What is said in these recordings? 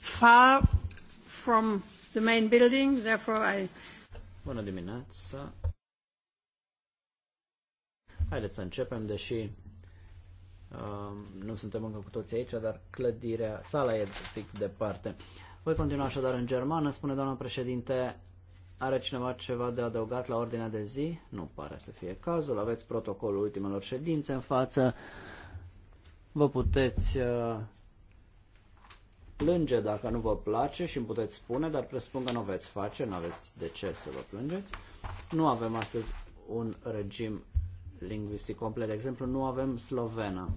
far from the main building, therefore I... Bună dimineața! Haideți să începem, deși um, nu suntem încă cu toți aici, dar clădirea, sala e fix departe. Voi continua așadar în germană, spune doamna președinte, are cineva ceva de adăugat la ordinea de zi? Nu pare să fie cazul, aveți protocolul ultimelor ședințe în față. Vă puteți uh, plânge dacă nu vă place și îmi puteți spune, dar presupun că nu veți face, nu aveți de ce să vă plângeți. Nu avem astăzi un regim lingvistic complet. De exemplu, nu avem slovena.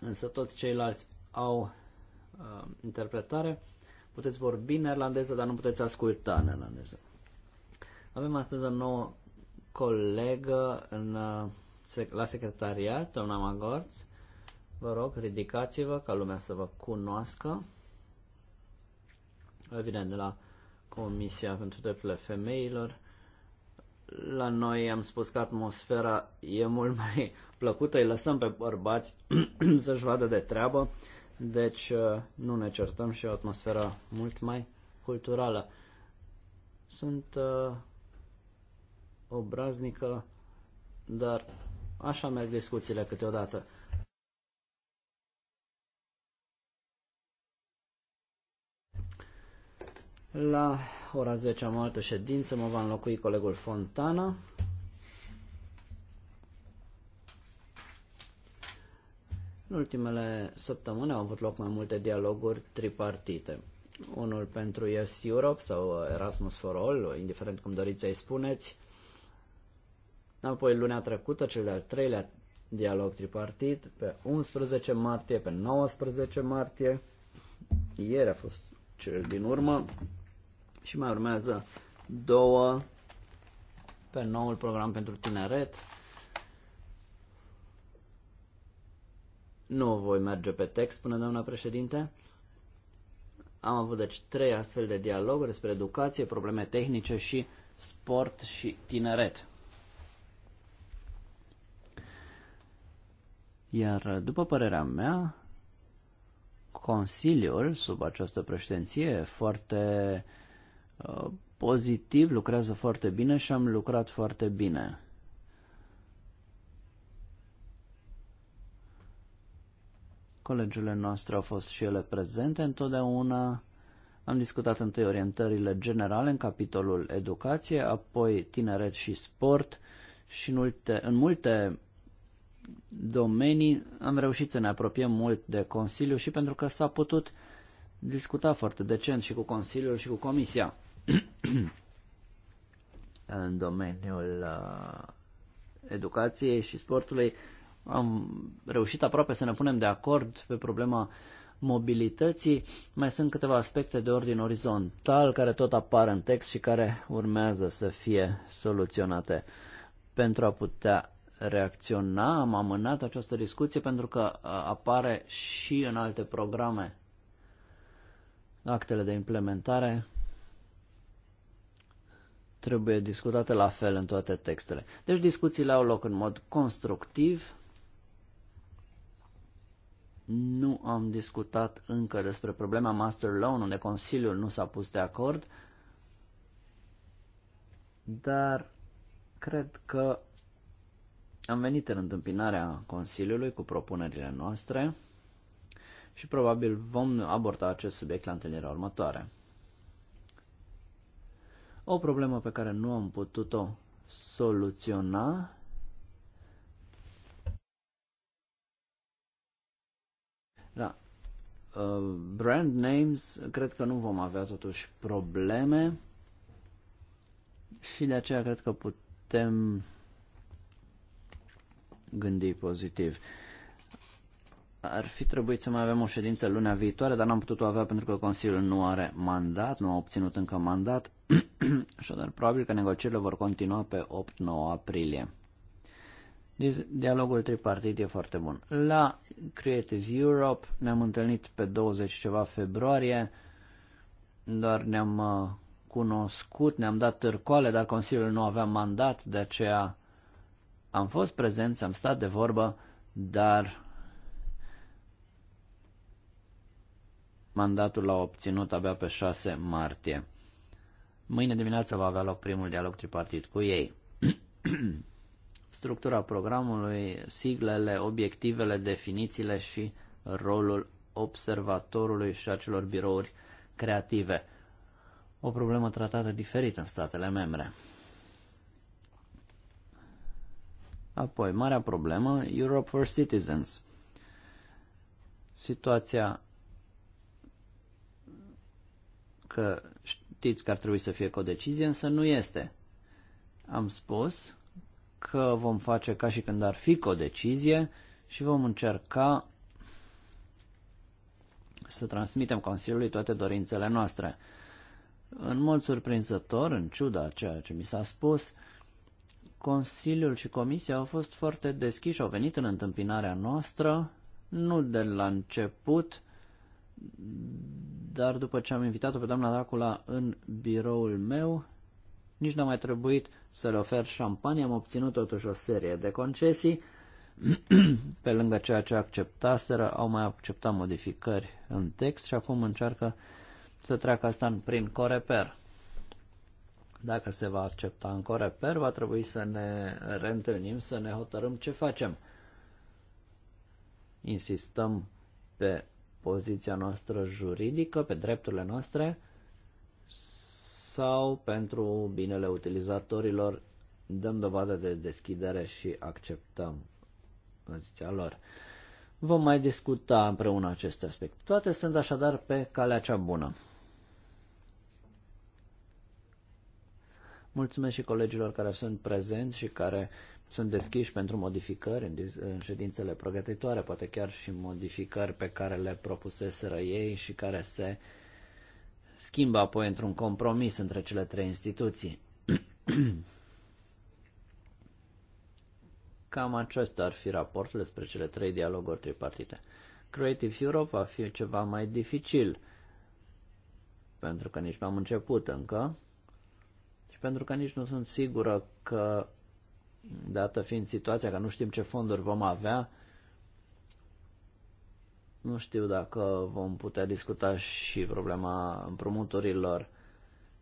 Însă toți ceilalți au uh, interpretare. Puteți vorbi neerlandeză, dar nu puteți asculta neerlandeză. Avem astăzi o nouă colegă în, la secretariat, doamna Magorț. Vă rog, ridicați-vă ca lumea să vă cunoască. Evident, de la Comisia pentru Drepturile Femeilor. La noi am spus că atmosfera e mult mai plăcută, îi lăsăm pe bărbați să-și vadă de treabă, deci uh, nu ne certăm și o atmosferă mult mai culturală. Sunt uh, obraznică, dar așa merg discuțiile câteodată. La ora 10 am o altă ședință, mă va înlocui colegul Fontana. În ultimele săptămâni au avut loc mai multe dialoguri tripartite. Unul pentru Yes Europe sau Erasmus for All, indiferent cum doriți să-i spuneți, Apoi lunea trecută, cel de-al treilea dialog tripartit, pe 11 martie, pe 19 martie, ieri a fost cel din urmă și mai urmează două pe noul program pentru tineret. Nu voi merge pe text, spune doamna președinte. Am avut deci trei astfel de dialoguri despre educație, probleme tehnice și sport și tineret. Iar, după părerea mea, Consiliul, sub această președinție, foarte uh, pozitiv, lucrează foarte bine și am lucrat foarte bine. Colegiile noastre au fost și ele prezente întotdeauna. Am discutat întâi orientările generale în capitolul educație, apoi tineret și sport și în multe, în multe domenii am reușit să ne apropiem mult de Consiliu și pentru că s-a putut discuta foarte decent și cu Consiliul și cu Comisia în domeniul uh, educației și sportului. Am reușit aproape să ne punem de acord pe problema mobilității. Mai sunt câteva aspecte de ordin orizontal care tot apar în text și care urmează să fie soluționate pentru a putea reacționa, am amânat această discuție pentru că apare și în alte programe actele de implementare trebuie discutate la fel în toate textele. Deci discuțiile au loc în mod constructiv. Nu am discutat încă despre problema Master Loan, unde Consiliul nu s-a pus de acord, dar cred că am venit în întâmpinarea Consiliului cu propunerile noastre și probabil vom aborda acest subiect la întâlnirea următoare. O problemă pe care nu am putut-o soluționa Da. Uh, brand names, cred că nu vom avea totuși probleme și de aceea cred că putem gândi pozitiv. Ar fi trebuit să mai avem o ședință luna viitoare, dar n-am putut-o avea pentru că Consiliul nu are mandat, nu a obținut încă mandat, așadar probabil că negocierile vor continua pe 8-9 aprilie. Dialogul tripartit e foarte bun. La Creative Europe ne-am întâlnit pe 20 ceva februarie, doar ne-am uh, cunoscut, ne-am dat târcoale, dar Consiliul nu avea mandat, de aceea am fost prezenți, am stat de vorbă, dar mandatul l-a obținut abia pe 6 martie. Mâine dimineață va avea loc primul dialog tripartit cu ei. Structura programului, siglele, obiectivele, definițiile și rolul observatorului și acelor birouri creative. O problemă tratată diferit în statele membre. Apoi, marea problemă, Europe for Citizens. Situația că știți că ar trebui să fie cu o decizie, însă nu este. Am spus că vom face ca și când ar fi cu o decizie și vom încerca să transmitem Consiliului toate dorințele noastre. În mod surprinzător, în ciuda ceea ce mi s-a spus, uh, Consiliul și Comisia au fost foarte deschiși, au venit în întâmpinarea noastră, nu de la început, dar după ce am invitat-o pe doamna Dracula în biroul meu, nici n-a mai trebuit să le ofer șampanie, am obținut totuși o serie de concesii, pe lângă ceea ce acceptaseră, au mai acceptat modificări în text și acum încearcă să treacă asta în prin coreper. Dacă se va accepta în Coreper, va trebui să ne reîntâlnim, să ne hotărâm ce facem. Insistăm pe poziția noastră juridică, pe drepturile noastre sau pentru binele utilizatorilor dăm dovadă de deschidere și acceptăm poziția lor. Vom mai discuta împreună aceste aspecte. Toate sunt așadar pe calea cea bună. Mulțumesc și colegilor care sunt prezenți și care sunt deschiși pentru modificări în ședințele pregătitoare, poate chiar și modificări pe care le propuseseră ei și care se schimbă apoi într-un compromis între cele trei instituții. Cam acesta ar fi raportul despre cele trei dialoguri tripartite. Creative Europe va fi ceva mai dificil, pentru că nici nu am început încă pentru că nici nu sunt sigură că, dată fiind situația că nu știm ce fonduri vom avea, nu știu dacă vom putea discuta și problema împrumuturilor.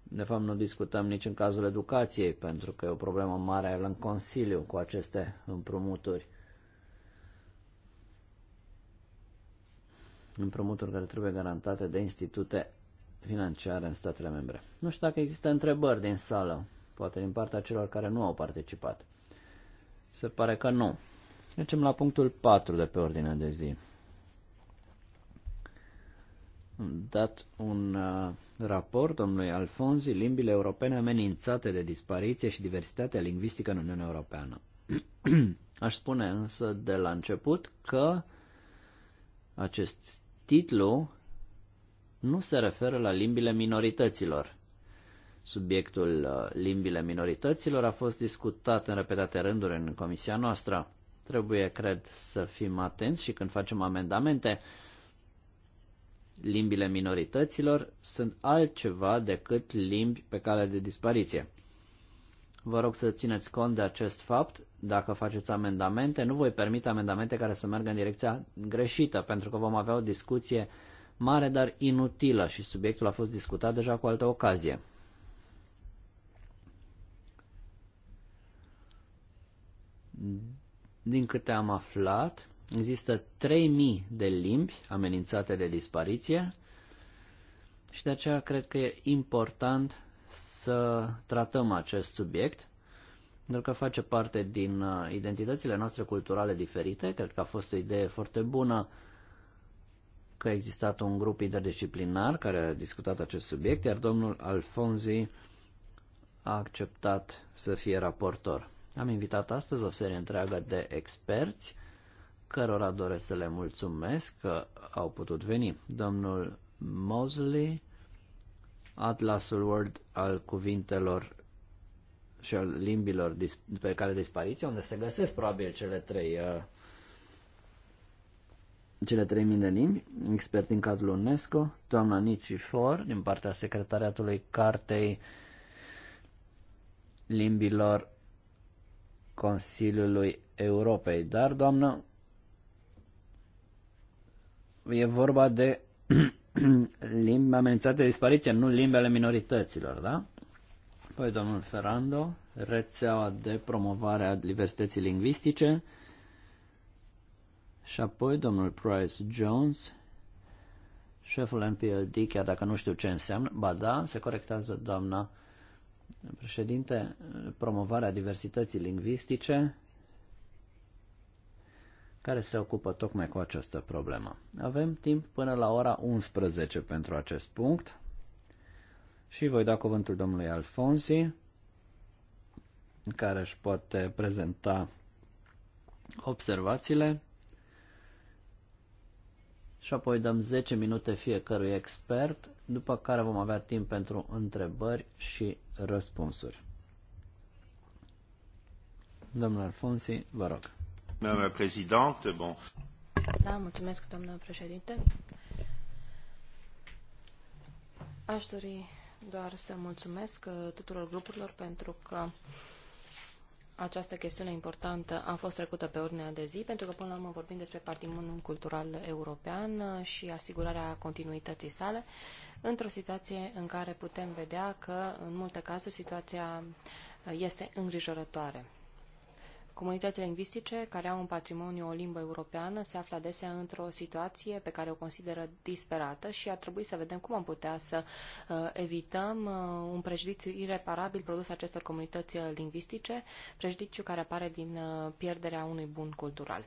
De fapt, nu discutăm nici în cazul educației, pentru că e o problemă mare în Consiliu cu aceste împrumuturi. Împrumuturi care trebuie garantate de institute financiare în statele membre. Nu știu dacă există întrebări din sală, poate din partea celor care nu au participat. Se pare că nu. Mergem la punctul 4 de pe ordinea de zi. Am dat un uh, raport domnului Alfonzi, limbile europene amenințate de dispariție și diversitatea lingvistică în Uniunea Europeană. Aș spune însă de la început că acest titlu nu se referă la limbile minorităților. Subiectul uh, limbile minorităților a fost discutat în repetate rânduri în comisia noastră. Trebuie, cred, să fim atenți și când facem amendamente. Limbile minorităților sunt altceva decât limbi pe cale de dispariție. Vă rog să țineți cont de acest fapt. Dacă faceți amendamente, nu voi permite amendamente care să meargă în direcția greșită, pentru că vom avea o discuție uh, mare, dar inutilă și subiectul a fost discutat deja cu altă ocazie. Din câte am aflat, există 3000 de limbi amenințate de dispariție și de aceea cred că e important să tratăm acest subiect, pentru că face parte din uh, identitățile noastre culturale diferite. Cred că a fost o idee foarte bună că a existat un grup interdisciplinar care a discutat acest subiect, iar domnul Alfonzi a acceptat să fie raportor. Am invitat astăzi o serie întreagă de experți, cărora doresc să le mulțumesc că au putut veni. Domnul Mosley, Atlasul world al cuvintelor și al limbilor pe care dispariția, unde se găsesc probabil cele trei uh, cele 3000 de limbi, expert din cadrul UNESCO, doamna Nici Flor, din partea secretariatului Cartei Limbilor Consiliului Europei. Dar, doamnă, e vorba de limbi amenințate de dispariție, nu limbele minorităților, da? Păi domnul Ferrando, rețeaua de promovare a diversității lingvistice, și apoi domnul Price Jones, șeful NPLD, chiar dacă nu știu ce înseamnă, ba da, se corectează doamna președinte, promovarea diversității lingvistice, care se ocupă tocmai cu această problemă. Avem timp până la ora 11 pentru acest punct și voi da cuvântul domnului Alfonsi, care își poate prezenta observațiile și apoi dăm 10 minute fiecărui expert, după care vom avea timp pentru întrebări și răspunsuri. Domnul Alfonsi, vă rog. Doamna președinte, bon. Da, mulțumesc, doamna președinte. Aș dori doar să mulțumesc uh, tuturor grupurilor pentru că această chestiune importantă a fost trecută pe ordinea de zi, pentru că până la urmă vorbim despre patrimoniul cultural european și asigurarea continuității sale, într-o situație în care putem vedea că, în multe cazuri, situația este îngrijorătoare. Comunitățile lingvistice care au în patrimoniu o limbă europeană se află adesea într-o situație pe care o consideră disperată și ar trebui să vedem cum am putea să uh, evităm uh, un prejudiciu ireparabil produs acestor comunități uh, lingvistice, prejudiciu care apare din pierderea unui bun cultural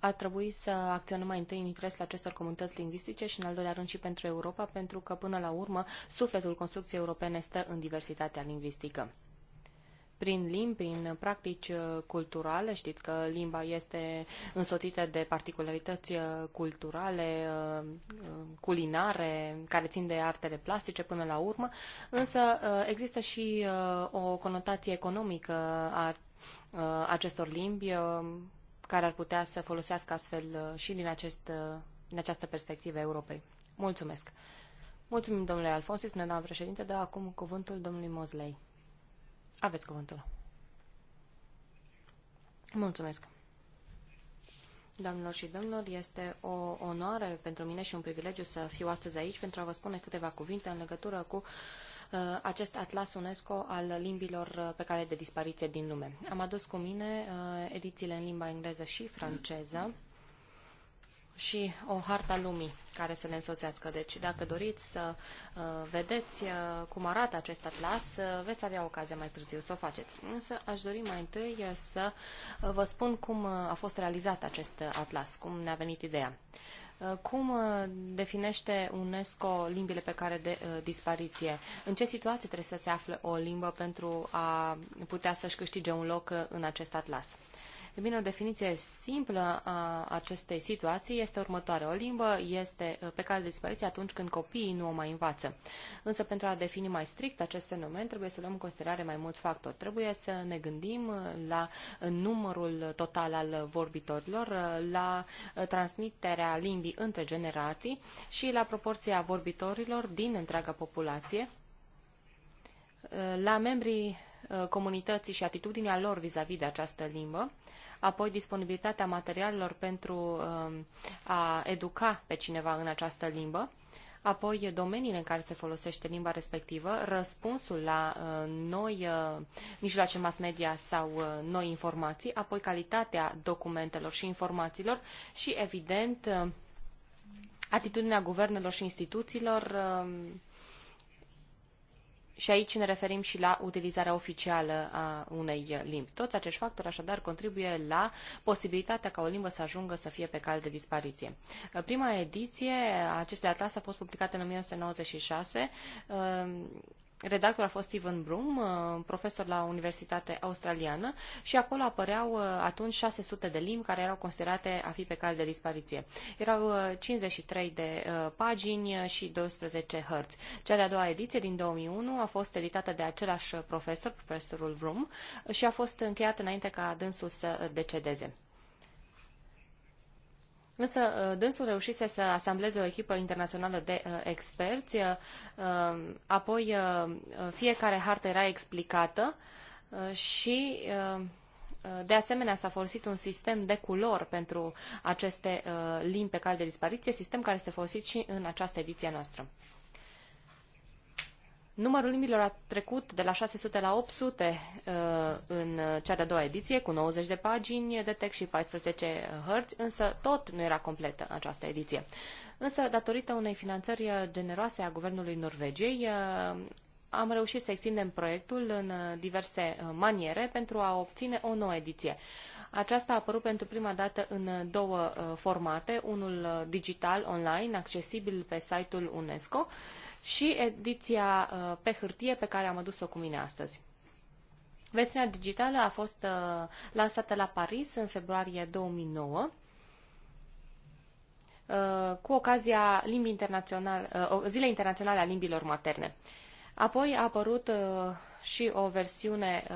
ar trebui să acționăm mai întâi în interesul acestor comunități lingvistice și, în al doilea rând, și pentru Europa, pentru că, până la urmă, sufletul construcției europene stă în diversitatea lingvistică prin limbi, prin practici uh, culturale. Știți că limba este însoțită de particularități uh, culturale, uh, culinare, care țin de artele plastice până la urmă, însă există și o conotație economică a acestor limbi care ar putea să folosească astfel și din, acest, din această perspectivă Europei. Mulțumesc! Mulțumim, domnule Alfonsi, spune doamna președinte, dar acum cuvântul domnului Mozlei. Aveți cuvântul. Mulțumesc. Doamnelor și domnilor, este o onoare pentru mine și un privilegiu să fiu astăzi aici pentru a vă spune câteva cuvinte în legătură cu uh, acest atlas UNESCO al limbilor uh, pe cale de dispariție din lume. Am adus cu mine uh, edițiile în limba engleză și franceză. Mm și o harta lumii care să le însoțească. Deci, dacă doriți să uh, vedeți uh, cum arată acest atlas, uh, veți avea ocazia mai târziu să o faceți. Însă aș dori mai întâi uh, să uh, vă spun cum uh, a fost realizat acest atlas, cum ne-a venit ideea. Cum definește UNESCO limbile pe care de dispariție? În ce situație trebuie să se afle o limbă pentru a putea să-și câștige un loc în acest atlas? E bine, o definiție simplă a acestei situații este următoare. O limbă este uh, pe cale de dispariție atunci când copiii nu o mai învață. Însă, pentru a defini mai strict acest fenomen, trebuie să luăm în considerare mai mulți factori. Trebuie să ne gândim uh, la uh, numărul total al vorbitorilor, la transmiterea limbii între generații și la proporția vorbitorilor din întreaga populație, la membrii comunității și atitudinea lor vis-a-vis -vis de această limbă, apoi disponibilitatea materialelor pentru um, a educa pe cineva în această limbă, apoi domeniile în care se folosește limba respectivă, răspunsul la uh, noi uh, mijloace mass media sau uh, noi informații, apoi calitatea documentelor și informațiilor și, evident, atitudinea guvernelor și instituțiilor um, și aici ne referim și la utilizarea oficială a unei limbi. Toți acești factori așadar contribuie la posibilitatea ca o limbă să ajungă să fie pe cale de dispariție. Prima ediție a acestui atlas a fost publicată în 1996 Redactor a fost Ivan Broom, uh, profesor la Universitate Australiană și acolo apăreau uh, atunci 600 de limbi care erau considerate a fi pe cale de dispariție. Erau 53 uh, de pagini și 12 hărți. Cea de-a doua ediție din 2001 a fost editată de același profesor, profesorul Broom, și a fost încheiată înainte ca dânsul să decedeze. Însă uh, dânsul reușise să asambleze o echipă internațională de uh, experți, uh, uh apoi uh, uh, fiecare hartă era explicată uh, și uh, de asemenea, s-a folosit un sistem de culori pentru aceste uh, limbi pe cal de dispariție, sistem care este folosit și în această ediție noastră. Numărul limbilor a trecut de la 600 la 800 uh, în uh, cea de-a doua ediție, cu 90 de pagini de text și 14 uh, hărți, însă tot nu era completă această ediție. Însă, datorită unei finanțări generoase a Guvernului Norvegiei, am reușit să extindem proiectul în diverse maniere pentru a obține o nouă ediție. Aceasta a apărut pentru prima dată în două formate, unul digital, online, accesibil pe site-ul UNESCO, și ediția uh, pe hârtie pe care am adus-o cu mine astăzi. Versiunea digitală a fost uh, lansată la Paris în februarie 2009 uh, cu ocazia limbii internaționale, Zilei Internaționale a Limbilor Materne. Apoi a apărut și o versiune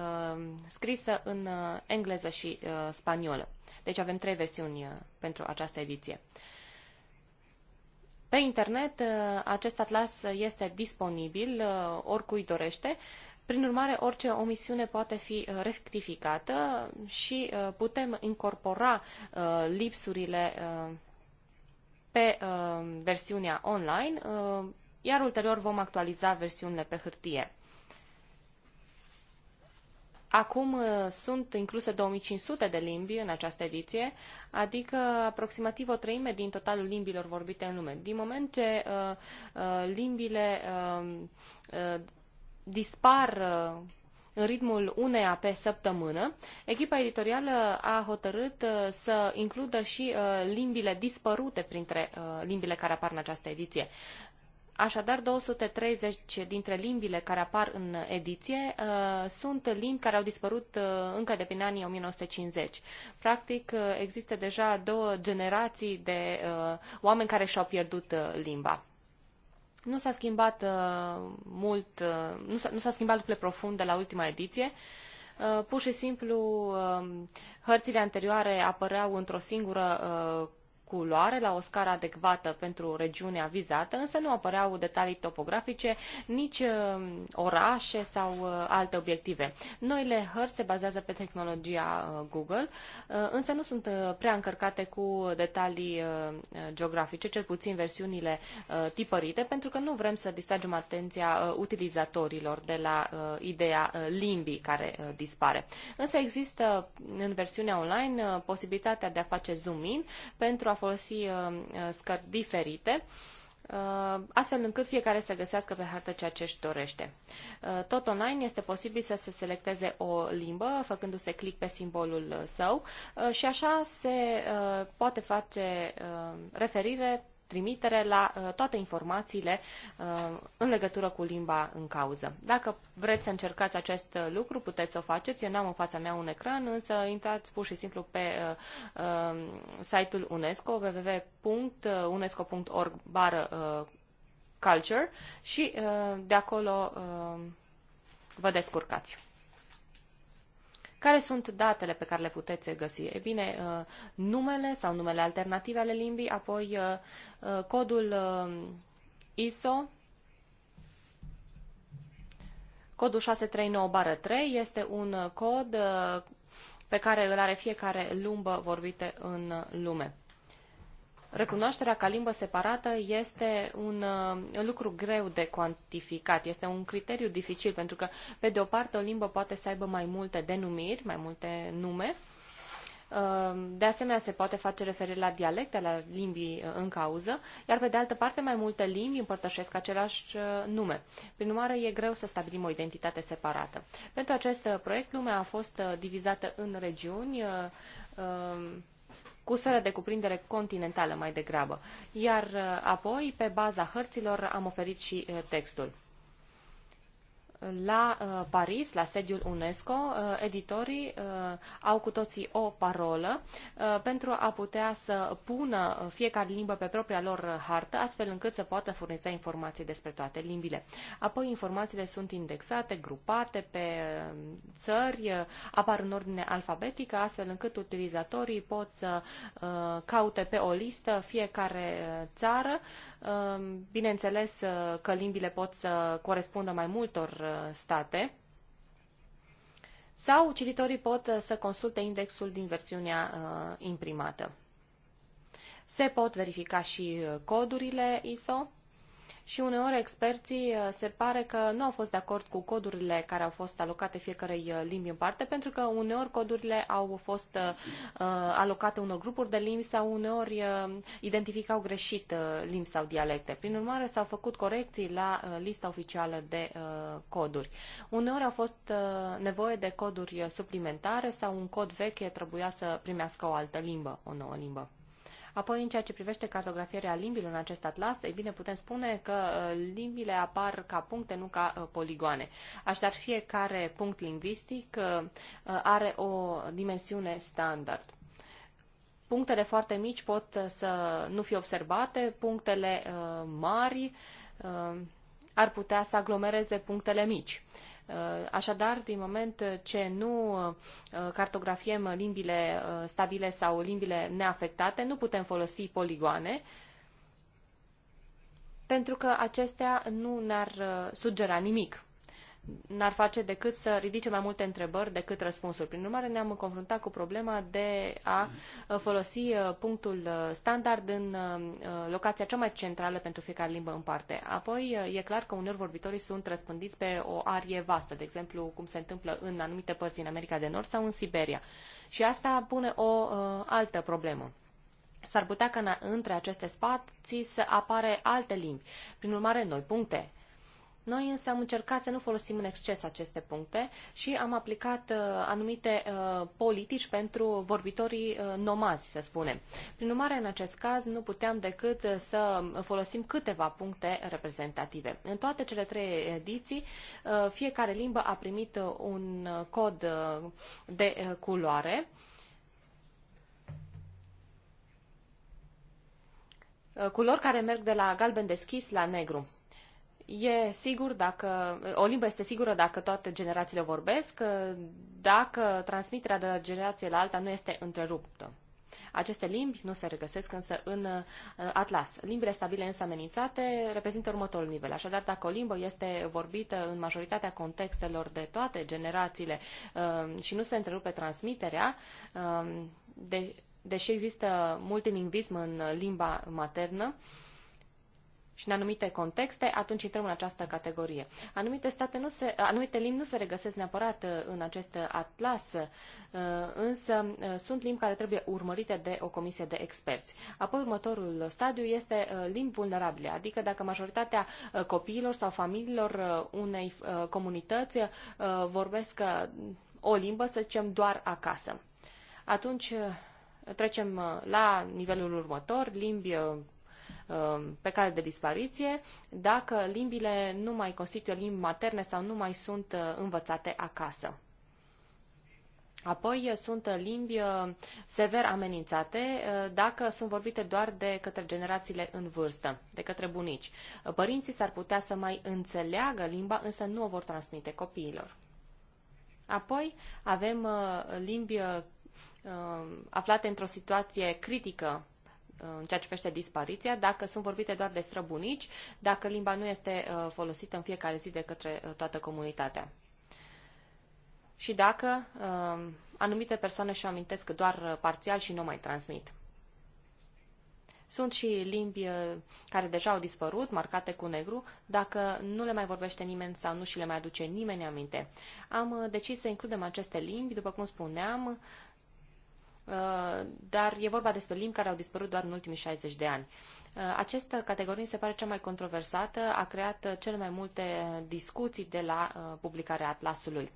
scrisă în engleză și spaniolă. Deci avem trei versiuni pentru această ediție. Pe internet uh, acest atlas este disponibil uh, oricui dorește. Prin urmare, orice omisiune poate fi uh, rectificată și putem incorpora lipsurile pe versiunea online, iar ulterior vom actualiza versiunile pe hârtie. Acum uh, sunt incluse 2500 de limbi în această ediție, adică aproximativ o treime din totalul limbilor vorbite în lume. Din moment ce uh, uh, limbile um, uh, dispar uh, în ritmul uneia pe săptămână, echipa editorială a hotărât uh, să includă și limbile dispărute printre limbile care apar în această ediție. Așadar, 230 dintre limbile care apar în ediție uh, sunt limbi care au dispărut uh, încă de prin anii 1950. Practic, uh, există deja două generații de uh, oameni care și-au pierdut uh, limba. Nu s-a schimbat uh, mult, nu s-a schimbat lucrurile profund de la ultima ediție. Pur și simplu, hărțile anterioare apăreau într-o singură culoare la o scară adecvată pentru regiunea vizată, însă nu apăreau detalii topografice, nici uh, orașe sau uh, alte obiective. Noile hărți se bazează pe tehnologia uh, Google, însă nu sunt prea încărcate cu detalii geografice, cel puțin versiunile tipărite, pentru că nu vrem să distragem atenția utilizatorilor de la ideea limbii care dispare. Însă există în versiunea online posibilitatea de a face zoom in pentru a folosi uh, uh, scări diferite uh, astfel încât fiecare să găsească pe hartă ceea ce își dorește. Tot online este posibil să se selecteze o limbă, făcându-se click pe simbolul său și așa se poate face referire trimitere la uh, toate informațiile uh, în legătură cu limba în cauză. Dacă vreți să încercați acest uh, lucru, puteți să o faceți. Eu n-am în fața mea un ecran, însă intrați pur și simplu pe site-ul UNESCO, www.unesco.org culture și de acolo vă descurcați. Care sunt datele pe care le puteți găsi? E bine, uh, numele sau numele alternative ale limbii, apoi uh, uh, codul ISO, Codul 639-3 este un cod pe care îl are fiecare lumbă vorbită în lume. Recunoașterea ca limbă separată este uh, un lucru greu de cuantificat, este un criteriu dificil, pentru că, pe de o parte, o limbă poate să aibă mai multe denumiri, mai multe nume, uh, de asemenea, se poate face referire la dialecte, la limbii uh, în cauză, iar pe de altă parte, mai multe limbi împărtășesc același nume. Prin urmare, e greu să stabilim o identitate separată. Pentru acest proiect, lumea a fost divizată în regiuni cu sără de cuprindere continentală mai degrabă. Iar uh, apoi, pe baza hărților, am oferit și uh, textul la uh, Paris, la sediul UNESCO, uh, editorii uh, au cu toții o parolă pentru a putea să pună fiecare limbă pe propria lor hartă, astfel încât să poată furniza informații despre toate limbile. Apoi informațiile sunt indexate, grupate pe țări, apar în ordine alfabetică, astfel încât utilizatorii pot să caute pe o listă fiecare țară. Bineînțeles că limbile pot să corespundă mai multor state sau cititorii pot uh, să consulte indexul din versiunea uh, imprimată. Se pot verifica și uh, codurile ISO și uneori experții uh, se pare că nu au fost de acord cu codurile care au fost alocate fiecărei uh, limbi în parte, pentru că uneori codurile au fost uh, alocate unor grupuri de limbi sau uneori identificau greșit limbi sau dialecte. Prin urmare, s-au făcut corecții la lista oficială de coduri. Uneori au fost nevoie de coduri suplimentare sau un cod veche trebuia să primească o altă limbă, o nouă limbă. Apoi, în ceea ce privește cartografierea limbilor în acest atlas, ei bine, putem spune că uh, limbile apar ca puncte, nu ca uh, poligoane. Așadar, fiecare punct lingvistic uh, are o dimensiune standard. Punctele foarte mici pot să nu fie observate, punctele mari ar putea să aglomereze punctele mici. Uh, așadar, din moment ce nu uh, cartografiem limbile uh, stabile sau limbile neafectate, nu putem folosi poligoane, pentru că acestea nu ne-ar sugera nimic n-ar face decât să ridice mai multe întrebări decât răspunsuri. Prin urmare, ne-am confruntat cu problema de a uh, folosi uh, punctul uh, standard în locația cea mai centrală pentru fiecare limbă în parte. Apoi, e clar că uneori vorbitorii sunt răspândiți pe o arie vastă, de exemplu, cum se întâmplă în anumite părți din America de Nord sau în Siberia. Și asta pune o altă problemă. S-ar putea ca între aceste spații să apare alte limbi. Prin urmare, noi puncte noi însă am încercat să nu folosim în exces aceste puncte și am aplicat uh, anumite uh, politici pentru vorbitorii uh, nomazi, să spunem. Prin urmare, în acest caz, nu puteam decât uh, să folosim câteva puncte reprezentative. În toate cele trei ediții, uh, fiecare limbă a primit uh, un uh, cod uh, de uh, culoare. Culori care merg de la galben deschis la negru. E sigur dacă o limbă este sigură dacă toate generațiile vorbesc, dacă transmiterea de la generație la alta nu este întreruptă. Aceste limbi nu se regăsesc însă în uh, atlas. Limbile stabile însă amenințate reprezintă următorul nivel. Așadar, dacă o limbă este vorbită în majoritatea contextelor de toate generațiile uh, și nu se întrerupe transmiterea, uh, de, deși există multilingvism în limba maternă, și în anumite contexte, atunci intrăm în această categorie. Anumite, state nu se, anumite limbi nu se regăsesc neapărat uh, în acest atlas, uh, însă uh, sunt limbi care trebuie urmărite de o comisie de experți. Apoi următorul stadiu este limbi vulnerabile, adică dacă majoritatea copiilor sau familiilor unei comunități vorbesc o limbă, să zicem, doar acasă. Atunci trecem la nivelul următor, limbi Um, pe cale de dispariție dacă limbile nu mai constituie limbi materne sau nu mai sunt uh, învățate acasă. Apoi uh, sunt uh, limbi sever amenințate dacă sunt vorbite doar de către generațiile în vârstă, de către bunici. Părinții s-ar putea să mai înțeleagă limba, însă nu o vor transmite copiilor. Apoi avem limbi aflate într-o situație critică Uh, în ceea ce privește dispariția, dacă sunt vorbite doar de străbunici, dacă limba nu este uh, folosită în fiecare zi de către uh, toată comunitatea. Și dacă anumite persoane și-o amintesc doar parțial și nu mai transmit. Sunt și limbi care deja au dispărut, marcate cu negru, dacă nu le mai vorbește nimeni sau nu și le mai aduce nimeni aminte. Am decis să includem aceste limbi, după cum spuneam, Uh, dar e vorba despre limbi care au dispărut doar în ultimii 60 de ani. Uh, această categorie se pare cea mai controversată, a creat uh, cele mai multe discuții de la publicarea atlasului.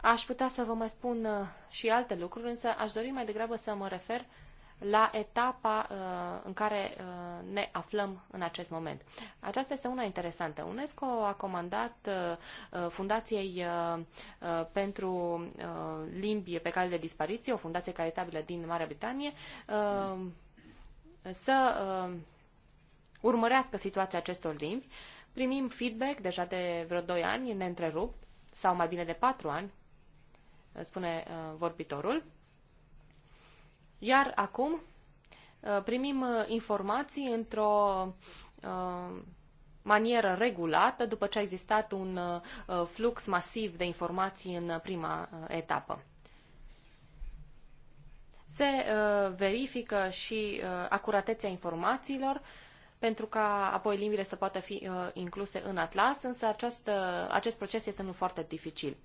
Aș putea să vă mai spun și alte lucruri, însă aș dori mai degrabă să mă refer uh, la etapa uh, în care uh, ne aflăm în acest moment. Aceasta este una interesantă. UNESCO a comandat uh, Fundației pentru Limbi pe cale de dispariție, o fundație caritabilă din Marea Britanie, să urmărească situația acestor limbi. Primim feedback deja de vreo 2 ani, neîntrerupt, sau mai bine de 4 ani, spune vorbitorul. Iar acum uh, primim uh, informații într-o uh, manieră regulată, după ce a existat un flux masiv de informații în prima etapă. Se verifică și acuratețea informațiilor, pentru ca apoi limbile să poată fi incluse în atlas, însă acest, acest proces este unul foarte dificil.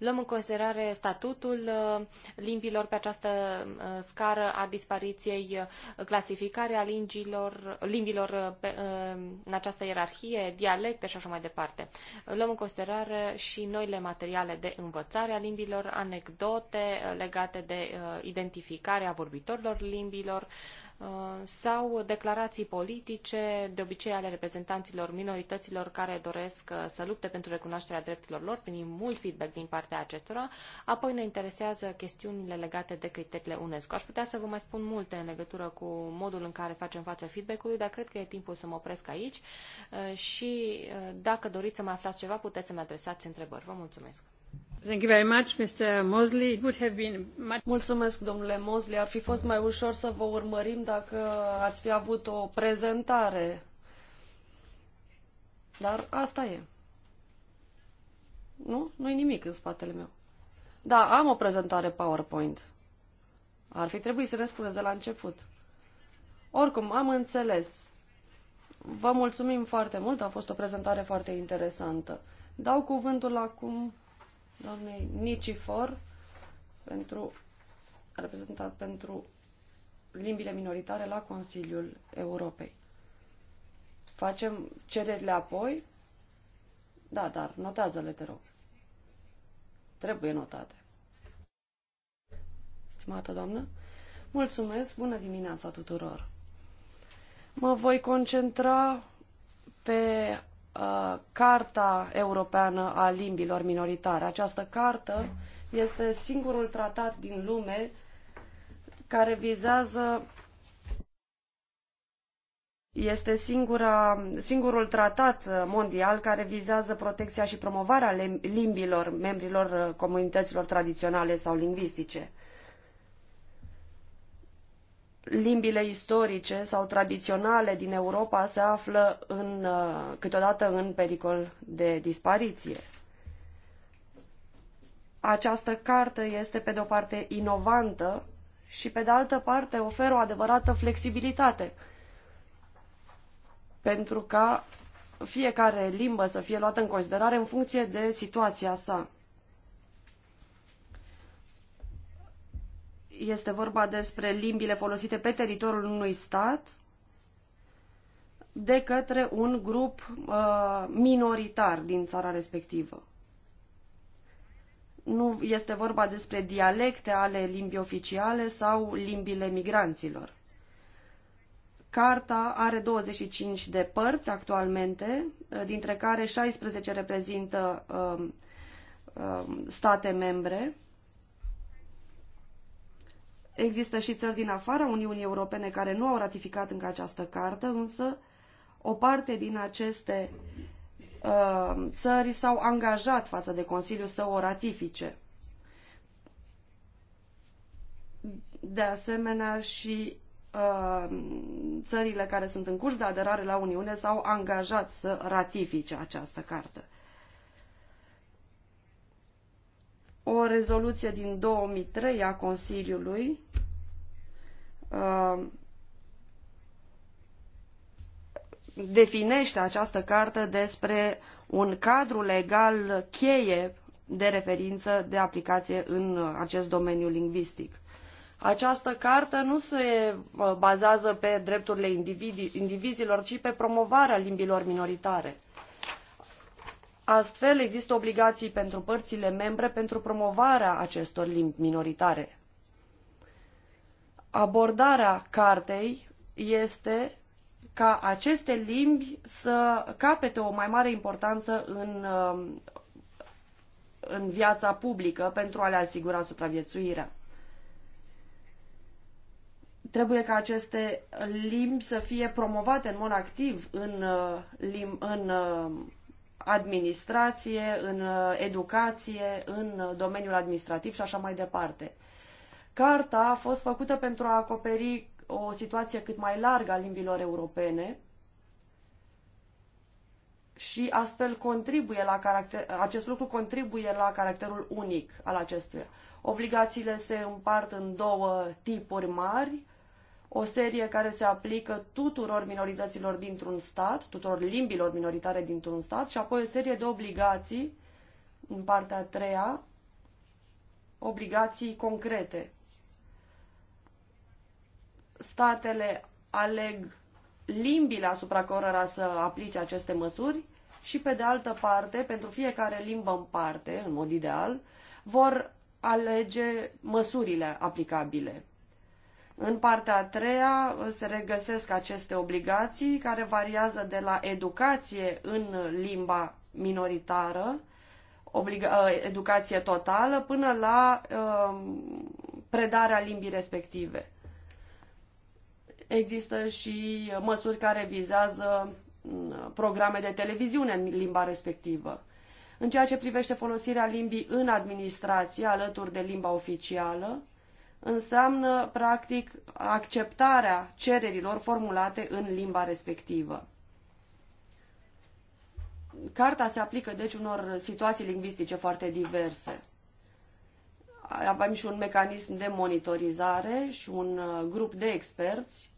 Luăm în considerare statutul uh, limbilor pe această uh, scară a dispariției, uh, clasificarea limbilor, limbilor pe, în această ierarhie, dialecte și așa mai departe. Luăm în considerare și noile materiale de învățare a limbilor, anecdote legate de identificarea vorbitorilor limbilor, Uh, sau declarații politice, de obicei ale reprezentanților minorităților care doresc uh, să lupte pentru recunoașterea drepturilor lor, primim mult feedback din partea acestora, apoi ne interesează chestiunile legate de criteriile UNESCO. Aș putea să vă mai spun multe în legătură cu modul în care facem față feedback-ului, dar cred că e timpul să mă opresc aici uh, și dacă doriți să mai aflați ceva, puteți să-mi adresați întrebări. Vă mulțumesc! Mulțumesc, domnule Mosley. Ar fi fost mai ușor să vă urmărim dacă ați fi avut o prezentare. Dar asta e. Nu? nu e nimic în spatele meu. Da, am o prezentare PowerPoint. Ar fi trebuit să ne spuneți de la început. Oricum, am înțeles. Vă mulțumim foarte mult, a fost o prezentare foarte interesantă. Dau cuvântul acum doamnei Nicifor, pentru, reprezentat pentru limbile minoritare la Consiliul Europei. Facem cererile apoi? Da, dar notează-le, te rog. Trebuie notate. Stimată doamnă, mulțumesc, bună dimineața tuturor. Mă voi concentra pe Uh, Carta Europeană a Limbilor Minoritare. Această cartă este singurul tratat din lume care vizează este singura, singurul tratat mondial care vizează protecția și promovarea limbilor membrilor uh, comunităților tradiționale sau lingvistice limbile istorice sau tradiționale din Europa se află în, uh, câteodată în pericol de dispariție. Această carte este pe de o parte inovantă și pe de altă parte oferă o adevărată flexibilitate pentru ca fiecare limbă să fie luată în considerare în funcție de situația sa. este vorba despre limbile folosite pe teritoriul unui stat de către un grup uh, minoritar din țara respectivă. Nu este vorba despre dialecte ale limbii oficiale sau limbile migranților. Carta are 25 de părți actualmente, uh, dintre care 16 reprezintă uh, uh, state membre Există și țări din afara Uniunii Europene care nu au ratificat încă această carte, însă o parte din aceste uh, țări s-au angajat față de Consiliu să o ratifice. De asemenea, și uh, țările care sunt în curs de aderare la Uniune s-au angajat să ratifice această carte. o rezoluție din 2003 a Consiliului uh, definește această carte despre un cadru legal cheie de referință de aplicație în acest domeniu lingvistic. Această carte nu se uh, bazează pe drepturile indivizilor, ci pe promovarea limbilor minoritare. Astfel, există obligații pentru părțile membre pentru promovarea acestor limbi minoritare. Abordarea cartei este ca aceste limbi să capete o mai mare importanță în, uh, în viața publică pentru a le asigura supraviețuirea. Trebuie ca aceste limbi să fie promovate în mod activ în, uh, în uh, administrație, în uh, educație, în uh, domeniul administrativ și așa mai departe. Carta a fost făcută pentru a acoperi o situație cât mai largă a limbilor europene și astfel contribuie la caracter, acest lucru contribuie la caracterul unic al acestuia. Obligațiile se împart în două tipuri mari, o serie care se aplică tuturor minorităților dintr-un stat, tuturor limbilor minoritare dintr-un stat și apoi o serie de obligații în partea a treia, obligații concrete. Statele aleg limbile asupra cărora să aplice aceste măsuri și, pe de altă parte, pentru fiecare limbă în parte, în mod ideal, vor alege măsurile aplicabile. În partea a treia se regăsesc aceste obligații care variază de la educație în limba minoritară, uh, educație totală, până la um, predarea limbii respective. Există și măsuri care vizează mm, programe de televiziune în limba respectivă. În ceea ce privește folosirea limbii în administrație, alături de limba oficială, înseamnă, practic, acceptarea cererilor formulate în limba respectivă. Carta se aplică, deci, unor situații lingvistice foarte diverse. Avem și un mecanism de monitorizare și un uh, grup de experți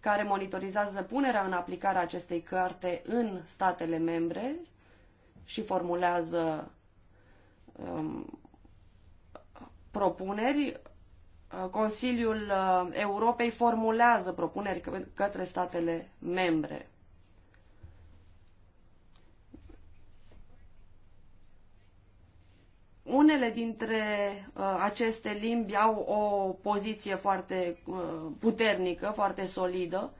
care monitorizează punerea în aplicare a acestei carte în statele membre și formulează um, propuneri Uh, Consiliul uh, Europei formulează propuneri către statele membre. Unele dintre uh, aceste limbi au o poziție foarte uh, puternică, foarte solidă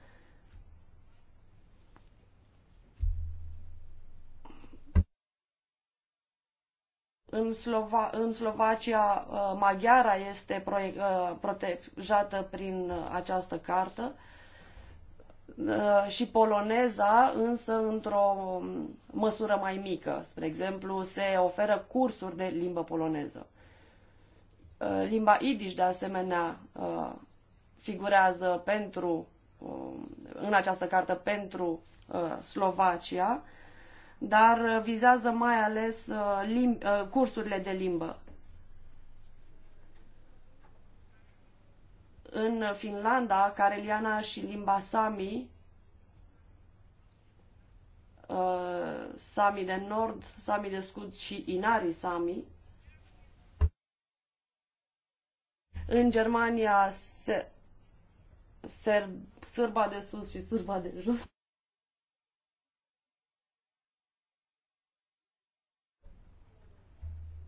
În, Slova- în Slovacia, uh, maghiara este uh, protejată prin uh, această cartă și poloneza, însă într-o um, măsură mai mică. Spre exemplu, se oferă cursuri de limbă poloneză. Limba idiș, de asemenea, figurează pentru, um, în această carte pentru Slovacia, dar uh, vizează mai ales uh, uh, cursurile de limbă. În Finlanda, careliana și limba sami, sami de nord, sami de Scud și inari sami, în Germania se, ser, sârba de sus și sârba de jos.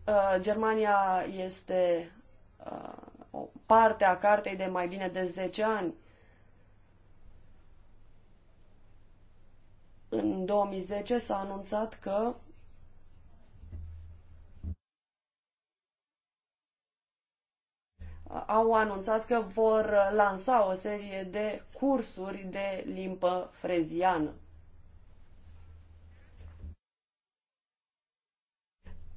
Uh, Germania este uh, o parte a cartei de mai bine de 10 ani. În 2010 s-a anunțat că au anunțat că vor lansa o serie de cursuri de limbă freziană.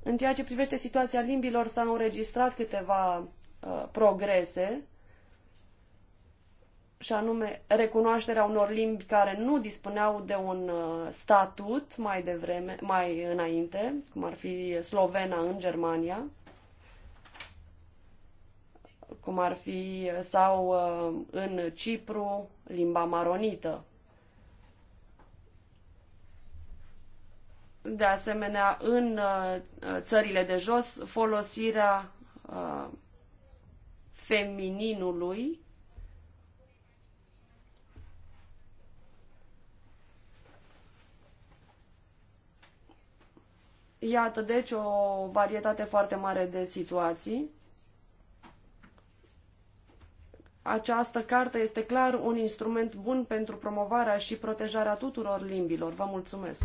În ceea ce privește situația limbilor s-au înregistrat câteva uh, progrese, și anume recunoașterea unor limbi care nu dispuneau de un uh, statut mai, devreme, mai înainte, cum ar fi slovena în Germania, cum ar fi sau uh, în Cipru limba maronită. de asemenea în uh, țările de jos folosirea uh, femininului Iată, deci, o varietate foarte mare de situații. Această carte este clar un instrument bun pentru promovarea și protejarea tuturor limbilor. Vă mulțumesc!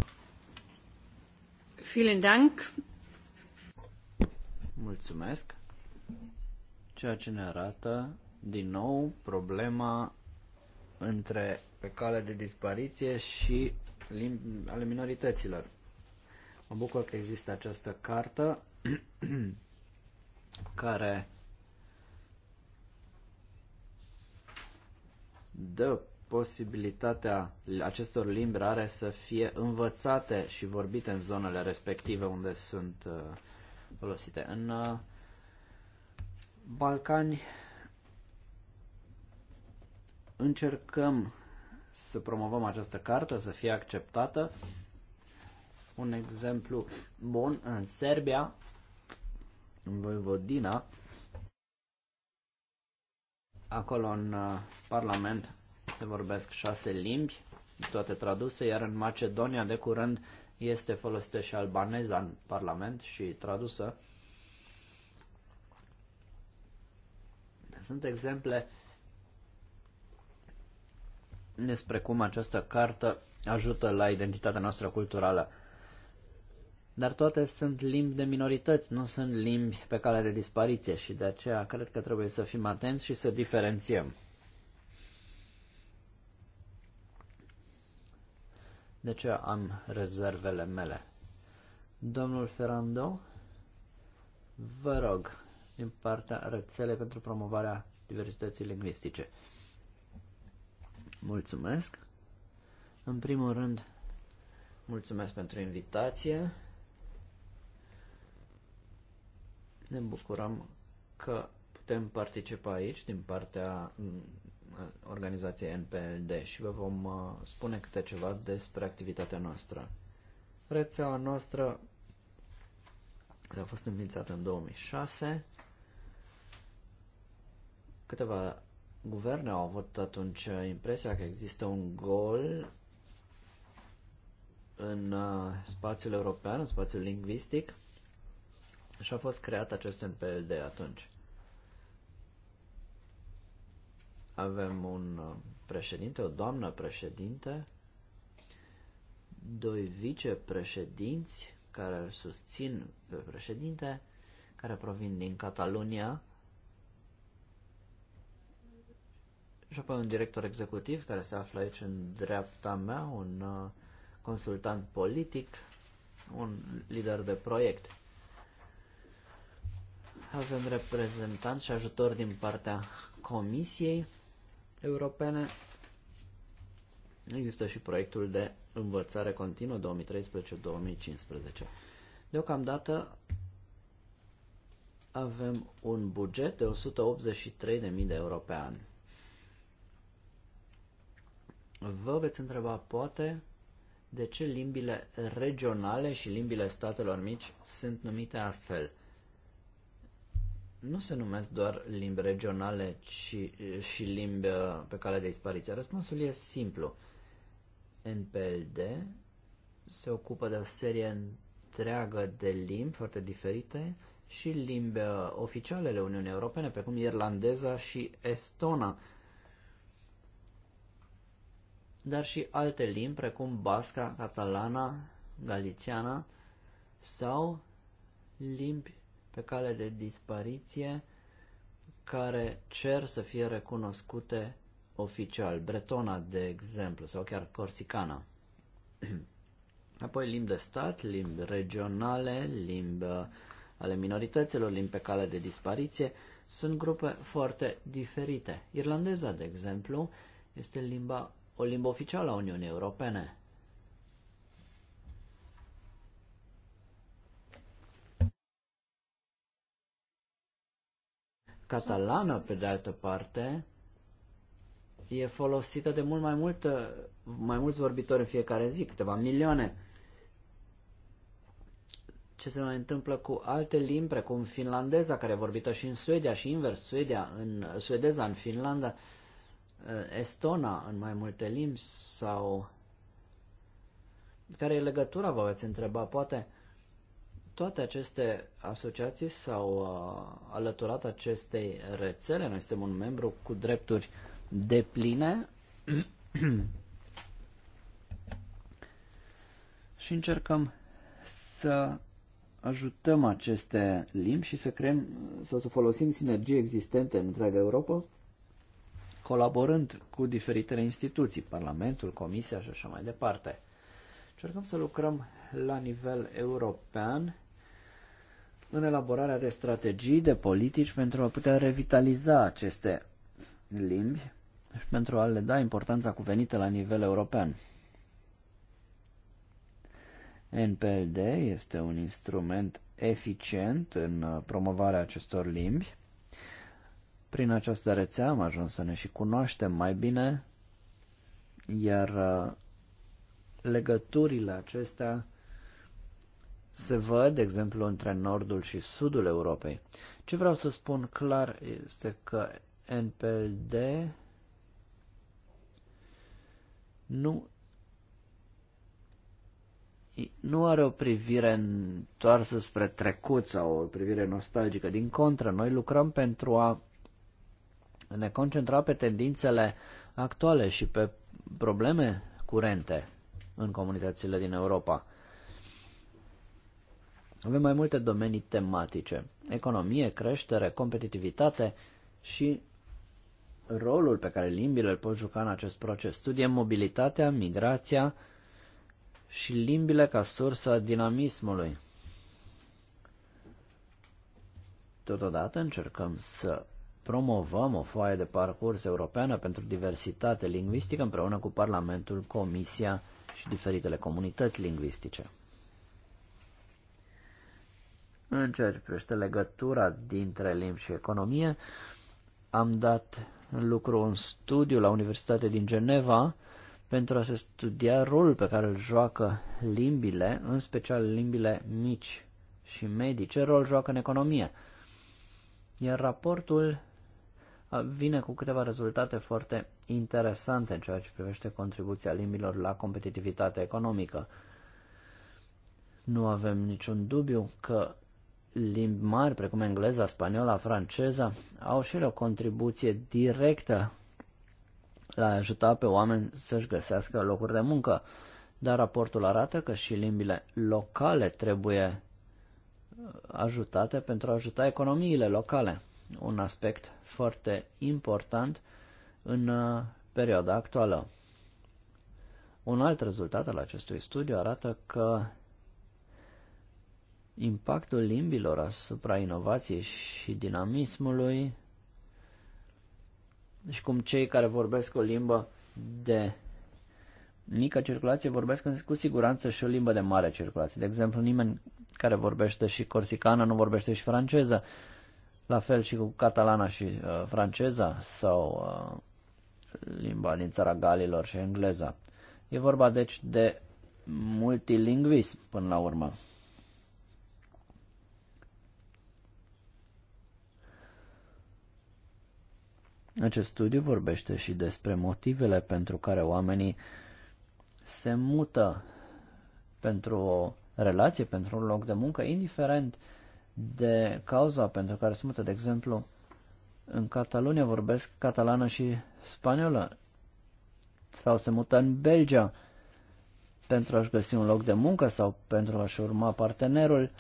Mulțumesc. Ceea ce ne arată din nou problema între pe cale de dispariție și ale minorităților. Mă bucur că există această cartă care dă posibilitatea acestor limbi rare să fie învățate și vorbite în zonele respective unde sunt uh, folosite. În uh, Balcani încercăm să promovăm această carte, să fie acceptată. Un exemplu bun în Serbia, în Voivodina, acolo în uh, Parlament se vorbesc șase limbi, toate traduse, iar în Macedonia de curând este folosită și albaneza în Parlament și tradusă. Sunt exemple despre cum această carte ajută la identitatea noastră culturală. Dar toate sunt limbi de minorități, nu sunt limbi pe calea de dispariție și de aceea cred că trebuie să fim atenți și să diferențiem. De ce am rezervele mele. Domnul Ferrando, vă rog, din partea rețelei pentru promovarea diversității lingvistice. Mulțumesc. În primul rând, mulțumesc pentru invitație. Ne bucurăm că putem participa aici din partea Uh, organizației NPLD și vă vom uh, spune câte ceva despre activitatea noastră. Rețeaua noastră a fost înființată în 2006. Câteva guverne au avut atunci impresia că există un gol în uh, spațiul european, în spațiul lingvistic și a fost creat acest NPLD atunci. Avem un uh, președinte, o doamnă președinte, doi vicepreședinți care îl susțin pe președinte, care provin din Catalunia, și apoi un director executiv care se află aici în dreapta mea, un uh, consultant politic, un lider de proiect. Avem reprezentanți și ajutor din partea comisiei europene. Există și proiectul de învățare continuă 2013-2015. Deocamdată avem un buget de 183.000 de euro pe an. Vă veți întreba, poate, de ce limbile regionale și limbile statelor mici sunt numite astfel – nu se numesc doar limbi regionale, ci și limbi uh, pe calea de dispariție. Răspunsul e simplu. NPLD se ocupă de o serie întreagă de limbi foarte diferite și limbi uh, oficiale ale Uniunii Europene, precum irlandeza și estona, dar și alte limbi, precum basca, catalana, galițiana sau limbi pe cale de dispariție care cer să fie recunoscute oficial, bretona de exemplu sau chiar corsicana. Apoi limbi de stat, limbi regionale, limbi uh, ale minorităților, limbi pe cale de dispariție, sunt grupe foarte diferite. Irlandeza, de exemplu, este limba, o limbă oficială a Uniunii Europene. catalană, pe de altă parte, e folosită de mult mai, multă, mai mulți vorbitori în fiecare zi, câteva milioane. Ce se mai întâmplă cu alte limbi, precum finlandeza, care e vorbită și în Suedia, și invers, Suedia în, suedeza în Finlanda, estona în mai multe limbi, sau care e legătura, vă veți întreba, poate toate aceste asociații s-au uh, alăturat acestei rețele. Noi suntem un membru cu drepturi depline și încercăm să ajutăm aceste limbi și să creăm sau să folosim sinergii existente în întreaga Europa, colaborând cu diferitele instituții, Parlamentul, Comisia și așa mai departe. Încercăm să lucrăm la nivel european în elaborarea de strategii, de politici pentru a putea revitaliza aceste limbi și pentru a le da importanța cuvenită la nivel european. NPLD este un instrument eficient în promovarea acestor limbi. Prin această rețea am ajuns să ne și cunoaștem mai bine, iar uh, legăturile acestea se văd, de exemplu, între nordul și sudul Europei. Ce vreau să spun clar este că NPD nu, nu are o privire întoarsă spre trecut sau o privire nostalgică. Din contră, noi lucrăm pentru a ne concentra pe tendințele actuale și pe probleme curente în comunitățile din Europa. Avem mai multe domenii tematice. Economie, creștere, competitivitate și rolul pe care limbile îl pot juca în acest proces. Studiem mobilitatea, migrația și limbile ca sursă a dinamismului. Totodată încercăm să promovăm o foaie de parcurs europeană pentru diversitate lingvistică împreună cu Parlamentul, Comisia și diferitele comunități lingvistice. În ceea ce privește legătura dintre limbi și economie, am dat lucru un studiu la Universitatea din Geneva pentru a se studia rolul pe care îl joacă limbile, în special limbile mici și medii, ce rol joacă în economie. Iar raportul vine cu câteva rezultate foarte interesante în ceea ce privește contribuția limbilor la competitivitatea economică. Nu avem niciun dubiu că limbi mari, precum engleza, spaniola, franceza, au și ele o contribuție directă la a ajuta pe oameni să-și găsească locuri de muncă. Dar raportul arată că și limbile locale trebuie uh, ajutate pentru a ajuta economiile locale. Un aspect foarte important în uh, perioada actuală. Un alt rezultat al acestui studiu arată că impactul limbilor asupra inovației și dinamismului și deci cum cei care vorbesc o limbă de mică circulație vorbesc cu siguranță și o limbă de mare circulație. De exemplu, nimeni care vorbește și Corsicană nu vorbește și franceză, la fel și cu catalana și uh, franceza sau uh, limba din țara Galilor și engleza. E vorba deci de multilingvism până la urmă. Acest studiu vorbește și despre motivele pentru care oamenii se mută pentru o relație, pentru un loc de muncă, indiferent de cauza pentru care se mută. De exemplu, în Catalonia vorbesc catalană și spaniolă sau se mută în Belgia pentru a-și găsi un loc de muncă sau pentru a-și urma partenerul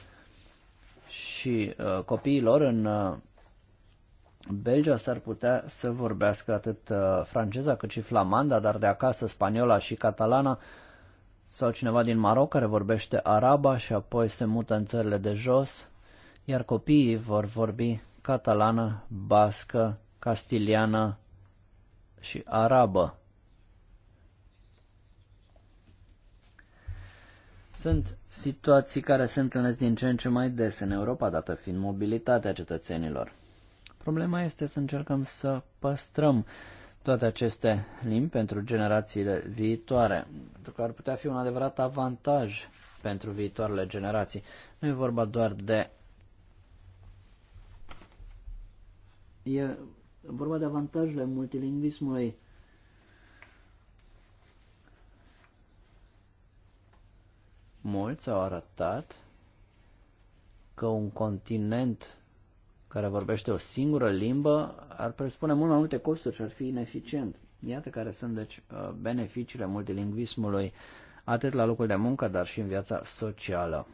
și uh, copiii lor în uh, Belgia s-ar putea să vorbească atât uh, franceza cât și flamanda, dar de acasă spaniola și catalana, sau cineva din Maroc care vorbește araba și apoi se mută în țările de jos, iar copiii vor vorbi catalană, bască, castiliană și arabă. Sunt situații care se întâlnesc din ce în ce mai des în Europa, dată fiind mobilitatea cetățenilor. Problema este să încercăm să păstrăm toate aceste limbi pentru generațiile viitoare, pentru că ar putea fi un adevărat avantaj pentru viitoarele generații. Nu e vorba doar de e vorba de avantajele multilingvismului. Mulți au arătat că un continent care vorbește o singură limbă ar presupune mult mai multe costuri și ar fi ineficient. Iată care sunt deci uh, beneficiile multilingvismului atât la locul de muncă, dar și în viața socială.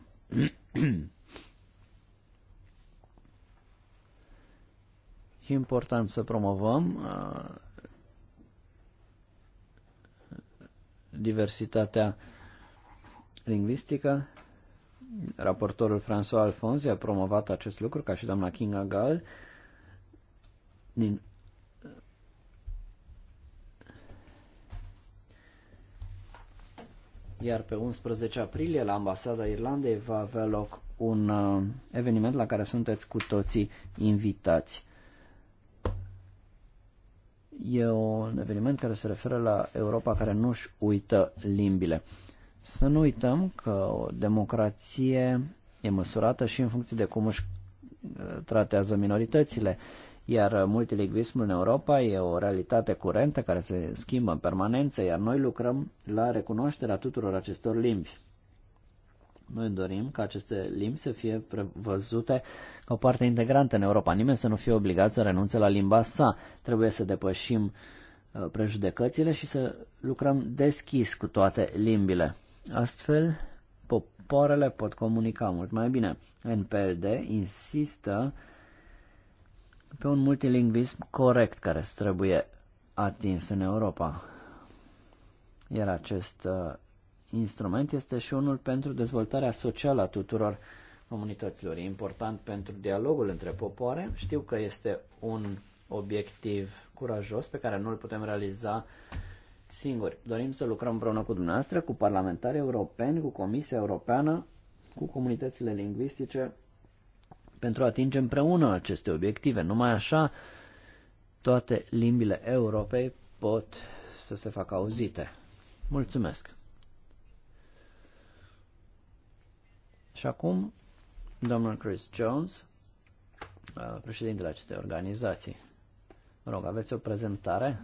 e important să promovăm uh, diversitatea lingvistică Raportorul François Alfonsi a promovat acest lucru, ca și doamna Kinga Gall, din Iar pe 11 aprilie, la ambasada Irlandei, va avea loc un uh, eveniment la care sunteți cu toții invitați. E un eveniment care se referă la Europa care nu-și uită limbile. Să nu uităm că o democrație e măsurată și în funcție de cum își uh, tratează minoritățile, iar multilingvismul în Europa e o realitate curentă care se schimbă în permanență, iar noi lucrăm la recunoașterea tuturor acestor limbi. Noi dorim ca aceste limbi să fie prevăzute ca o parte integrantă în Europa. Nimeni să nu fie obligat să renunțe la limba sa. Trebuie să depășim uh, prejudecățile și să lucrăm deschis cu toate limbile. Astfel, popoarele pot comunica mult mai bine. NPD insistă pe un multilingvism corect care trebuie atins în Europa. Iar acest uh, instrument este și unul pentru dezvoltarea socială a tuturor comunităților. E important pentru dialogul între popoare. Știu că este un obiectiv curajos pe care nu îl putem realiza uh, singuri. Dorim să lucrăm împreună cu dumneavoastră, cu parlamentari europeni, cu Comisia Europeană, cu comunitățile lingvistice, pentru a atinge împreună aceste obiective. Numai așa toate limbile Europei pot să se facă auzite. Mulțumesc! Și acum, domnul Chris Jones, președintele acestei organizații. Mă rog, aveți o prezentare?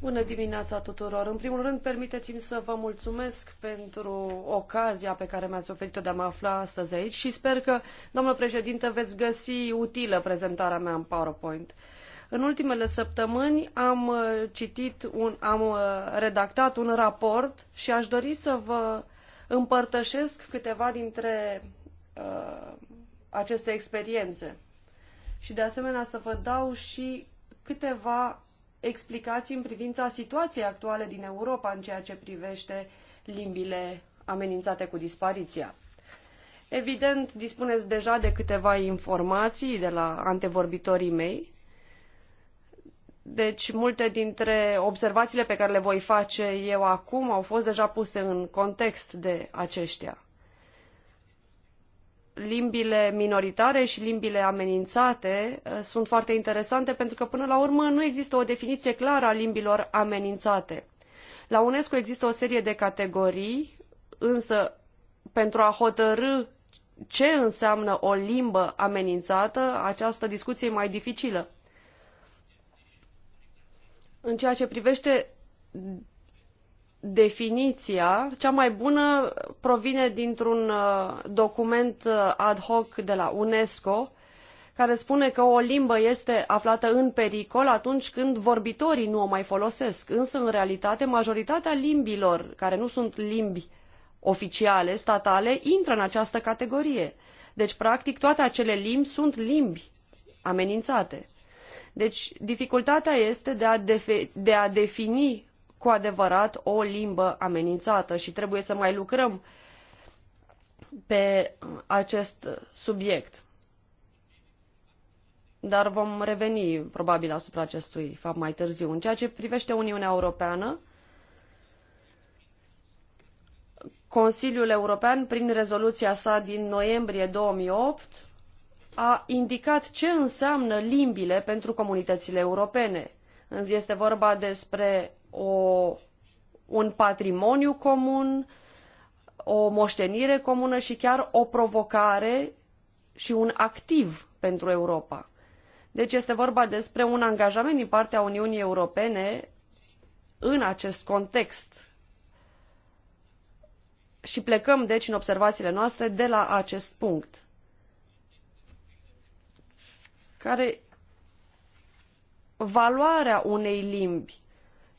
Bună dimineața tuturor! În primul rând, permiteți-mi să vă mulțumesc pentru ocazia pe care mi-ați oferit-o de a mă afla astăzi aici și sper că, domnul președinte, veți găsi utilă prezentarea mea în PowerPoint. În ultimele săptămâni am uh, citit, un, am uh, redactat un raport și aș dori să vă împărtășesc câteva dintre uh, aceste experiențe și de asemenea să vă dau și câteva explicații în privința situației actuale din Europa în ceea ce privește limbile amenințate cu dispariția. Evident, dispuneți deja de câteva informații de la antevorbitorii mei, deci multe dintre observațiile pe care le voi face eu acum au fost deja puse în context de aceștia limbile minoritare și limbile amenințate uh, sunt foarte interesante pentru că până la urmă nu există o definiție clară a limbilor amenințate. La UNESCO există o serie de categorii, însă pentru a hotărâ ce înseamnă o limbă amenințată, această discuție e mai dificilă. În ceea ce privește definiția cea mai bună provine dintr-un uh, document uh, ad hoc de la UNESCO care spune că o limbă este aflată în pericol atunci când vorbitorii nu o mai folosesc. Însă, în realitate, majoritatea limbilor care nu sunt limbi oficiale, statale, intră în această categorie. Deci, practic, toate acele limbi sunt limbi amenințate. Deci, dificultatea este de a, de a defini cu adevărat o limbă amenințată și trebuie să mai lucrăm pe acest subiect. Dar vom reveni probabil asupra acestui fapt mai târziu. În ceea ce privește Uniunea Europeană, Consiliul European, prin rezoluția sa din noiembrie 2008, a indicat ce înseamnă limbile pentru comunitățile europene. Este vorba despre o, un patrimoniu comun, o moștenire comună și chiar o provocare și un activ pentru Europa. Deci este vorba despre un angajament din partea Uniunii Europene în acest context. Și plecăm, deci, în observațiile noastre de la acest punct, care valoarea unei limbi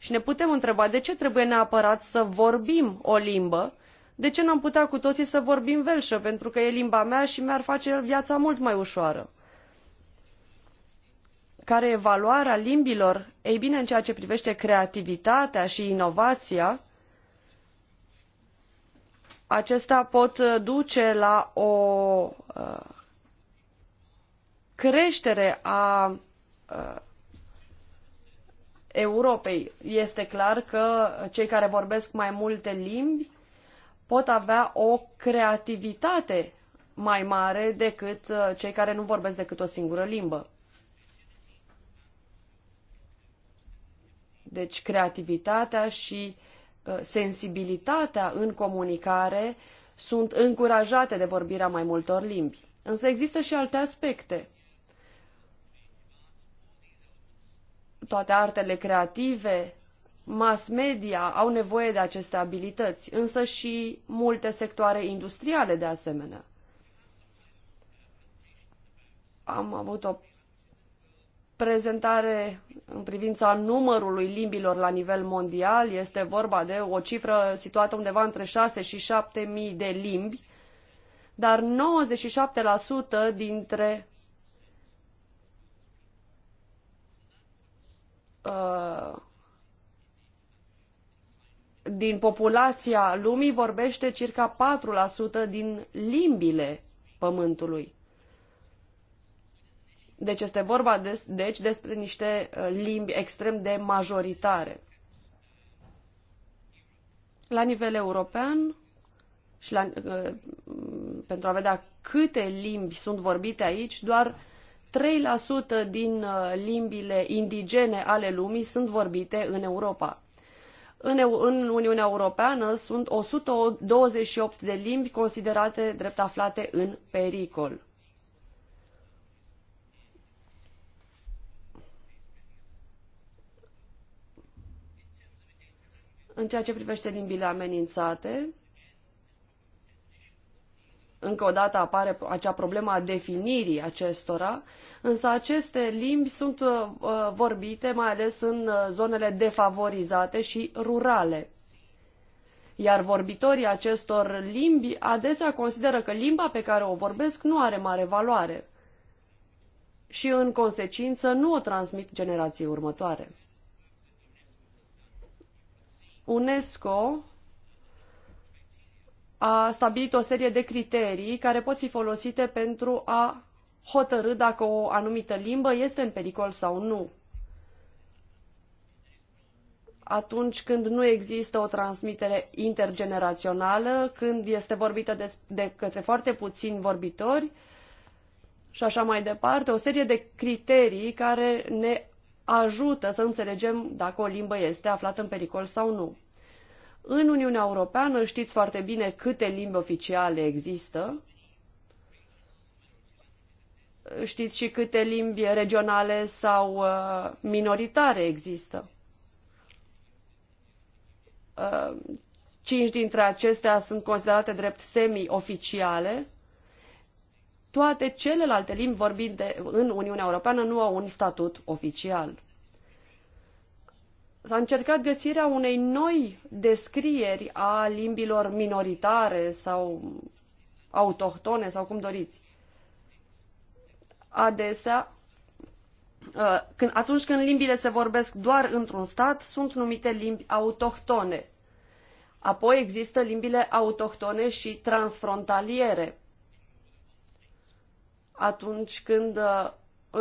și ne putem întreba de ce trebuie neapărat să vorbim o limbă, de ce n-am putea cu toții să vorbim velșă, pentru că e limba mea și mi-ar face viața mult mai ușoară. Care e valoarea limbilor? Ei bine, în ceea ce privește creativitatea și inovația, acestea pot duce la o uh, creștere a uh, Europei. Este clar că cei care vorbesc mai multe limbi pot avea o creativitate mai mare decât uh, cei care nu vorbesc decât o singură limbă. Deci creativitatea și uh, sensibilitatea în comunicare sunt încurajate de vorbirea mai multor limbi. Însă există și alte aspecte. toate artele creative, mass media au nevoie de aceste abilități, însă și multe sectoare industriale de asemenea. Am avut o prezentare în privința numărului limbilor la nivel mondial. Este vorba de o cifră situată undeva între 6 și 7 mii de limbi, dar 97% dintre Uh, din populația lumii vorbește circa 4% din limbile pământului. Deci este vorba de, deci despre niște uh, limbi extrem de majoritare. La nivel european, și la, uh, pentru a vedea câte limbi sunt vorbite aici, doar 3% din uh, limbile indigene ale lumii sunt vorbite în Europa. În, Uniunea Europeană sunt 128 de limbi considerate drept aflate în pericol. În ceea ce privește limbile amenințate, încă o dată apare acea problemă a definirii acestora, însă aceste limbi sunt uh, uh, vorbite mai ales în uh, zonele defavorizate și rurale. Iar vorbitorii acestor limbi adesea consideră că limba pe care o vorbesc nu are mare valoare și, în consecință, nu o transmit generației următoare. UNESCO a stabilit o serie de criterii care pot fi folosite pentru a hotărâ dacă o anumită limbă este în pericol sau nu. Atunci când nu există o transmitere intergenerațională, când este vorbită de, de către foarte puțini vorbitori și așa mai departe, o serie de criterii care ne ajută să înțelegem dacă o limbă este aflată în pericol sau nu. În Uniunea Europeană știți foarte bine câte limbi oficiale există, știți și câte limbi regionale sau uh, minoritare există. Uh, cinci dintre acestea sunt considerate drept semi-oficiale. Toate celelalte limbi vorbite în Uniunea Europeană nu au un statut oficial s-a încercat găsirea unei noi descrieri a limbilor minoritare sau autohtone sau cum doriți. Adesea, ă, când, atunci când limbile se vorbesc doar într-un stat, sunt numite limbi autohtone. Apoi există limbile autohtone și transfrontaliere. Atunci când, ă,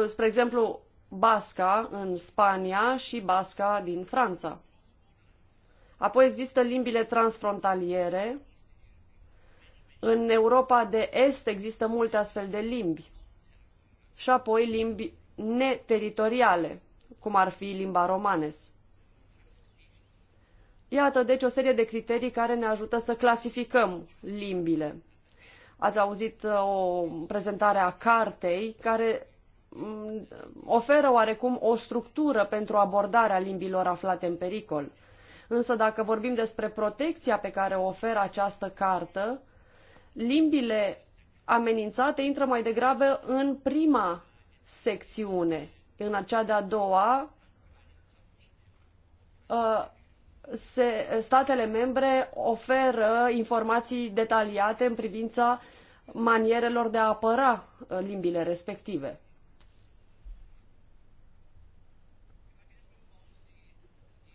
spre exemplu, basca în Spania și basca din Franța. Apoi există limbile transfrontaliere. În Europa de Est există multe astfel de limbi. Și apoi limbi neteritoriale, cum ar fi limba romanes. Iată, deci, o serie de criterii care ne ajută să clasificăm limbile. Ați auzit uh, o prezentare a cartei care Mm, oferă oarecum o structură pentru abordarea limbilor aflate în pericol. Însă dacă vorbim despre protecția pe care o oferă această cartă, limbile amenințate intră mai degrabă în prima secțiune. În acea de-a doua, uh, se, statele membre oferă informații detaliate în privința manierelor de a apăra uh, limbile respective.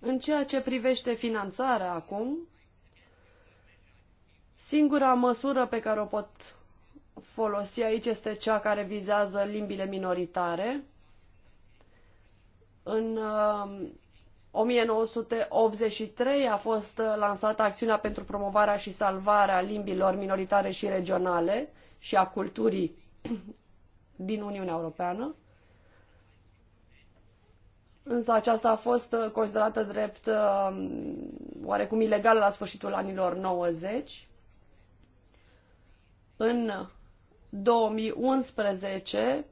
În ceea ce privește finanțarea acum, singura măsură pe care o pot folosi aici este cea care vizează limbile minoritare. În 1983 um, a fost uh, lansată acțiunea pentru promovarea și salvarea limbilor minoritare și regionale și a culturii din Uniunea Europeană. Însă aceasta a fost uh, considerată drept uh, oarecum ilegală la sfârșitul anilor 90. În 2011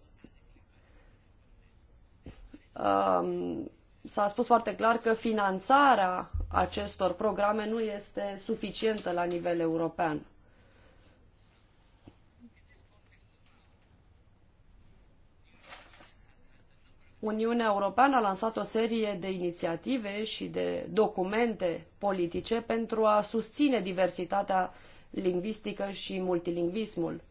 um, s-a spus foarte clar că finanțarea acestor programe nu este suficientă la nivel european. Uniunea Europeană a lansat o serie de inițiative și de documente politice pentru a susține diversitatea lingvistică și multilingvismul.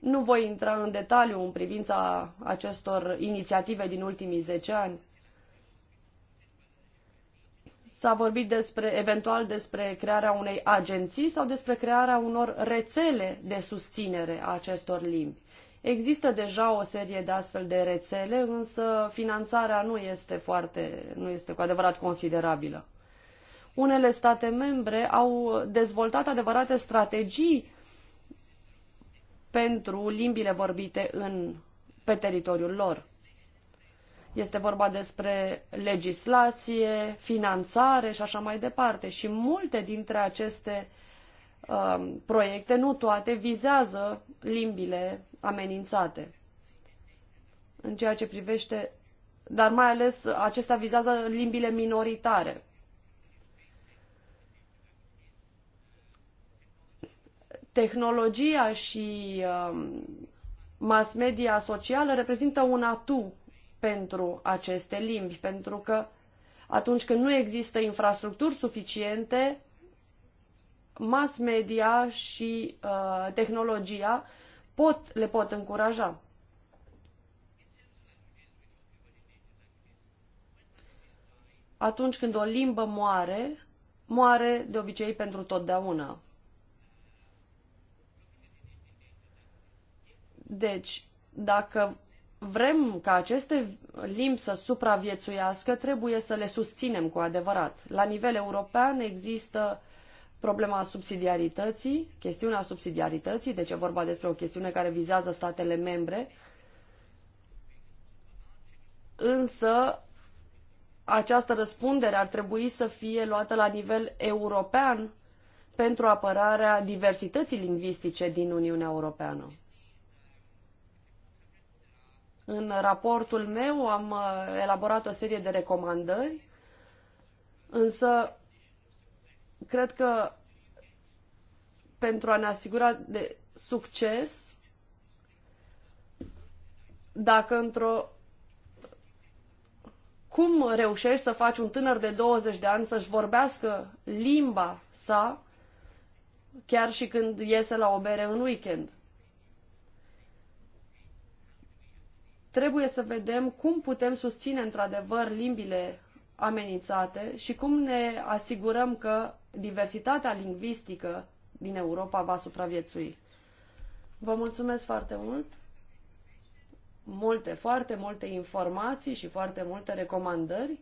Nu voi intra în detaliu în privința acestor inițiative din ultimii zece ani. S-a vorbit despre, eventual despre crearea unei agenții sau despre crearea unor rețele de susținere a acestor limbi. Există deja o serie de astfel de rețele, însă finanțarea nu este, foarte, nu este cu adevărat considerabilă. Unele state membre au dezvoltat adevărate strategii pentru limbile vorbite în, pe teritoriul lor. Este vorba despre legislație, finanțare și așa mai departe. Și multe dintre aceste uh, Um, proiecte, nu toate vizează limbile amenințate. În ceea ce privește, dar mai ales acesta vizează limbile minoritare. Tehnologia și um, mass media socială reprezintă un atu pentru aceste limbi, pentru că atunci când nu există infrastructuri suficiente, mass media și uh, tehnologia pot, le pot încuraja. Atunci când o limbă moare, moare de obicei pentru totdeauna. Deci, dacă vrem ca aceste limbi să supraviețuiască, trebuie să le susținem cu adevărat. La nivel european există uh, problema subsidiarității, chestiunea subsidiarității, deci e vorba despre o chestiune care vizează statele membre, însă această răspundere ar trebui să fie luată la nivel european pentru apărarea diversității lingvistice din Uniunea Europeană. În raportul meu am uh, elaborat o serie de recomandări, însă cred că pentru a ne asigura de succes, dacă într-o cum reușești să faci un tânăr de 20 de ani să-și vorbească limba sa chiar și când iese la o bere în weekend. Trebuie să vedem cum putem susține într-adevăr limbile amenințate și cum ne asigurăm că diversitatea lingvistică din Europa va supraviețui. Vă mulțumesc foarte mult! Multe, foarte multe informații și foarte multe recomandări.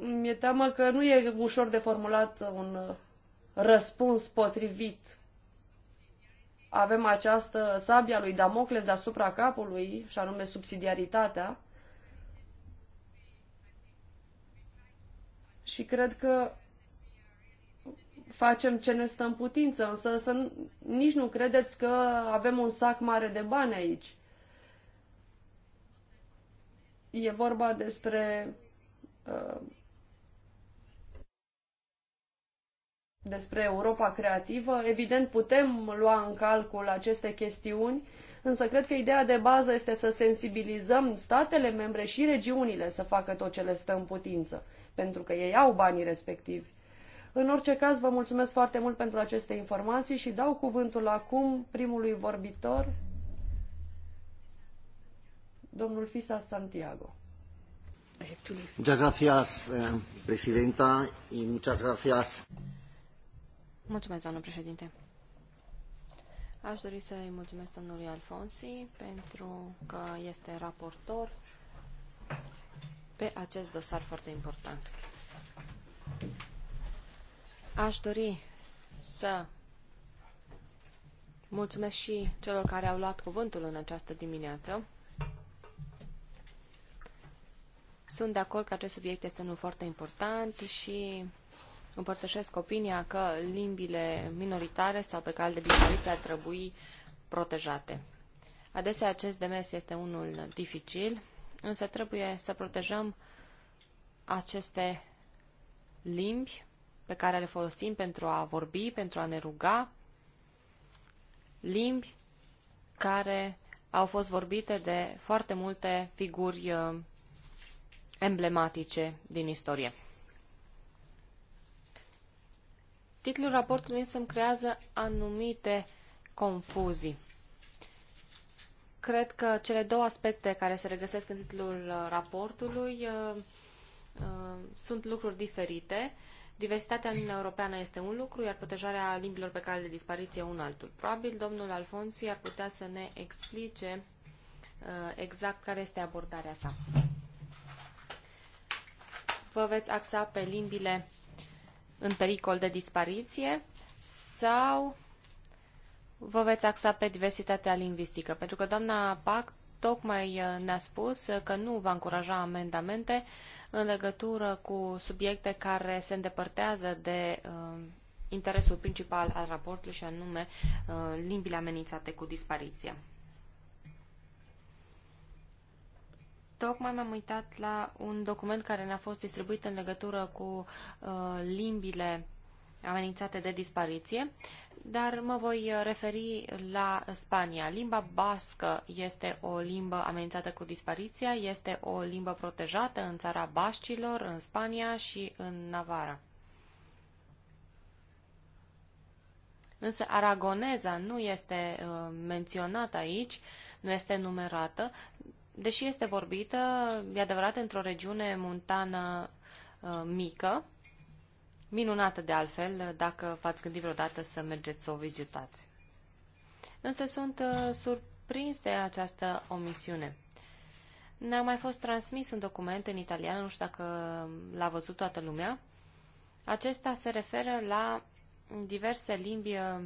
Mi-e teamă că nu e ușor de formulat un răspuns potrivit. Avem această sabia lui Damocles deasupra capului, și anume subsidiaritatea, și cred că facem ce ne stă în putință, însă să, nici nu credeți că avem un sac mare de bani aici. E vorba despre uh, despre Europa creativă. Evident, putem lua în calcul aceste chestiuni, însă cred că ideea de bază este să sensibilizăm statele membre și regiunile să facă tot ce le stă în putință pentru că ei au banii respectivi. În orice caz, vă mulțumesc foarte mult pentru aceste informații și dau cuvântul acum primului vorbitor, domnul Fisa Santiago. Eh, mulțumesc, doamnă președinte. Aș dori să-i mulțumesc domnului Alfonsi pentru că este raportor pe acest dosar foarte important. Aș dori să mulțumesc și celor care au luat cuvântul în această dimineață. Sunt de acord că acest subiect este unul foarte important și împărtășesc opinia că limbile minoritare sau pe cale de dispariție ar trebui protejate. Adesea acest demers este unul dificil însă trebuie să protejăm aceste limbi pe care le folosim pentru a vorbi, pentru a ne ruga, limbi care au fost vorbite de foarte multe figuri uh, emblematice din istorie. Titlul raportului însă îmi creează anumite confuzii cred că cele două aspecte care se regăsesc în titlul uh, raportului uh, uh, sunt lucruri diferite. Diversitatea în Uniunea Europeană este un lucru, iar protejarea limbilor pe cale de dispariție un altul. Probabil domnul Alfonsi ar putea să ne explice exact care este abordarea sa. Vă veți axa pe limbile în pericol de dispariție sau vă veți axa pe diversitatea lingvistică? Pentru că doamna Pac tocmai uh, ne-a spus uh, că nu va încuraja amendamente în legătură cu subiecte care se îndepărtează de uh, interesul principal al raportului și anume uh, limbile amenințate cu dispariție. Tocmai m-am uitat la un document care ne-a fost distribuit în legătură cu uh, limbile amenințate de dispariție, dar mă voi uh, referi la Spania. Limba bască este o limbă amenințată cu dispariția, este o limbă protejată în țara Bașcilor, în Spania și în Navara. Însă aragoneza nu este uh, menționată aici, nu este numerată, deși este vorbită, e adevărat, într-o regiune montană uh, mică, minunată de altfel, dacă v-ați gândit vreodată să mergeți să o vizitați. Însă sunt uh, surprins de această omisiune. Ne-a mai fost transmis un document în italiană, nu știu dacă l-a văzut toată lumea. Acesta se referă la diverse limbi uh,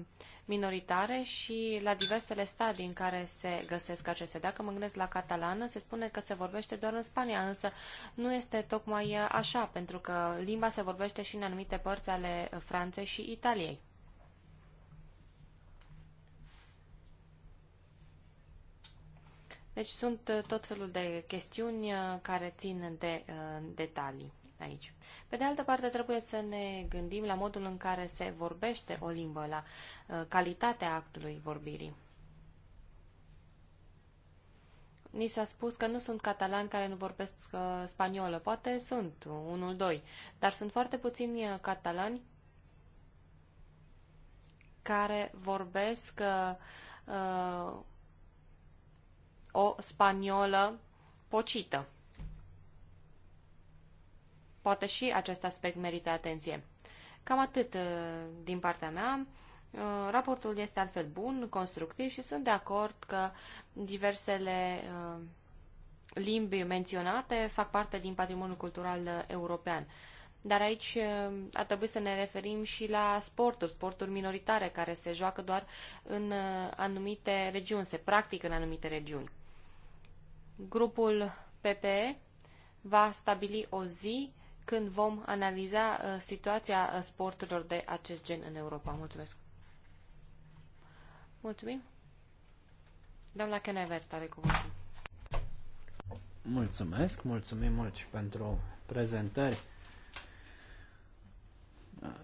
minoritare și la diversele stadii în care se găsesc acestea. Dacă mă gândesc la catalană, se spune că se vorbește doar în Spania, însă nu este tocmai uh, așa, pentru că limba se vorbește și în anumite părți ale uh, Franței și Italiei. Deci sunt tot felul de chestiuni care țin de detalii aici. Pe de altă parte, trebuie să ne gândim la modul în care se vorbește o limbă, la uh, calitatea actului vorbirii. Ni s-a spus că nu sunt catalani care nu vorbesc uh, spaniolă. Poate sunt, unul, doi. Dar sunt foarte puțini uh, catalani care vorbesc uh, uh o spaniolă pocită poate și acest aspect merită atenție. Cam atât uh, din partea mea. Uh, raportul este altfel bun, constructiv și sunt de acord că diversele uh, limbi menționate fac parte din patrimoniul cultural european. Dar aici ar trebui să ne referim și la sporturi, sporturi minoritare care se joacă doar în anumite regiuni, se practică în anumite regiuni. Grupul PPE va stabili o zi când vom analiza uh, situația uh, sporturilor de acest gen în Europa. Mulțumesc! Mulțumim! Doamna Kenevert are cuvântul. Mulțumesc, mulțumim mult și pentru prezentări.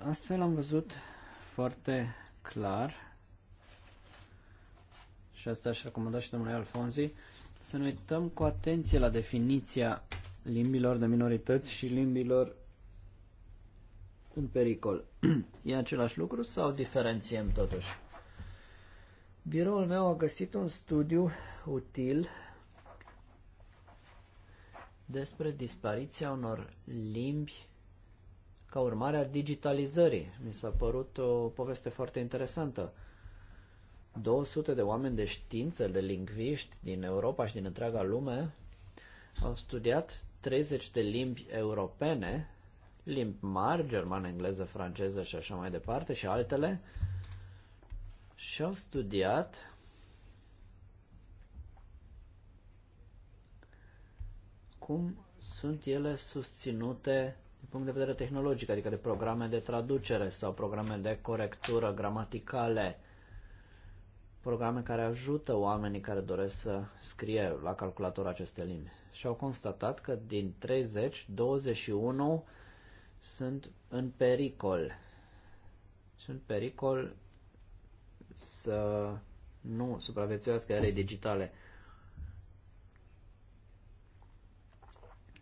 Astfel am văzut foarte clar și asta aș recomanda și domnului Alfonzi, să ne uităm cu atenție la definiția limbilor de minorități și limbilor în pericol. E același lucru sau diferențiem totuși? Biroul meu a găsit un studiu util despre dispariția unor limbi ca urmare a digitalizării. Mi s-a părut o poveste foarte interesantă. 200 de oameni de știință, de lingviști din Europa și din întreaga lume au studiat 30 de limbi europene, limbi mari, germană, engleză, franceză și așa mai departe, și altele, și au studiat cum sunt ele susținute din punct de vedere tehnologic, adică de programe de traducere sau programe de corectură gramaticale, programe care ajută oamenii care doresc să scrie la calculator aceste limbi și au constatat că din 30, 21 sunt în pericol. Sunt pericol să nu supraviețuiască erei digitale.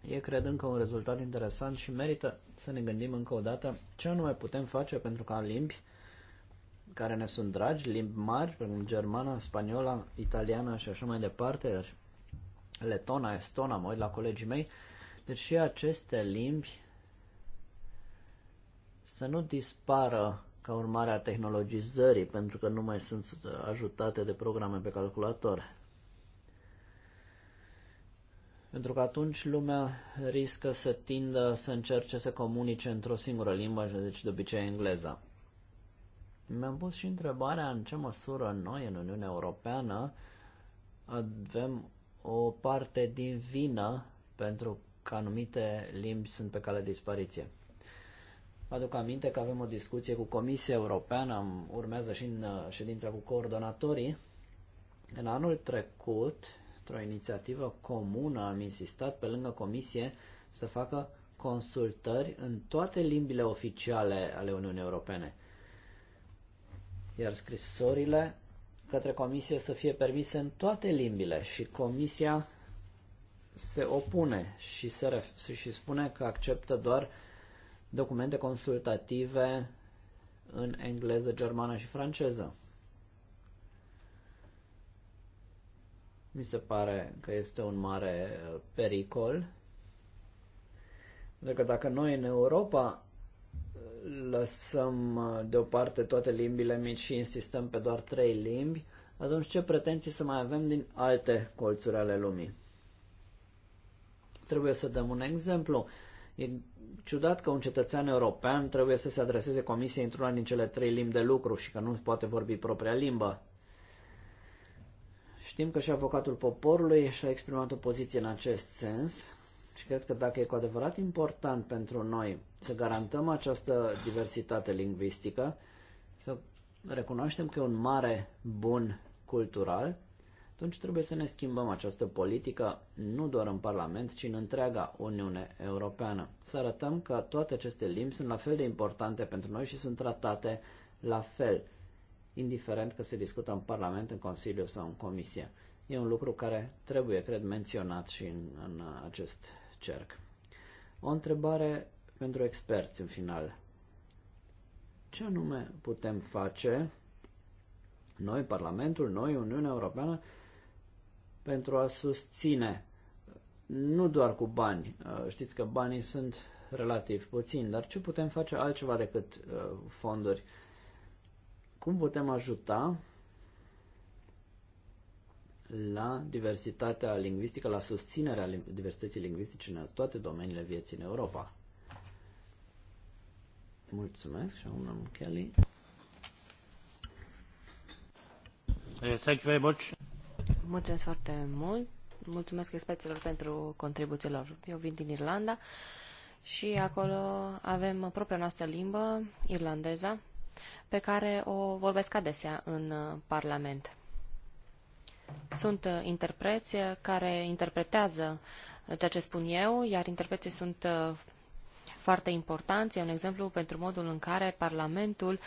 E, cred, încă un rezultat interesant și merită să ne gândim încă o dată ce anume putem face pentru ca limbi care ne sunt dragi, limbi mari, precum germana, spaniola, italiana și așa mai departe, letona, estona, mă uit la colegii mei, deci și aceste limbi să nu dispară ca urmare a tehnologizării, pentru că nu mai sunt uh, ajutate de programe pe calculator. Pentru că atunci lumea riscă să tindă să încerce să comunice într-o singură limbă, deci de obicei engleza. Mi-am pus și întrebarea în ce măsură noi în Uniunea Europeană avem o parte din vină pentru că anumite limbi sunt pe cale de dispariție. Vă aduc aminte că avem o discuție cu Comisia Europeană, urmează și în uh, ședința cu coordonatorii. În anul trecut, într-o inițiativă comună, am insistat pe lângă Comisie să facă consultări în toate limbile oficiale ale Uniunii Europene. Iar scrisorile către comisie să fie permise în toate limbile și comisia se opune și, se ref- și spune că acceptă doar documente consultative în engleză, germană și franceză. Mi se pare că este un mare uh, pericol, pentru că dacă noi în Europa lăsăm uh, deoparte toate limbile mici și insistăm pe doar trei limbi, atunci ce pretenții să mai avem din alte colțuri ale lumii? Trebuie să dăm un exemplu. E ciudat că un cetățean european trebuie să se adreseze comisiei într-una din cele trei limbi de lucru și că nu poate vorbi propria limbă. Știm că și avocatul poporului și-a exprimat o poziție în acest sens. Și cred că dacă e cu adevărat important pentru noi să garantăm această diversitate lingvistică, să recunoaștem că e un mare bun cultural, atunci trebuie să ne schimbăm această politică nu doar în Parlament, ci în întreaga Uniune Europeană. Să arătăm că toate aceste limbi sunt la fel de importante pentru noi și sunt tratate la fel, indiferent că se discută în Parlament, în Consiliu sau în Comisie. E un lucru care trebuie, cred, menționat și în, în acest cerc. O întrebare pentru experți în final. Ce anume putem face noi, Parlamentul, noi, Uniunea Europeană, pentru a susține nu doar cu bani, uh, știți că banii sunt relativ puțini, dar ce putem face altceva decât uh, fonduri? Cum putem ajuta la diversitatea lingvistică, la susținerea diversității lingvistice în toate domeniile vieții în Europa. Mulțumesc și am Kelly. Eh, thank you very much. Mulțumesc foarte mult. Mulțumesc experților pentru contribuțiile lor. Eu vin din Irlanda și acolo avem propria noastră limbă, irlandeza, pe care o vorbesc adesea în uh, Parlament. Sunt uh, interpreți uh, care interpretează uh, ceea ce spun eu, iar interpreții sunt foarte importanți. E un exemplu pentru modul în care Parlamentul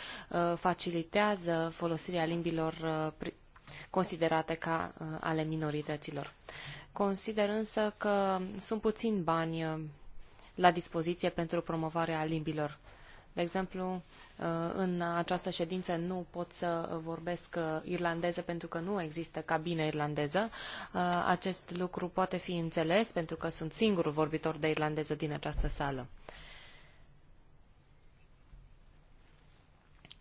facilitează folosirea limbilor considerate ca ale minorităților. Consider însă că sunt puțini bani la dispoziție pentru promovarea limbilor de exemplu, uh, în această ședință nu pot să vorbesc uh, irlandeză pentru că nu există cabină irlandeză. Uh, acest lucru poate fi înțeles pentru că sunt singurul vorbitor de irlandeză din această sală.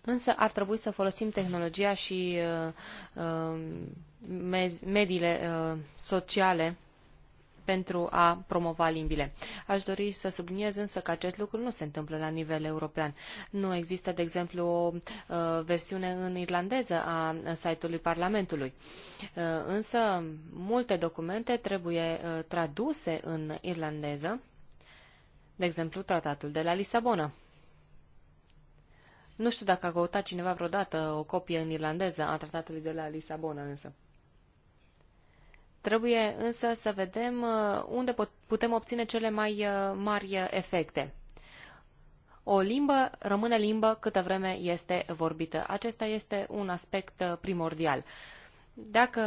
Însă ar trebui să folosim tehnologia și mediile sociale pentru a promova limbile. Aș dori să subliniez însă că acest lucru nu se întâmplă la nivel european. Nu există, de exemplu, o uh, versiune în irlandeză a site-ului Parlamentului. Uh, însă multe documente trebuie uh, traduse în irlandeză, de exemplu tratatul de la Lisabona. Nu știu dacă a căutat cineva vreodată o copie în irlandeză a tratatului de la Lisabona, însă. Trebuie însă să vedem uh, unde putem obține cele mai uh, mari uh, efecte. O limbă rămâne limbă câtă vreme este vorbită. Acesta este un aspect primordial. Dacă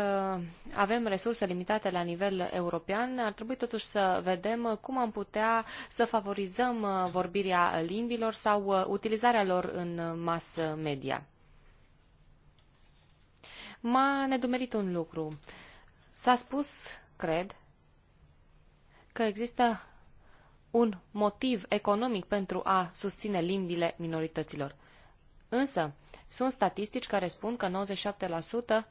avem resurse limitate la nivel european, ar trebui totuși să vedem cum am putea să favorizăm vorbirea limbilor sau utilizarea lor în mass media. M-a nedumerit un lucru. Uh, S-a spus, cred, că există un motiv economic pentru a susține limbile minorităților. Însă, sunt statistici care spun că 97%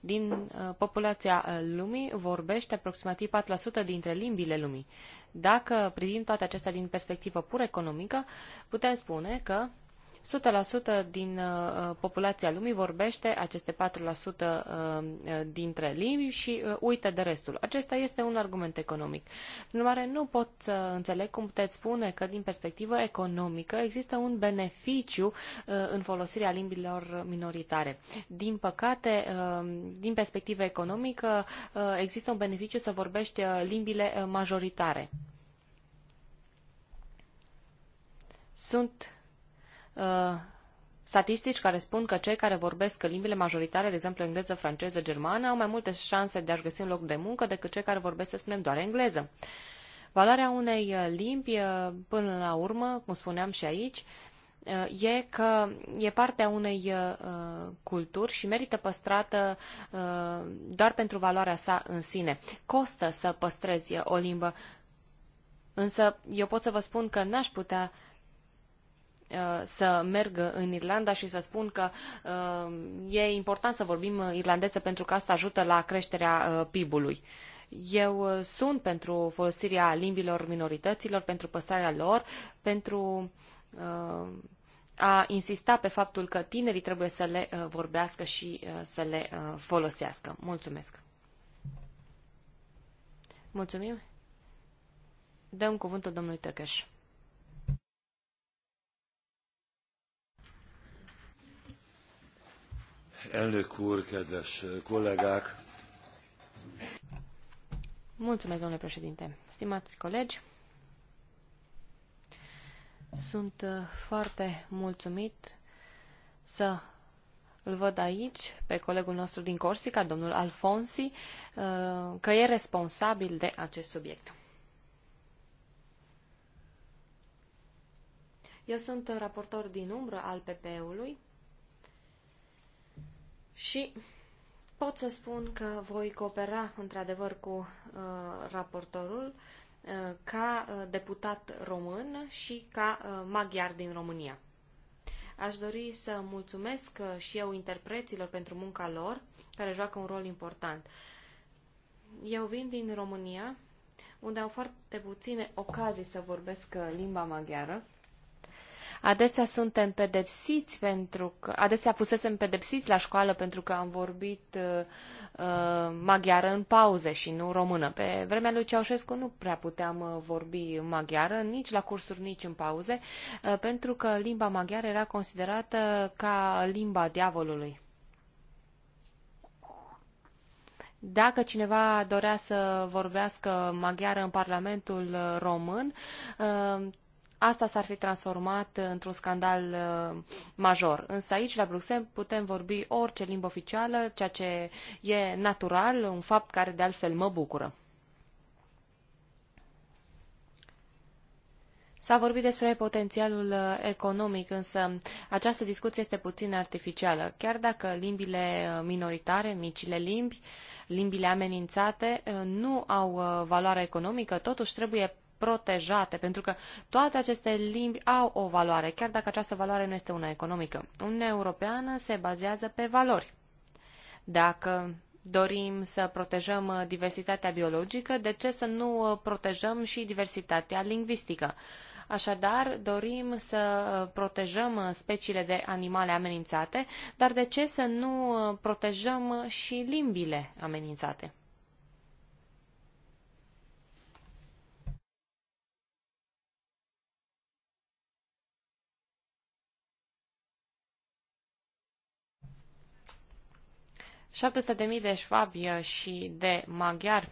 din uh, populația uh, lumii vorbește aproximativ 4% dintre limbile lumii. Dacă privim toate acestea din perspectivă pur economică, putem spune că 100% din uh, uh, populația lumii vorbește aceste 4% uh, dintre limbi și uită de restul. Acesta este un argument economic. Prin urmare, nu pot să înțeleg cum puteți spune că din perspectivă economică există un beneficiu în folosirea limbilor minoritare. Din păcate, din perspectivă economică, există un beneficiu să vorbești limbile majoritare. Sunt Uh, statistici care spun că cei care vorbesc limbile majoritare, de exemplu engleză, franceză, germană, au mai multe șanse de a-și găsi un loc de muncă decât cei care vorbesc, să spunem, doar engleză. Valoarea unei uh, limbi, uh, până la urmă, cum spuneam și aici, e că e partea unei culturi și merită păstrată doar pentru valoarea sa în sine. Costă să păstrezi o limbă, însă eu pot să vă spun că n-aș putea uh, Uh, să merg în Irlanda și să spun că uh, e important să vorbim irlandeză pentru că asta ajută la creșterea uh, PIB-ului. Eu sunt pentru folosirea limbilor minorităților, pentru păstrarea lor, pentru a insista pe faptul că tinerii trebuie să le vorbească și să le folosească. Mulțumesc! Mulțumim! Dăm cuvântul domnului Tăcăș. elnök úr, kedves kollégák! Mulțumesc, domnule președinte. Stimați colegi, sunt uh, foarte mulțumit să îl văd aici pe colegul nostru din Corsica, domnul Alfonsi, uh, că e responsabil de acest subiect. Eu sunt raportor din umbră al PPE-ului și pot să spun că voi coopera într-adevăr cu uh, raportorul uh, ca uh, deputat român și ca uh, maghiar din România. Aș dori să mulțumesc uh, și eu interpreților pentru munca lor, care joacă un rol important. Eu vin din România, unde au foarte puține ocazii să vorbesc uh, limba maghiară Adesea suntem pedepsiți pentru că, adesea fusesem pedepsiți la școală pentru că am vorbit uh, uh maghiară în pauze și nu română. Pe vremea lui Ceaușescu nu prea puteam uh, vorbi maghiară, nici la cursuri, nici în pauze, uh, pentru că limba maghiară era considerată ca limba diavolului. Dacă cineva dorea să vorbească maghiară în Parlamentul uh, român, asta s-ar fi transformat într-un scandal uh, major. Însă aici, la Bruxelles, putem vorbi orice limbă oficială, ceea ce e natural, un fapt care de altfel mă bucură. S-a vorbit despre potențialul uh, economic, însă această discuție este puțin artificială. Chiar dacă limbile uh, minoritare, micile limbi, limbile amenințate, nu au valoare economică, totuși trebuie protejate, pentru că toate aceste limbi au o valoare, chiar dacă această valoare nu este una economică. Uniunea Europeană se bazează pe valori. Dacă dorim să protejăm uh, diversitatea biologică, de ce să nu uh, protejăm și diversitatea lingvistică? Așadar, dorim să uh, protejăm speciile de animale amenințate, dar de ce să nu protejăm și limbile amenințate? 700.000 de șfabi și de maghiari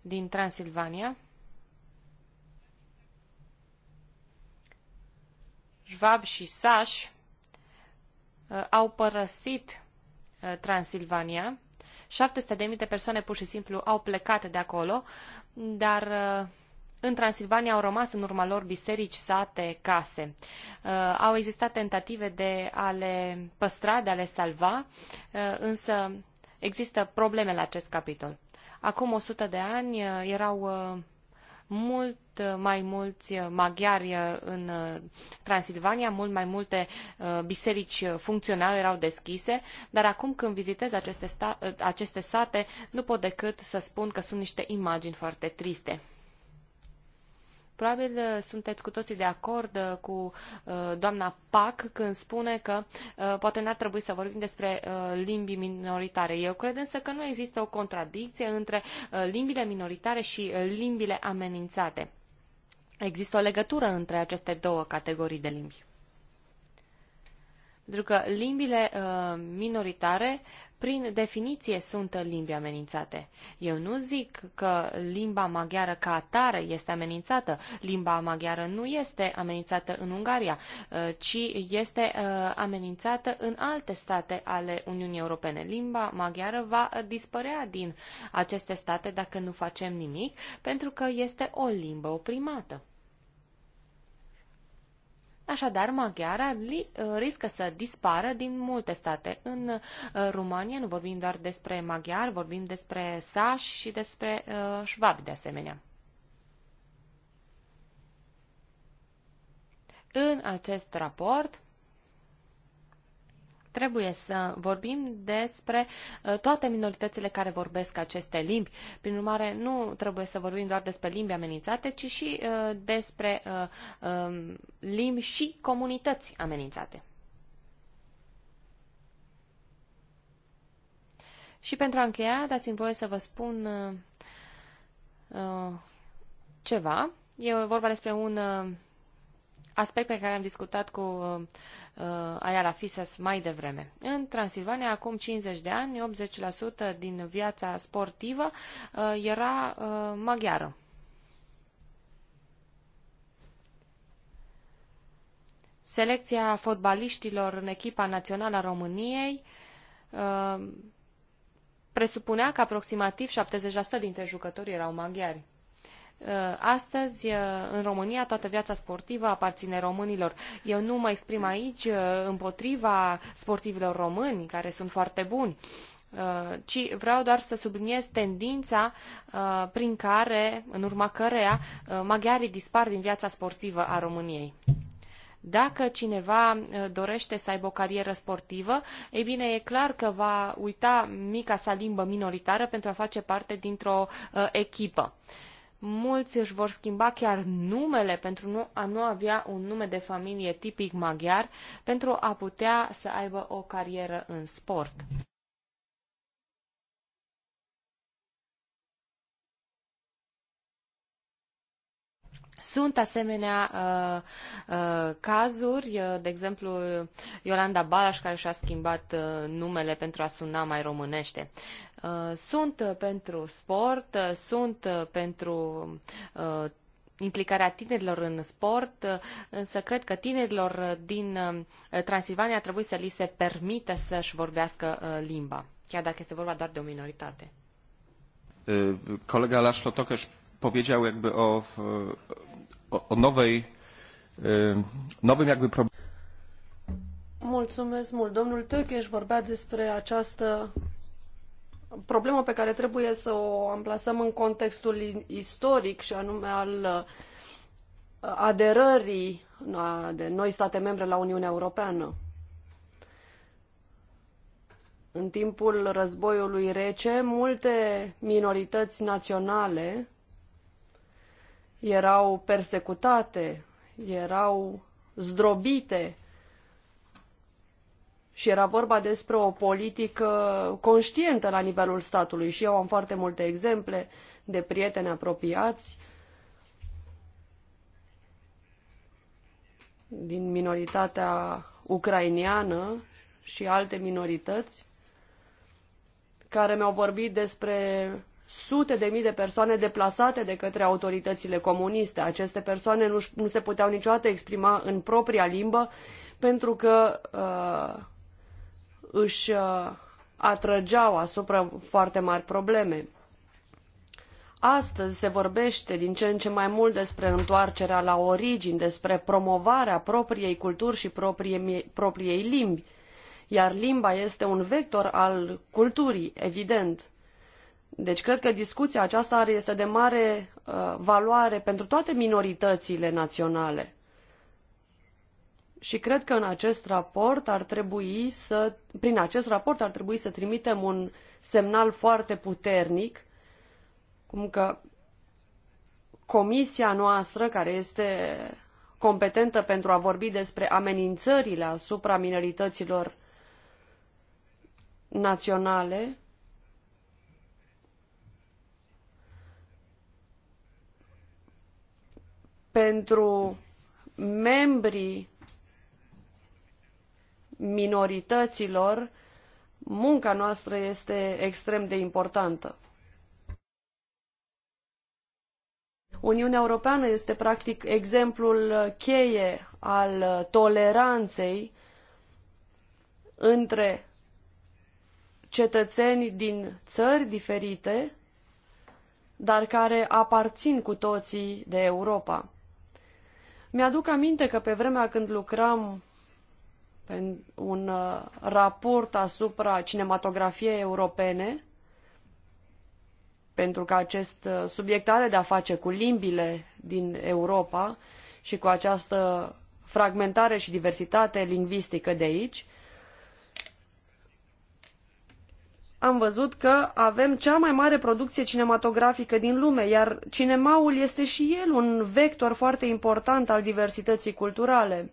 din Transilvania. Șvab și Saș uh, au părăsit uh, Transilvania. 700.000 de persoane pur și simplu au plecat de acolo, dar uh, în Transilvania au rămas în urma lor biserici, sate, case. Uh, au existat tentative de a le păstra, de a le salva, uh, însă există probleme la acest capitol. Acum 100 de ani uh, erau mult mai mulți maghiari în Transilvania, mult mai multe biserici funcționale erau deschise, dar acum când vizitez aceste, aceste sate, nu pot decât să spun că sunt niște imagini foarte triste. Probabil uh, sunteți cu toții de acord uh, cu uh, doamna Pac când spune că poate n-ar trebui să vorbim despre limbi minoritare. Eu cred însă că nu există o contradicție între limbile minoritare și limbile amenințate. Există o legătură între aceste două categorii de limbi. Pentru că limbile uh, minoritare, prin definiție, sunt limbi amenințate. Eu nu zic că limba maghiară ca atare este amenințată. Limba maghiară nu este amenințată în Ungaria, uh, ci este uh, amenințată în alte state ale Uniunii Europene. Limba maghiară va dispărea din aceste state dacă nu facem nimic, pentru că este o limbă oprimată. Așadar, maghiara ă, riscă să dispară din multe state. În ă, România, nu vorbim doar despre maghiar, vorbim despre sași și despre uh, șvabi de asemenea. În acest raport Trebuie să vorbim despre uh, toate minoritățile care vorbesc aceste limbi. Prin urmare, nu trebuie să vorbim doar despre limbi amenințate, ci și uh, despre uh, um, limbi și comunități amenințate. Și pentru a încheia, dați-mi voie să vă spun uh, ceva. E vorba despre un uh, aspect pe care am discutat cu uh, Ayala Fisas mai devreme. În Transilvania, acum 50 de ani, 80% din viața sportivă uh, era uh, maghiară. Selecția fotbaliștilor în echipa națională a României uh, presupunea că aproximativ 70% dintre jucători erau maghiari. Uh, astăzi, uh, în România, toată viața sportivă aparține românilor. Eu nu mă exprim aici uh, împotriva sportivilor români, care sunt foarte buni, ci vreau doar să subliniez tendința prin care, în urma căreia, maghiarii dispar din viața sportivă a României. Dacă cineva dorește să aibă o carieră sportivă, ei bine, e clar că va uita mica sa limbă minoritară pentru a face parte dintr-o echipă. Mulți își vor schimba chiar numele pentru a nu avea un nume de familie tipic maghiar, pentru a putea să aibă o carieră în sport. Sunt asemenea uh, uh, cazuri, uh, de exemplu Iolanda Balas care și-a schimbat uh, numele pentru a suna mai românește. Uh, sunt uh, pentru sport, sunt pentru implicarea tinerilor în sport, însă cred că tinerilor din Transilvania trebuie să li se permită să-și vorbească limba, chiar dacă este vorba doar de o minoritate. Colega Laszlo Tokesz powiedział jakby o o, nowej, nowym jakby problemie. Mulțumesc mult. Domnul Tăcheș vorbea despre această problemă pe care trebuie să o amplasăm în contextul istoric și anume al uh, aderării uh, de noi state membre la Uniunea Europeană. În timpul războiului rece, multe minorități naționale erau persecutate, erau zdrobite și era vorba despre o politică conștientă la nivelul statului și eu am foarte multe exemple de prieteni apropiați din minoritatea ucrainiană și alte minorități care mi-au vorbit despre sute de mii de persoane deplasate de către autoritățile comuniste. Aceste persoane nu, nu se puteau niciodată exprima în propria limbă pentru că uh, își uh, atrăgeau asupra foarte mari probleme. Astăzi se vorbește din ce în ce mai mult despre întoarcerea la origini, despre promovarea propriei culturi și proprie, propriei limbi, iar limba este un vector al culturii, evident deci cred că discuția aceasta are, este de mare uh, valoare pentru toate minoritățile naționale. Și cred că în acest raport ar trebui să, prin acest raport ar trebui să trimitem un semnal foarte puternic, cum că comisia noastră, care este competentă pentru a vorbi despre amenințările asupra minorităților naționale, pentru membrii minorităților, munca noastră este extrem de importantă. Uniunea Europeană este practic exemplul cheie al toleranței între cetățeni din țări diferite, dar care aparțin cu toții de Europa. Mi-aduc aminte că pe vremea când lucram pe un uh, raport asupra cinematografiei europene, pentru că acest uh, subiect are de-a face cu limbile din Europa și cu această fragmentare și diversitate lingvistică de aici, am văzut că avem cea mai mare producție cinematografică din lume, iar cinemaul este și el un vector foarte important al diversității culturale.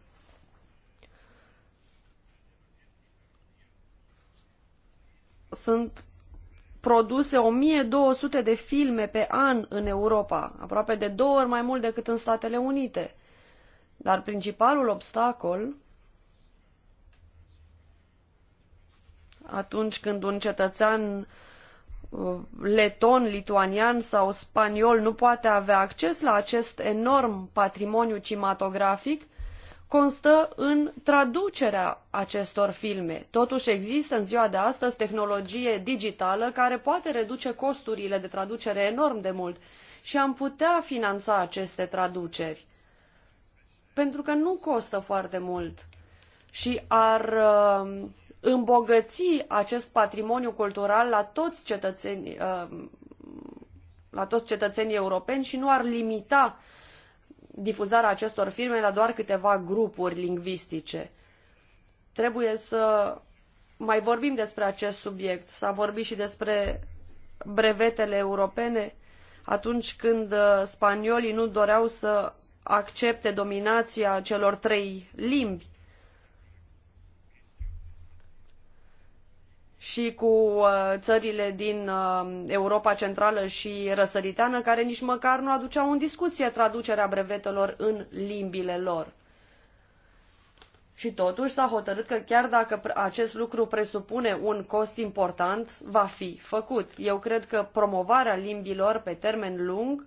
Sunt produse 1200 de filme pe an în Europa, aproape de două ori mai mult decât în Statele Unite. Dar principalul obstacol atunci când un cetățean uh, leton, lituanian sau spaniol nu poate avea acces la acest enorm patrimoniu cinematografic, constă în traducerea acestor filme. Totuși există în ziua de astăzi tehnologie digitală care poate reduce costurile de traducere enorm de mult și am putea finanța aceste traduceri. Pentru că nu costă foarte mult și ar uh, îmbogăți acest patrimoniu cultural la toți cetățenii, uh, la toți cetățenii europeni și nu ar limita difuzarea acestor filme la doar câteva grupuri lingvistice. Trebuie să mai vorbim despre acest subiect. S-a vorbit și despre brevetele europene atunci când uh, spaniolii nu doreau să accepte dominația celor trei limbi și cu uh, țările din uh, Europa Centrală și Răsăriteană, care nici măcar nu aduceau în discuție traducerea brevetelor în limbile lor. Și totuși s-a hotărât că chiar dacă acest lucru presupune un cost important, va fi făcut. Eu cred că promovarea limbilor pe termen lung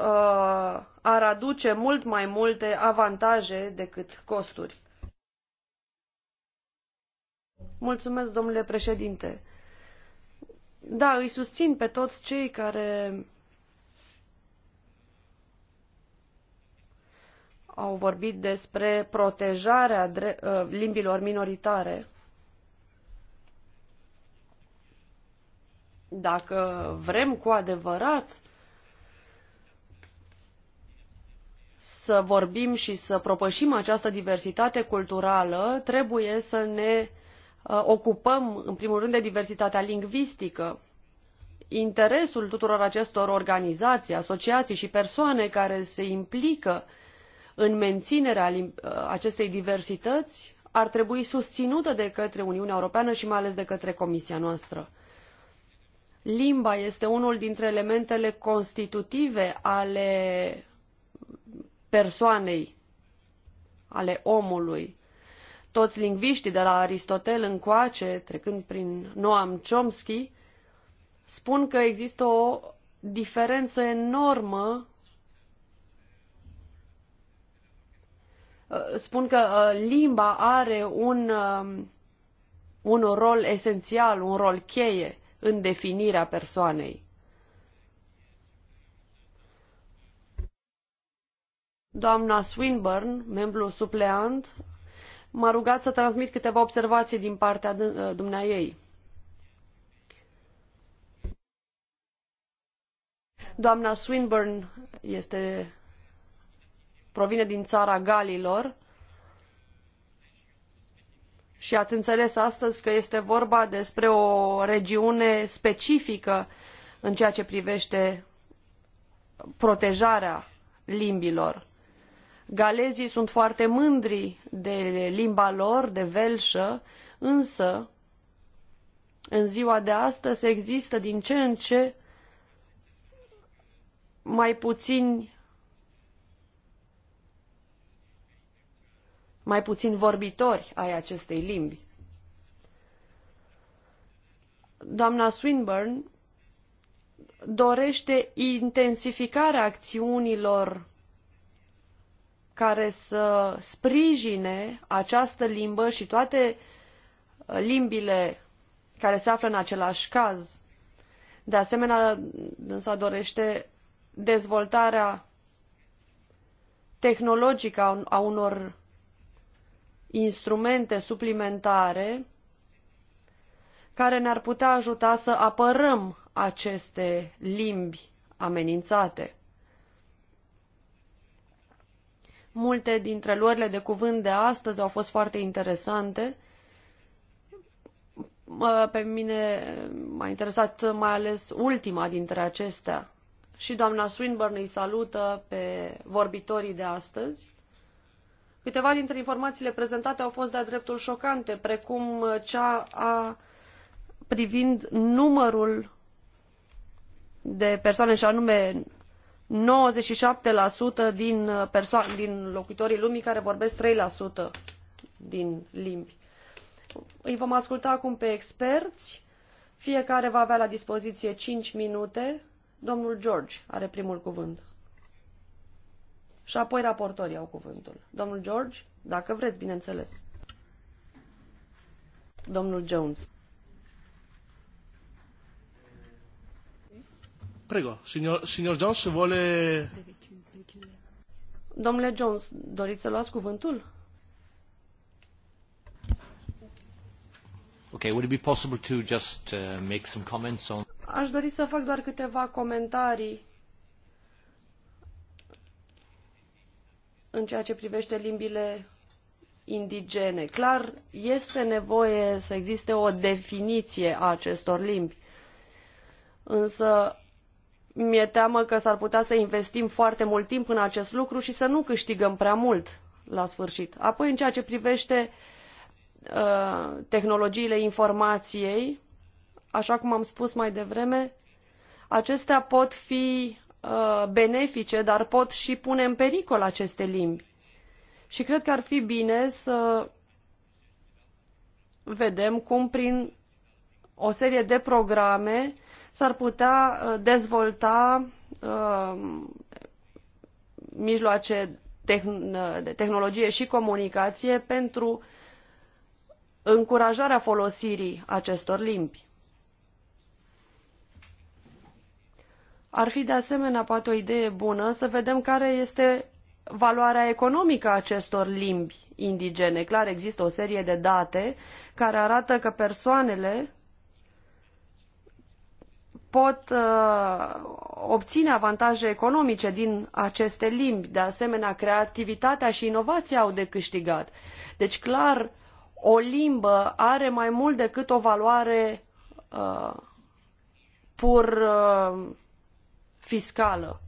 uh, ar aduce mult mai multe avantaje decât costuri. Mulțumesc, domnule președinte. Da, îi susțin pe toți cei care au vorbit despre protejarea uh, limbilor minoritare. Dacă vrem cu adevărat să vorbim și să propășim această diversitate culturală, trebuie să ne uh, ocupăm, în primul rând, de diversitatea lingvistică. Interesul tuturor acestor organizații, asociații și persoane care se implică în menținerea uh, acestei diversități ar trebui susținută de către Uniunea Europeană și mai ales de către Comisia noastră. Limba este unul dintre elementele constitutive ale persoanei, ale omului. Toți lingviștii de la Aristotel încoace, trecând prin Noam Chomsky, spun că există o diferență enormă uh, spun că uh, limba are un, um, un rol esențial, un rol cheie în definirea persoanei. Doamna Swinburne, membru supleant, m-a rugat să transmit câteva observații din partea ă, dumneaei. Doamna Swinburne este, provine din țara Galilor și ați înțeles astăzi că este vorba despre o regiune specifică în ceea ce privește protejarea limbilor. Galezii sunt foarte mândri de limba lor, de velșă, însă în ziua de astăzi există din ce în ce mai puțini mai puțin vorbitori ai acestei limbi. Doamna Swinburne dorește intensificarea acțiunilor care să sprijine această limbă și toate uh, limbile care se află în același caz. De asemenea, însă dorește dezvoltarea tehnologică a unor instrumente suplimentare care ne-ar putea ajuta să apărăm aceste limbi amenințate. Multe dintre luările de cuvânt de astăzi au fost foarte interesante. Pe mine m-a interesat mai ales ultima dintre acestea. Și doamna Swinburne îi salută pe vorbitorii de astăzi. Câteva dintre informațiile prezentate au fost de-a dreptul șocante, precum cea a privind numărul de persoane, și anume 97% din, uh, perso- din locuitorii lumii care vorbesc 3% din limbi. Îi vom asculta acum pe experți. Fiecare va avea la dispoziție 5 minute. Domnul George are primul cuvânt. Și apoi raportorii au cuvântul. Domnul George, dacă vreți, bineînțeles. Domnul Jones. Prego, signor, signor Jones vuole... Domnule Jones, doriți să luați cuvântul? Okay, would it be possible to just uh, make some comments on... Aș dori să fac doar câteva comentarii în ceea ce privește limbile indigene. Clar, este nevoie să existe o definiție a acestor limbi. Însă mi-e teamă că s-ar putea să investim foarte mult timp în acest lucru și să nu câștigăm prea mult la sfârșit. Apoi, în ceea ce privește uh, tehnologiile informației, așa cum am spus mai devreme, acestea pot fi uh, benefice, dar pot și pune în pericol aceste limbi. Și cred că ar fi bine să vedem cum prin o serie de programe s-ar putea uh, dezvolta uh, mijloace uh, de tehnologie și comunicație pentru încurajarea folosirii acestor limbi. Ar fi de asemenea poate o idee bună să vedem care este valoarea economică a acestor limbi indigene. Clar, există o serie de date care arată că persoanele pot uh, obține avantaje economice din aceste limbi. De asemenea, creativitatea și inovația au de câștigat. Deci, clar, o limbă are mai mult decât o valoare uh, pur uh, fiscală.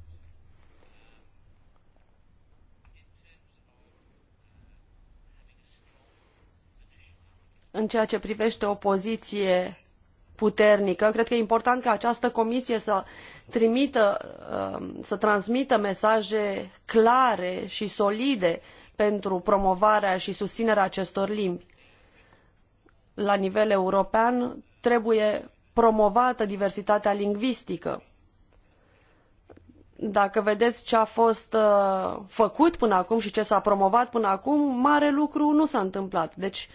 În ceea ce privește o poziție puternică. Cred că e important ca această comisie să trimită, um, să transmită mesaje clare și solide pentru promovarea și susținerea acestor limbi. La nivel european trebuie promovată diversitatea lingvistică. Dacă vedeți ce a fost uh, făcut până acum și ce s-a promovat până acum, mare lucru nu s-a întâmplat. Deci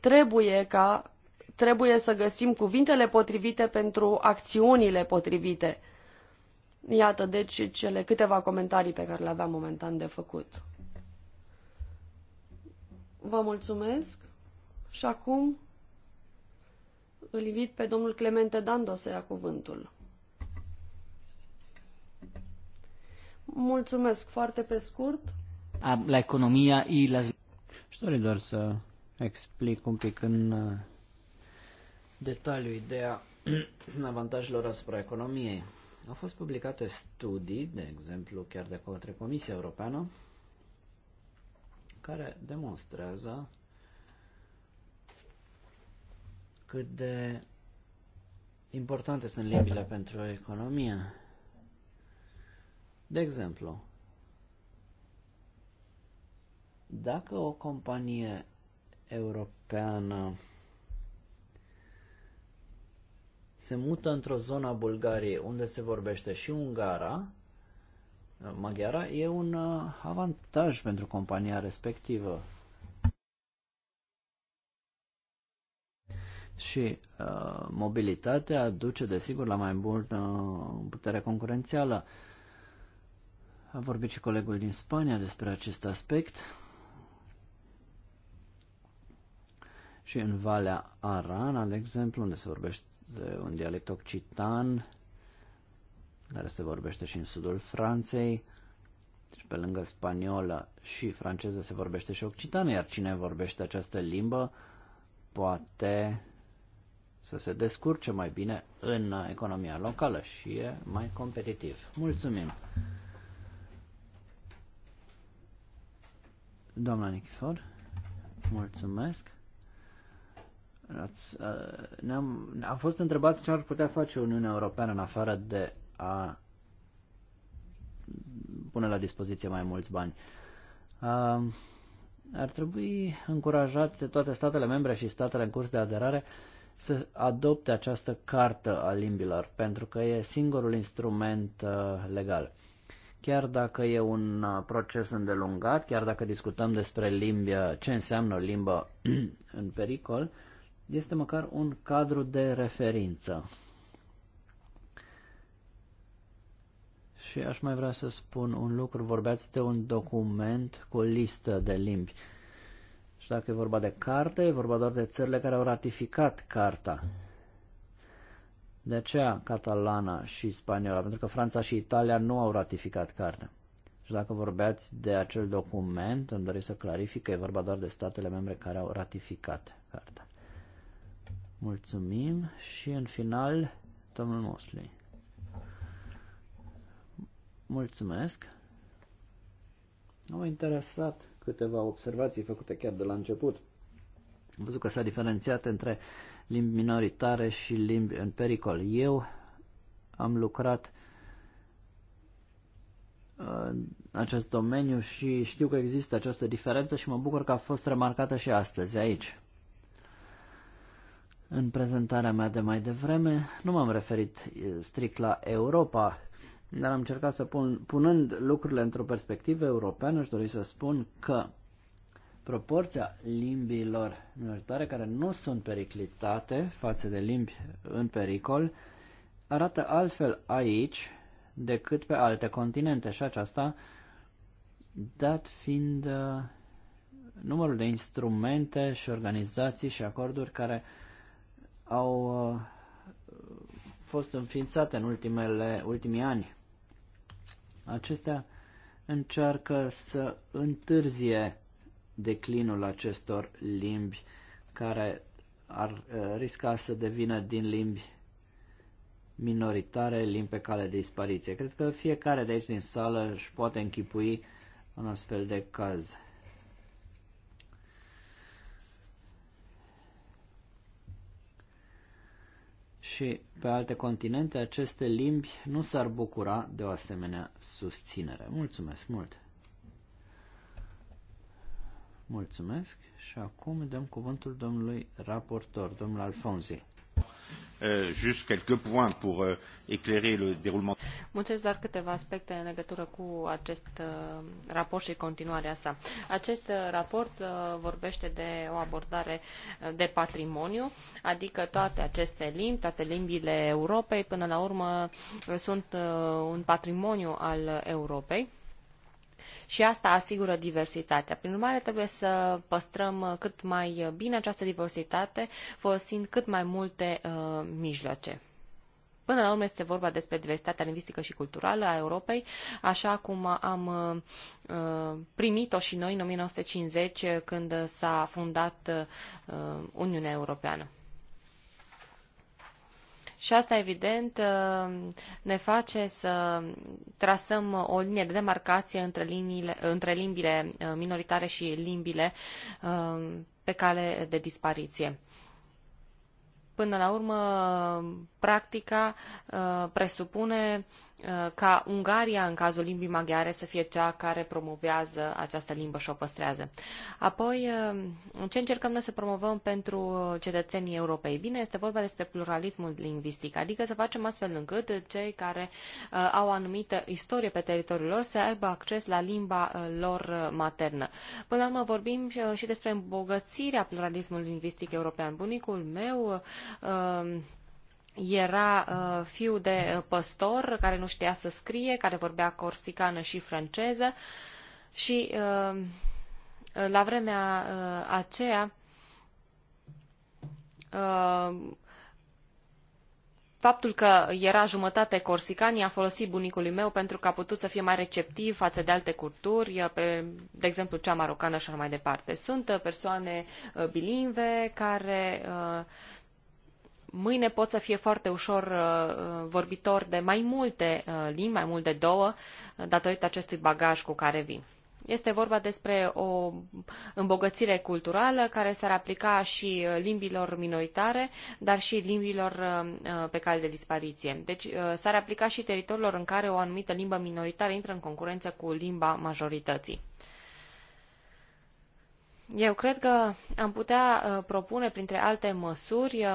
trebuie ca trebuie să găsim cuvintele potrivite pentru acțiunile potrivite. Iată, deci, cele câteva comentarii pe care le aveam momentan de făcut. Vă mulțumesc și acum îl invit pe domnul Clemente Dando să ia cuvântul. Mulțumesc foarte pe scurt. La economia și la... Și doar să explic un pic în detaliu ideea avantajelor asupra economiei. Au fost publicate studii, de exemplu chiar de către Comisia Europeană, care demonstrează cât de importante sunt limbile pentru economie. De exemplu, dacă o companie europeană se mută într-o zonă a Bulgariei unde se vorbește și ungara, maghiara, e un uh, avantaj pentru compania respectivă. Și uh, mobilitatea duce, desigur, la mai bună uh, putere concurențială. A vorbit și colegul din Spania despre acest aspect. Și în Valea Aran, al exemplu, unde se vorbește de un dialect occitan care se vorbește și în sudul Franței. Deci pe lângă spaniolă și franceză se vorbește și occitană, iar cine vorbește această limbă poate să se descurce mai bine în economia locală și e mai competitiv. Mulțumim! Doamna Nichifor, mulțumesc! Ați, uh, ne-am, am fost întrebați ce ar putea face Uniunea Europeană în afară de a pune la dispoziție mai mulți bani. Uh, ar trebui încurajate toate statele membre și statele în curs de aderare să adopte această cartă a limbilor, pentru că e singurul instrument uh, legal. Chiar dacă e un proces îndelungat, chiar dacă discutăm despre limbi, ce înseamnă o limbă în pericol, uh, este măcar un cadru de referință. Și aș mai vrea să spun un lucru, vorbeați de un document cu o listă de limbi. Și dacă e vorba de carte, e vorba doar de țările care au ratificat carta. De aceea catalana și spaniola, pentru că Franța și Italia nu au ratificat cartea. Și dacă vorbeați de acel document, îmi doresc să clarific că e vorba doar de statele membre care au ratificat cartea. Mulțumim și în final, domnul Mosley. Mulțumesc. Au interesat câteva observații făcute chiar de la început. Am văzut că s-a diferențiat între limbi minoritare și limbi în pericol. Eu am lucrat uh, în acest domeniu și știu că există această diferență și mă bucur că a fost remarcată și astăzi aici. În prezentarea mea de mai devreme nu m-am referit strict la Europa, dar am încercat să pun, punând lucrurile într-o perspectivă europeană, aș dori să spun că proporția limbilor minoritare care nu sunt periclitate față de limbi în pericol arată altfel aici decât pe alte continente și aceasta dat fiind uh, numărul de instrumente și organizații și acorduri care uh, au uh, fost înființate în ultimele, ultimii ani. Acestea încearcă să întârzie declinul acestor limbi care ar uh, risca să devină din limbi minoritare, limbi pe cale de dispariție. Cred că fiecare de aici din sală își poate închipui un astfel de caz. și pe alte continente, aceste limbi nu s-ar bucura de o asemenea susținere. Mulțumesc mult! Mulțumesc și acum dăm cuvântul domnului raportor, domnul Alfonzi. Uh, quelques points pour euh, éclairer le déroulement. Mulțumesc doar câteva aspecte în legătură cu acest uh, raport și continuarea sa. Acest uh, raport uh, vorbește de o abordare uh, de patrimoniu, adică toate aceste limbi, toate limbile Europei, până la urmă sunt un patrimoniu al Europei și asta asigură diversitatea. Prin urmare, trebuie să păstrăm cât mai bine această diversitate, folosind cât mai multe uh, mijloace. Până la urmă este vorba despre diversitatea lingvistică și culturală a Europei, așa cum am uh, primit-o și noi în 1950 când s-a fundat uh, Uniunea Europeană. Și asta, evident, uh, ne face să trasăm o linie de demarcație între, liniile, între limbile uh, minoritare și limbile uh, pe cale de dispariție până la urmă practica presupune Uh, ca Ungaria, în cazul limbii maghiare, să fie cea care promovează această limbă și o păstrează. Apoi, uh, ce încercăm noi să promovăm pentru cetățenii Europei? Bine, este vorba despre pluralismul lingvistic, adică să facem astfel încât cei care uh, au o anumită istorie pe teritoriul lor să aibă acces la limba lor maternă. Până la urmă vorbim și despre îmbogățirea pluralismului lingvistic european. Bunicul meu era uh, fiul fiu de uh, păstor care nu știa să scrie, care vorbea corsicană și franceză și uh, la vremea aceea faptul că era jumătate corsican i-a folosit bunicului meu pentru că a putut să fie mai receptiv față de alte culturi, de exemplu cea marocană și așa mai departe. Sunt persoane bilingve care mâine pot să fie foarte ușor uh, uh, vorbitor de mai multe uh, limbi, mai mult de două, datorită acestui bagaj cu care vin. Este vorba despre o îmbogățire culturală care s-ar aplica și limbilor minoritare, dar și limbilor pe cale de dispariție. Deci s-ar aplica și teritoriilor în care o anumită limbă minoritară intră în concurență cu limba majorității. Eu cred că am putea propune, printre alte măsuri,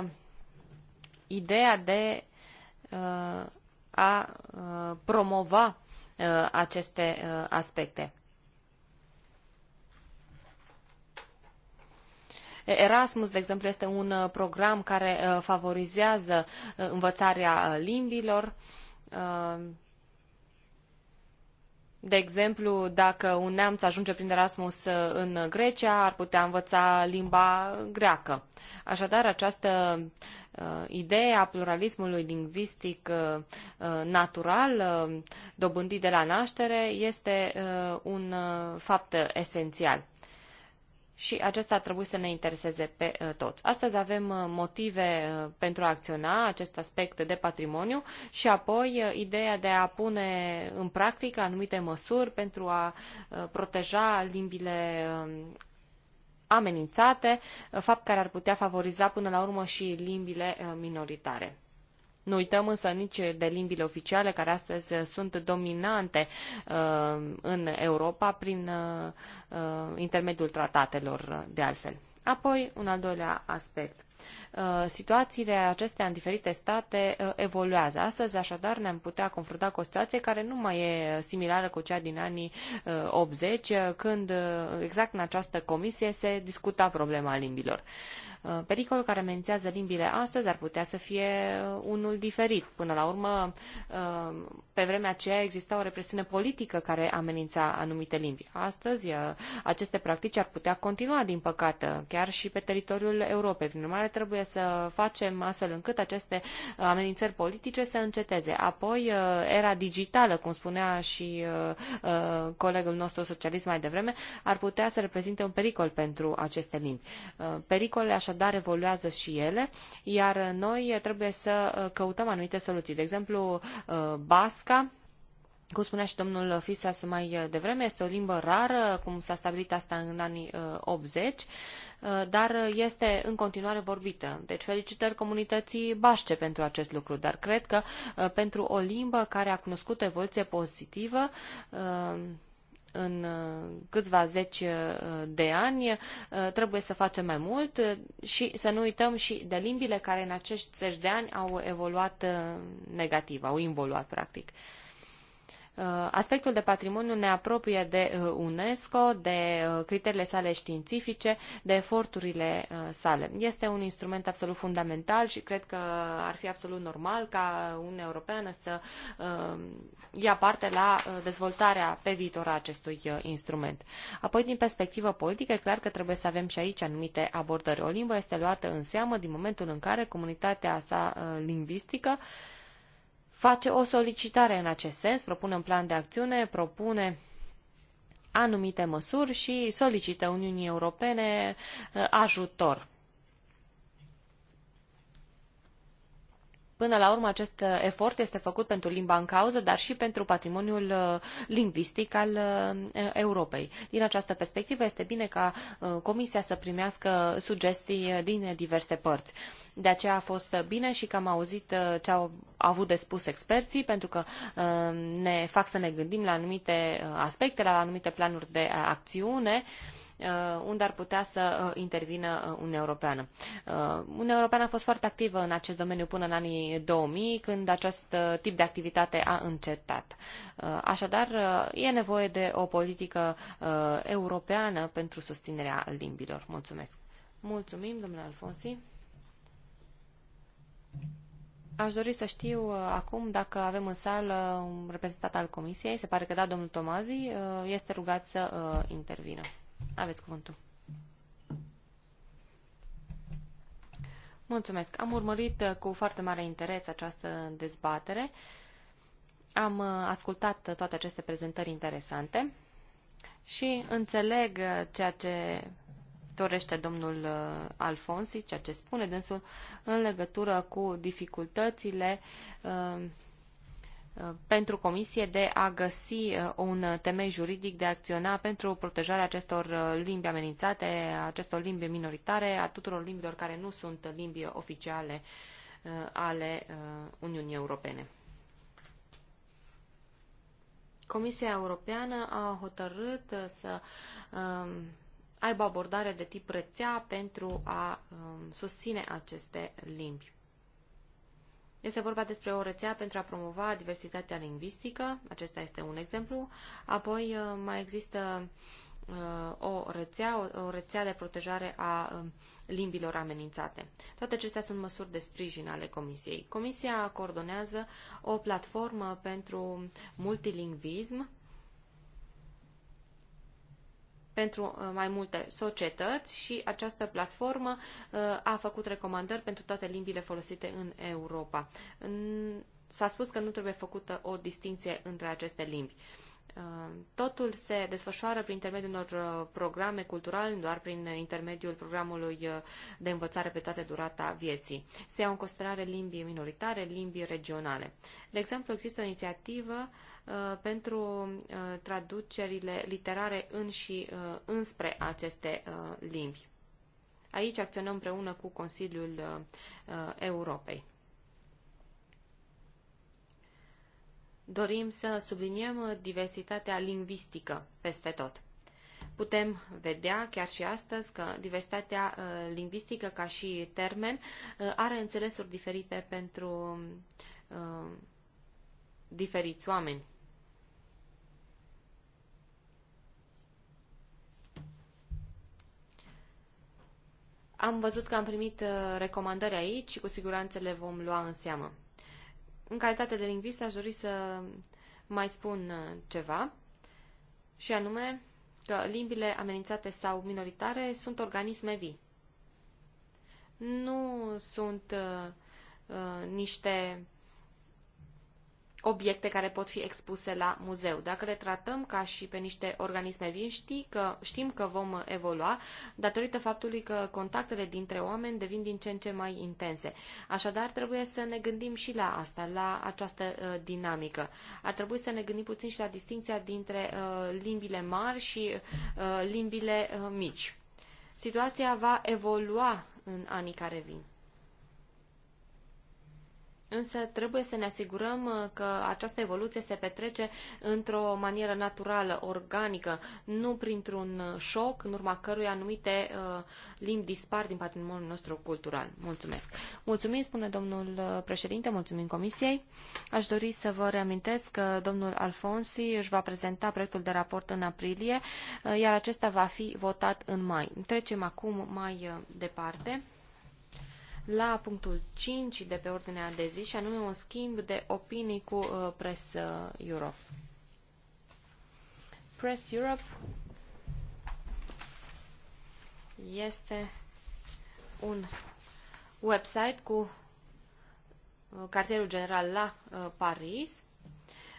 ideea de uh, a uh, promova uh, aceste aspecte. Erasmus, de exemplu, este un program care favorizează învățarea limbilor. De exemplu, dacă un neamț ajunge prin Erasmus în Grecia, ar putea învăța limba greacă. Așadar, această Uh, ideea pluralismului lingvistic uh, uh, natural dobândit de la naștere este un fapt esențial. Și acesta trebuie să ne intereseze pe toți. Astăzi avem motive pentru a acționa acest aspect de patrimoniu și apoi ideea de a pune în practică anumite măsuri pentru a proteja limbile um, amenințate, uh, fapt care ar putea favoriza până la urmă și limbile uh, minoritare. Nu uităm însă nici de limbile oficiale care astăzi uh, sunt dominante uh, în Europa prin uh, intermediul tratatelor de altfel. Apoi, un al doilea aspect. Uh, situațiile acestea în diferite state uh, evoluează. Astăzi, așadar, ne-am putea confrunta cu o situație care nu mai e similară cu cea din anii 80, uh, când exact în această comisie se discuta problema limbilor. Pericolul care amenințează limbile astăzi ar putea să fie unul diferit. Până la urmă, pe vremea aceea exista o represiune politică care amenința anumite limbi. Astăzi, aceste practici ar putea continua, din păcate, chiar și pe teritoriul Europei. Prin urmare, trebuie să facem astfel încât aceste uh, amenințări politice să înceteze. Apoi, uh, era digitală, cum spunea și uh, colegul nostru socialist mai devreme, ar putea să reprezinte un pericol pentru aceste limbi. Pericolele așadar evoluează și ele, iar noi trebuie să căutăm anumite soluții. De exemplu, Basca, cum spunea și domnul Fisas mai uh, devreme, este o limbă rară, cum s-a stabilit asta în anii 80, uh, uh, dar este în continuare vorbită. Deci felicitări comunității bașce pentru acest lucru, dar cred că pentru o limbă care a cunoscut o evoluție pozitivă, în câțiva zeci de ani, trebuie să facem mai mult și să nu uităm și de limbile care în acești zeci de ani au evoluat negativ, au involuat practic. Uh, aspectul de patrimoniu ne apropie de uh, UNESCO, de uh, criteriile sale științifice, de eforturile sale. Este un instrument absolut fundamental și cred că ar fi absolut normal ca Uniunea Europeană să ia parte la dezvoltarea pe viitor a acestui instrument. Apoi, din perspectivă politică, e clar că trebuie să avem și aici anumite abordări. O limbă este luată în seamă din momentul în care comunitatea sa lingvistică face o solicitare în acest sens, propune un plan de acțiune, propune anumite măsuri și solicită Uniunii Europene uh, ajutor. Până la urmă, acest uh, efort este făcut pentru limba în cauză, dar și pentru patrimoniul uh, lingvistic al uh, Europei. Din această perspectivă, este bine ca Comisia să primească sugestii din diverse părți. De aceea a fost bine și că am auzit ce au avut de spus experții, pentru că ne fac să ne gândim la anumite aspecte, la anumite planuri de acțiune. Uh, unde ar putea să uh, intervină uh, Uniunea Europeană. Uniunea Europeană a fost foarte activă în acest domeniu până în anii 2000, când acest tip de activitate a încetat. Așadar, e nevoie de o politică europeană pentru susținerea limbilor. Mulțumesc! Mulțumim, domnule Alfonsi! Aș dori să știu acum dacă avem în sală un reprezentant al Comisiei. Se pare că da, domnul Tomazi este rugat să intervină. Aveți cuvântul. Mulțumesc. Am urmărit uh, cu foarte mare interes această dezbatere. Am uh, ascultat uh, toate aceste prezentări interesante și înțeleg ceea ce dorește domnul Alfonsi, ceea ce spune dânsul în legătură cu dificultățile Uh, pentru Comisie de a găsi uh, un temei juridic de a acționa pentru protejarea acestor uh, limbi amenințate, acestor limbi minoritare, a tuturor limbilor care nu sunt limbi oficiale ale Uniunii Europene. Comisia Europeană a hotărât să um, aibă abordare de tip rețea pentru a um, susține aceste limbi. Este vorba despre o rețea pentru a promova diversitatea lingvistică, acesta este un exemplu. Apoi uh, mai există uh, o rețea, o rețea de protejare a um, limbilor amenințate. Toate acestea sunt măsuri de sprijin ale Comisiei. Comisia coordonează o platformă pentru multilingvism pentru uh, mai multe societăți și această platformă uh, a făcut recomandări pentru toate limbile folosite în Europa. S-a spus că nu trebuie făcută o distinție între aceste limbi. Uh, totul se desfășoară prin intermediul unor programe culturale, nu doar prin intermediul programului de învățare pe toată durata vieții. Se iau în considerare limbi minoritare, limbi regionale. De exemplu, există o inițiativă uh, Uh, pentru uh, traducerile literare în și uh, înspre aceste limbi. Aici acționăm împreună cu Consiliul Europei. Dorim să subliniem diversitatea lingvistică peste tot putem vedea chiar și astăzi că diversitatea lingvistică ca și termen are înțelesuri diferite pentru diferiți oameni. Am văzut că am primit uh, recomandări aici și cu siguranță le vom lua în seamă. În calitate de lingvist aș dori să mai spun uh, ceva și anume că limbile amenințate sau minoritare sunt organisme vii. Nu sunt uh, uh niște obiecte care pot fi expuse la muzeu. Dacă le tratăm ca și pe niște organisme vii, știi că, știm că vom evolua datorită faptului că contactele dintre oameni devin din ce în ce mai intense. Așadar, trebuie să ne gândim și la asta, la această uh, dinamică. Ar trebui să ne gândim puțin și la distinția dintre uh, limbile mari și uh, limbile uh, mici. Situația va evolua în anii care vin. Însă trebuie să ne asigurăm uh, că această evoluție se petrece într-o manieră naturală, organică, nu printr-un uh, șoc în urma căruia anumite uh, limbi dispar din patrimoniul nostru cultural. Mulțumesc. Mulțumim, spune domnul președinte, mulțumim comisiei. Aș dori să vă reamintesc că domnul Alfonsi își va prezenta proiectul de raport în aprilie, iar acesta va fi votat în mai. Trecem acum mai departe la punctul 5 de pe ordinea de zi, și anume un schimb de opinii cu uh, Press uh, Europe. Press Europe este un website cu uh, cartierul general la uh, Paris,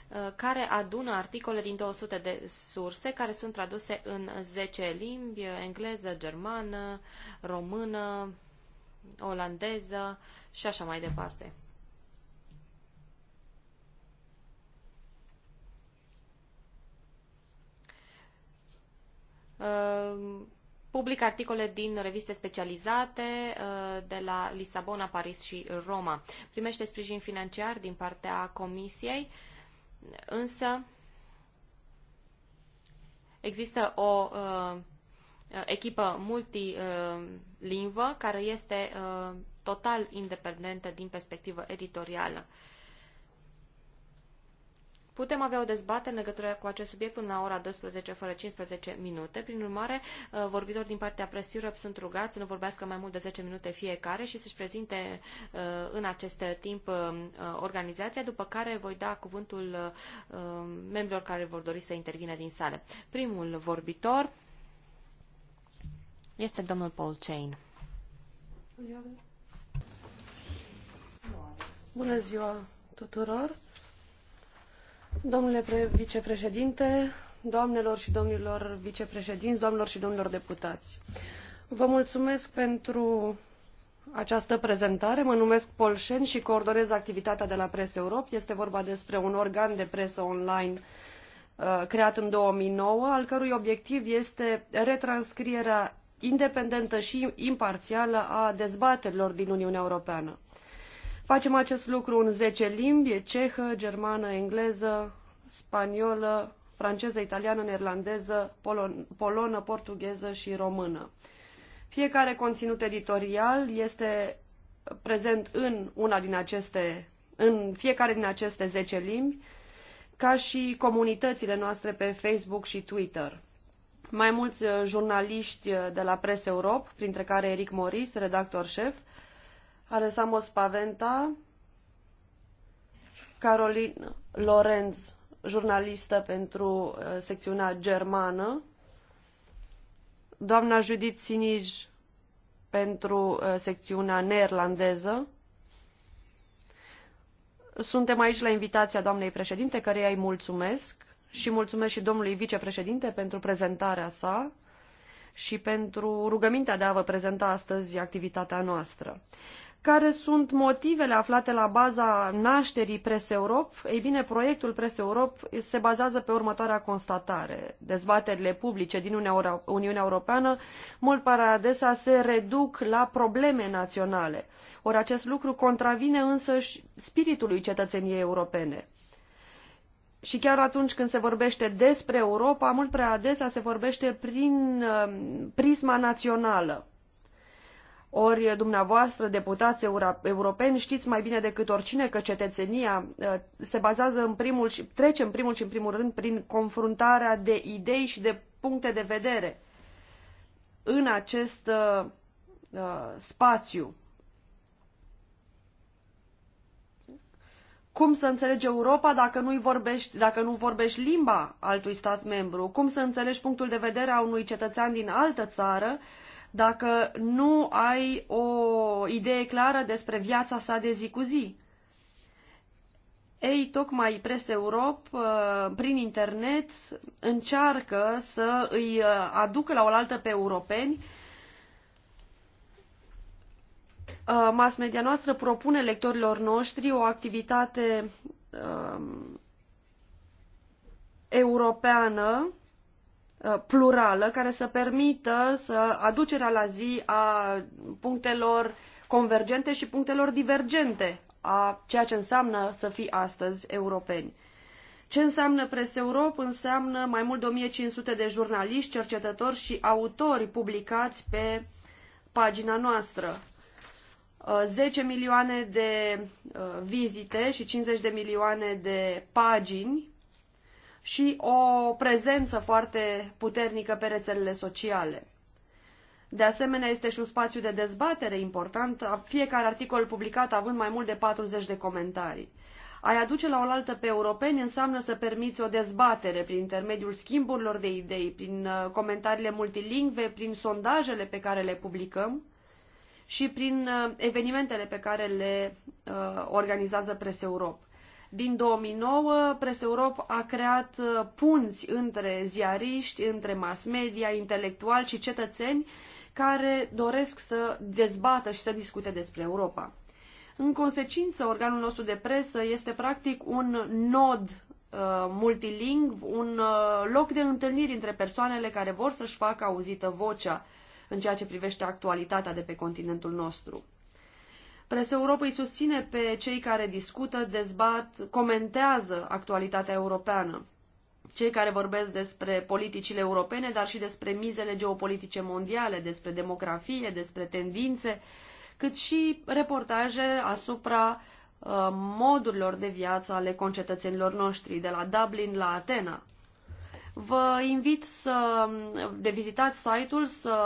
uh, care adună articole din 200 de surse care sunt traduse în 10 limbi, engleză, germană, română, olandeză și așa mai departe. Uh, public articole din reviste specializate uh, de la Lisabona, Paris și Roma. Primește sprijin financiar din partea Comisiei, însă există o uh, Uh, echipă multilingvă care este uh, total independentă din perspectivă editorială. Putem avea o dezbatere în legătură cu acest subiect până la ora 12 fără 15 minute. Prin urmare, uh, vorbitori din partea Press Europe sunt rugați să nu vorbească mai mult de 10 minute fiecare și să-și prezinte în acest timp organizația, după care voi da cuvântul membrilor care vor dori să intervină din sală. Primul vorbitor este domnul Paul Chain. Bună ziua tuturor! Domnule vicepreședinte, doamnelor și domnilor vicepreședinți, doamnelor și domnilor deputați. Vă mulțumesc pentru această prezentare. Mă numesc Paul Shen și coordonez activitatea de la Press Europe. Este vorba despre un organ de presă online uh, creat în 2009, al cărui obiectiv este retranscrierea independentă și imparțială a dezbaterilor din Uniunea Europeană. Facem acest lucru în 10 limbi, cehă, germană, engleză, spaniolă, franceză, italiană, neerlandeză, polon, polonă, portugheză și română. Fiecare conținut editorial este prezent în una din aceste, în fiecare din aceste 10 limbi, ca și comunitățile noastre pe Facebook și Twitter mai mulți uh, jurnaliști uh, de la Press Europe, printre care Eric Moris, redactor șef, Alessandro Spaventa, Caroline Lorenz, jurnalistă pentru uh, secțiunea germană, doamna Judith Sinij pentru secțiunea neerlandeză. Suntem aici la invitația doamnei președinte, care îi mulțumesc și mulțumesc și domnului vicepreședinte pentru prezentarea sa și pentru rugămintea de a vă prezenta astăzi activitatea noastră. Care sunt motivele aflate la baza nașterii Pres Ei bine, proiectul Pres se bazează pe următoarea constatare. Dezbaterile publice din Uniunea Europeană mult par adesea se reduc la probleme naționale. Ori acest lucru contravine însăși spiritului cetățeniei europene. Și chiar atunci când se vorbește despre Europa, mult prea adesea se vorbește prin um, prisma națională. Ori dumneavoastră, deputați europeni, știți mai bine decât oricine că cetățenia uh, se bazează în primul și trece în primul și în primul rând prin confruntarea de idei și de puncte de vedere în acest uh, uh spațiu Cum să înțelegi Europa dacă nu, vorbești, dacă nu vorbești limba altui stat membru? Cum să înțelegi punctul de vedere a unui cetățean din altă țară dacă nu ai o idee clară despre viața sa de zi cu zi? Ei, tocmai Press Europe, uh, prin internet, încearcă să îi uh, aducă la oaltă pe europeni Uh, mass media noastră propune lectorilor noștri o activitate um, europeană uh, plurală care să permită să aducerea la zi a punctelor convergente și punctelor divergente a ceea ce înseamnă să fii astăzi europeni. Ce înseamnă Press Europe? Înseamnă mai mult de 1500 de jurnaliști, cercetători și autori publicați pe pagina noastră. 10 uh, milioane de uh, vizite și 50 de milioane de pagini și o prezență foarte puternică pe rețelele sociale. De asemenea, este și un spațiu de dezbatere important, fiecare articol publicat având mai mult de 40 de comentarii. a aduce la oaltă pe europeni înseamnă să permiți o dezbatere prin intermediul schimburilor de idei, prin uh, comentariile multilingve, prin sondajele pe care le publicăm, și prin uh, evenimentele pe care le uh, organizează Pres Europe. Din 2009, Pres Europe a creat uh, punți între ziariști, între mass media, intelectuali și cetățeni care doresc să dezbată și să discute despre Europa. În consecință, organul nostru de presă este practic un nod uh, multilingv, un uh, loc de întâlniri între persoanele care vor să-și facă auzită vocea în ceea ce privește actualitatea de pe continentul nostru. Presa Europei susține pe cei care discută, dezbat, comentează actualitatea europeană. Cei care vorbesc despre politicile europene, dar și despre mizele geopolitice mondiale, despre demografie, despre tendințe, cât și reportaje asupra uh, modurilor de viață ale concetățenilor noștri, de la Dublin la Atena. Vă invit să de vizitați site-ul, să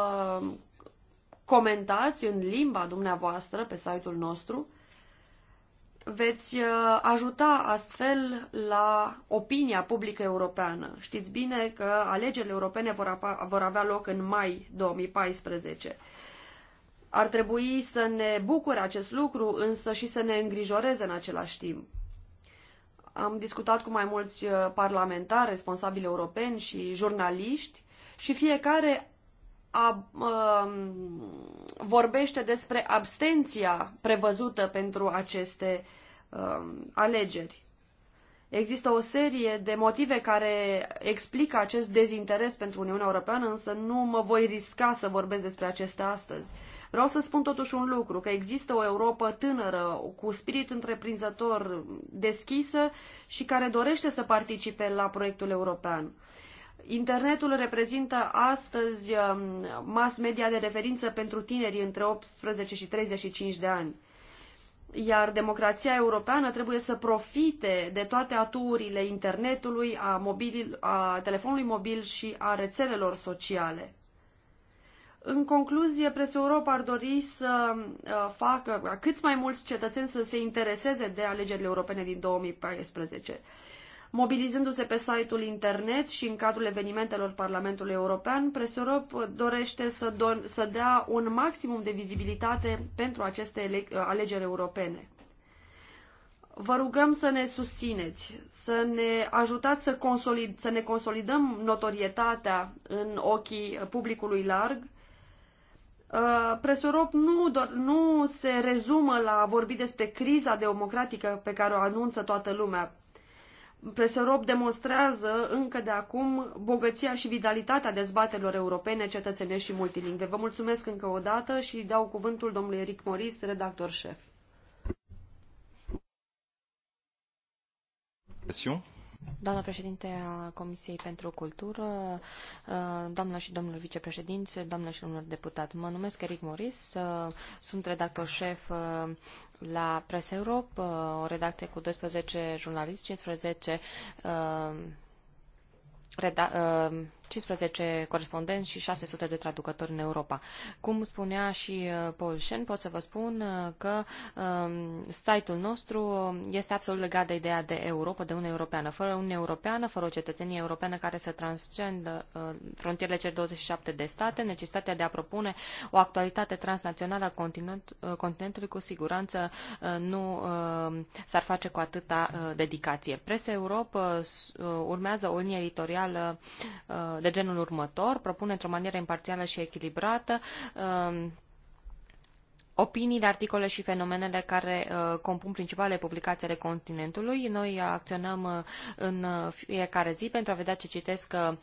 comentați în limba dumneavoastră pe site-ul nostru. Veți uh, ajuta astfel la opinia publică europeană. Știți bine că alegerile europene vor, apa, vor avea loc în mai 2014. Ar trebui să ne bucure acest lucru, însă și să ne îngrijoreze în același timp. Am discutat cu mai mulți uh, parlamentari, responsabili europeni și jurnaliști și fiecare a, a, um, vorbește despre abstenția prevăzută pentru aceste a, um, alegeri. Există o serie de motive care explică acest dezinteres pentru Uniunea Europeană, însă nu mă voi risca să vorbesc despre acestea astăzi. Vreau să spun totuși un lucru, că există o Europa tânără, cu spirit întreprinzător deschisă și care dorește să participe la proiectul european. Internetul reprezintă astăzi um, mass media de referință pentru tinerii între 18 și 35 de ani iar democrația europeană trebuie să profite de toate aturile internetului, a, mobil, a telefonului mobil și a rețelelor sociale. În concluzie, Presa Europa ar dori să uh, facă cât mai mulți cetățeni să se intereseze de alegerile europene din 2014 mobilizându-se pe site-ul internet și în cadrul evenimentelor Parlamentului European, Europa dorește să, do- să dea un maximum de vizibilitate pentru aceste uh, alegeri europene. Vă rugăm să ne susțineți, să ne ajutați să, consolid- să ne consolidăm notorietatea în ochii publicului larg, Uh, Presorop nu, nu se rezumă la a vorbi despre criza democratică pe care o anunță toată lumea. Presorop demonstrează încă de acum bogăția și vitalitatea dezbaterilor europene, cetățenești și multilingve. Vă mulțumesc încă o dată și dau cuvântul domnului Eric Moris, redactor șef. Mulțumesc. Doamna președinte a Comisiei pentru Cultură, uh, doamna și domnul vicepreședinți, doamna și domnul deputat, mă numesc Eric Moris, uh, sunt redactor șef uh, la Press Europe, o redacție cu 12 jurnaliști, 15 reda- 15 corespondenți și 600 de traducători în Europa. Cum spunea și uh, Paul Shen, pot să vă spun uh, că um, site-ul nostru este absolut legat de ideea de Europa, de Uniunea Europeană. Fără Uniunea Europeană, fără o cetățenie europeană care să transcendă uh, frontierele cele 27 de state, necesitatea de a propune o actualitate transnațională a continentului cu siguranță nu s-ar face cu atâta dedicație. Presa Europa urmează o linie editorială de genul următor, propune într-o manieră imparțială și echilibrată um, opiniile, articole și fenomenele care uh, compun principalele publicații ale continentului. Noi acționăm uh, în fiecare zi pentru a vedea ce citesc uh,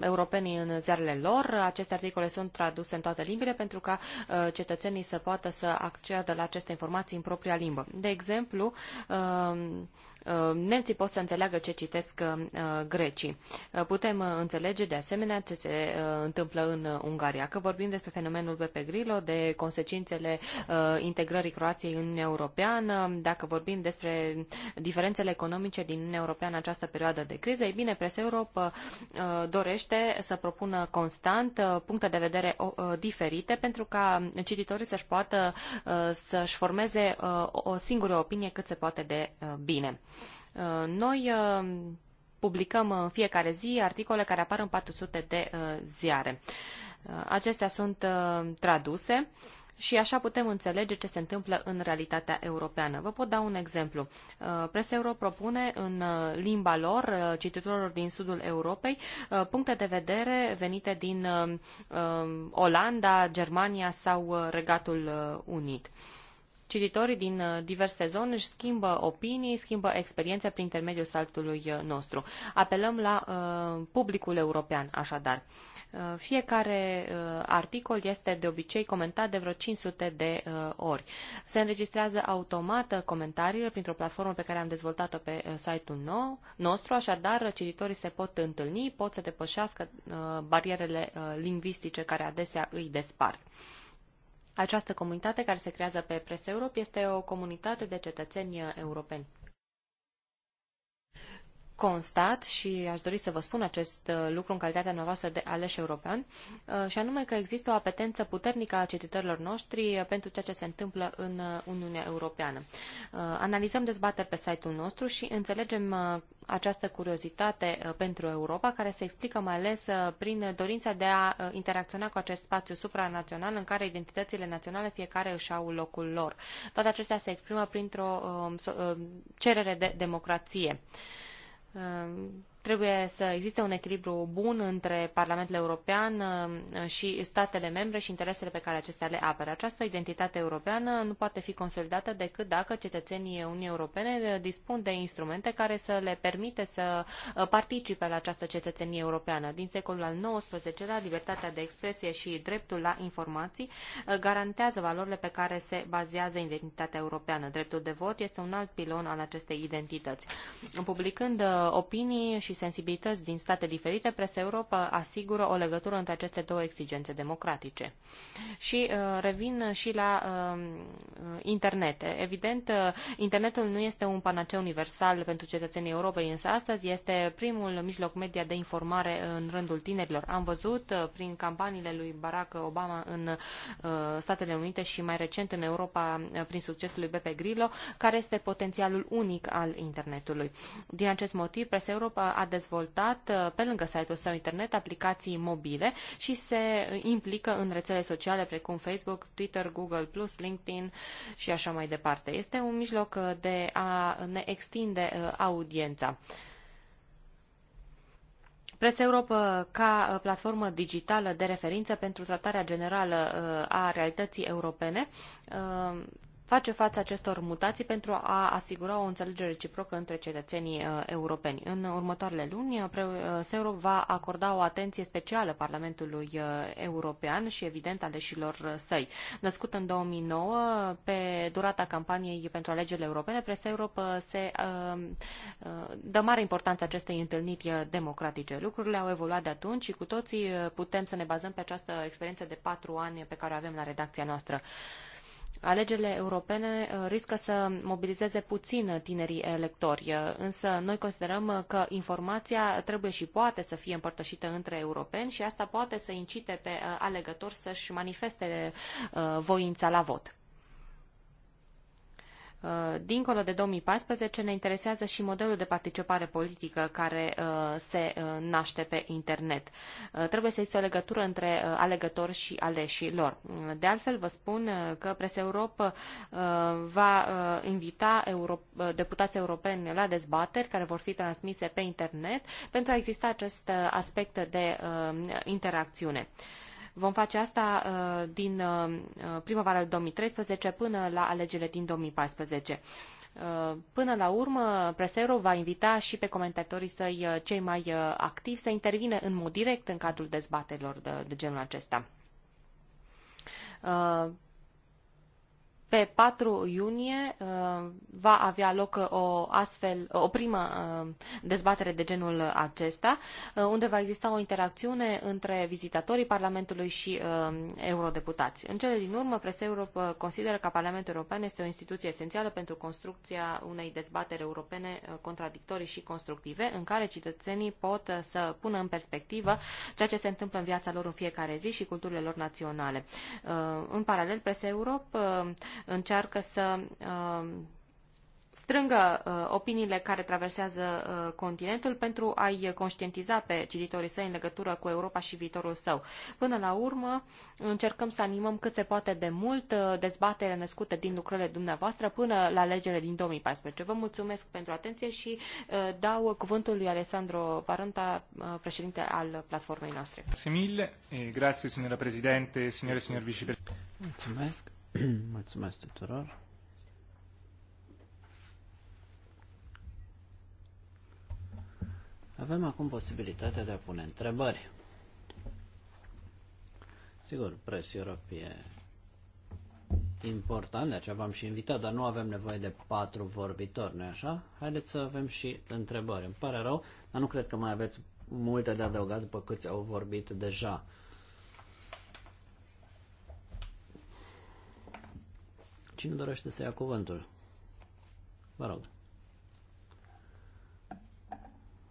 europenii în ziarele lor. Aceste articole sunt traduse în toate limbile pentru ca uh, cetățenii să poată să acceadă la aceste informații în propria limbă. De exemplu, uh, Uh, nemții pot să înțeleagă ce citesc uh, uh, grecii. Putem înțelege de asemenea ce se întâmplă în Ungaria. Că vorbim despre fenomenul Pepe Grillo, de consecințele integrării Croației în Uniunea Europeană, dacă vorbim despre diferențele economice din Uniunea Europeană în această perioadă de criză, ei bine, Presa Europa dorește să propună constant puncte de vedere diferite pentru ca cititorii să-și poată să-și formeze o singură opinie cât se poate de bine. Uh, noi uh, publicăm în uh, fiecare zi articole care apar în 400 de ziare. Acestea sunt traduse și așa putem înțelege ce se întâmplă în realitatea europeană. Vă pot da un exemplu. Presa Euro propune în limba lor, cititorilor din sudul Europei, puncte de vedere venite din Olanda, Germania sau Regatul Unit. Cititorii din uh, diverse zone își schimbă opinii, schimbă experiențe prin intermediul saltului uh, nostru. Apelăm la uh, publicul european, așadar. Uh, fiecare articol este de obicei comentat de vreo 500 de ori. Se înregistrează automat comentariile printr-o platformă pe care am dezvoltat-o pe site-ul nou, nostru, așadar cititorii se pot întâlni, pot să depășească barierele lingvistice care adesea îi despart. Această comunitate care se creează pe Press Europe este o comunitate de cetățeni europeni constat și aș dori să vă spun acest uh, lucru în calitatea noastră de aleși european, uh, și anume că există o apetență puternică a cititorilor noștri uh, pentru ceea ce se întâmplă în Uniunea Europeană. Analizăm dezbateri pe site-ul nostru și înțelegem această curiozitate pentru Europa, care se explică mai ales prin dorința de a interacționa cu acest spațiu supranațional în care identitățile naționale fiecare își au locul lor. Toate acestea se exprimă printr-o um, cerere de democrație um, Trebuie să existe un echilibru bun între Parlamentul European uh, și statele membre și interesele pe care acestea le apără. Această identitate europeană nu poate fi consolidată decât dacă cetățenii Uniunii Europene uh, dispun de instrumente care să le permite să uh, participe la această cetățenie europeană. Din secolul al XIX-lea, libertatea de expresie și dreptul la informații garantează valorile pe care se bazează identitatea europeană. Dreptul de vot este un alt pilon al acestei identități. Publicând opinii și și sensibilități din state diferite, Presa Europa asigură o legătură între aceste două exigențe democratice. Și uh, revin și la um, uh, internet. Evident, uh, internetul nu este un panaceu universal pentru cetățenii Europei, însă astăzi este primul mijloc media de informare în rândul tinerilor. Am văzut uh, prin campaniile lui Barack Obama în uh, Statele Unite și mai recent în Europa uh, prin succesul lui Beppe Grillo, care este potențialul unic al internetului. Din acest motiv, Presa Europa a dezvoltat, uh, pe lângă site-ul său internet, aplicații mobile și se implică în rețele sociale precum Facebook, Twitter, Google+, LinkedIn și așa mai departe. Este un mijloc uh, de a ne extinde uh, audiența. Press Europa ca platformă digitală de referință pentru tratarea generală a realității europene face față acestor mutații pentru a asigura o înțelegere reciprocă între cetățenii uh, europeni. În următoarele luni, uh, uh, SEURO va acorda o atenție specială Parlamentului European și, evident, aleșilor săi. Născut în 2009, pe durata campaniei pentru alegerile europene, presa europe se dă mare importanță acestei întâlniri democratice. Lucrurile au evoluat de atunci și cu toții putem să ne bazăm pe această experiență de patru ani pe care o avem la redacția noastră. Alegerile europene uh, riscă să mobilizeze puțin tinerii electori, uh, însă noi considerăm uh, că informația trebuie și poate să fie împărtășită între europeni și asta poate să incite pe alegători să-și manifeste voința la vot. Uh, dincolo de 2014 ne interesează și modelul de participare politică care uh, se uh, naște pe internet. Trebuie să existe o legătură între alegători și aleșii lor. De altfel, vă spun că Presa Europa va invita euro, deputații europeni la dezbateri care vor fi transmise pe internet pentru a exista acest aspect de interacțiune. Vom face asta uh, din uh, primăvara 2013 până la alegerile din 2014. Uh, până la urmă, Presero va invita și pe comentatorii săi cei mai activi să intervine în mod direct în cadrul dezbaterilor de, de genul acesta. Pe 4 iunie uh, va avea loc uh, o, astfel, uh, o primă dezbatere de genul acesta, unde va exista o interacțiune între vizitatorii Parlamentului și eurodeputați. În cele din urmă, Presa Europe consideră că Parlamentul European este o instituție esențială pentru construcția unei dezbateri europene contradictorii și constructive, în care cetățenii pot să pună în perspectivă ceea ce se întâmplă în viața lor în fiecare zi și culturile lor naționale. În paralel, Presa Europe încearcă să uh, strângă uh, opiniile care traversează uh, continentul pentru a-i conștientiza pe cititorii săi în legătură cu Europa și viitorul său. Până la urmă, încercăm să animăm cât se poate de mult dezbaterile născute din lucrările dumneavoastră până la legele din 2014. Vă mulțumesc pentru atenție și dau cuvântul lui Alessandro Baranta, președinte al platformei noastre. Mulțumesc, signora președinte, signore, signor Mulțumesc. Mulțumesc tuturor. Avem acum posibilitatea de a pune întrebări. Sigur, Press Europe e important, de aceea v-am și invitat, dar nu avem nevoie de patru vorbitori, nu așa? Haideți să avem și întrebări. Îmi pare rău, dar nu cred că mai aveți multe de adăugat după câți au vorbit deja. Cine dorește să ia cuvântul? Vă rog.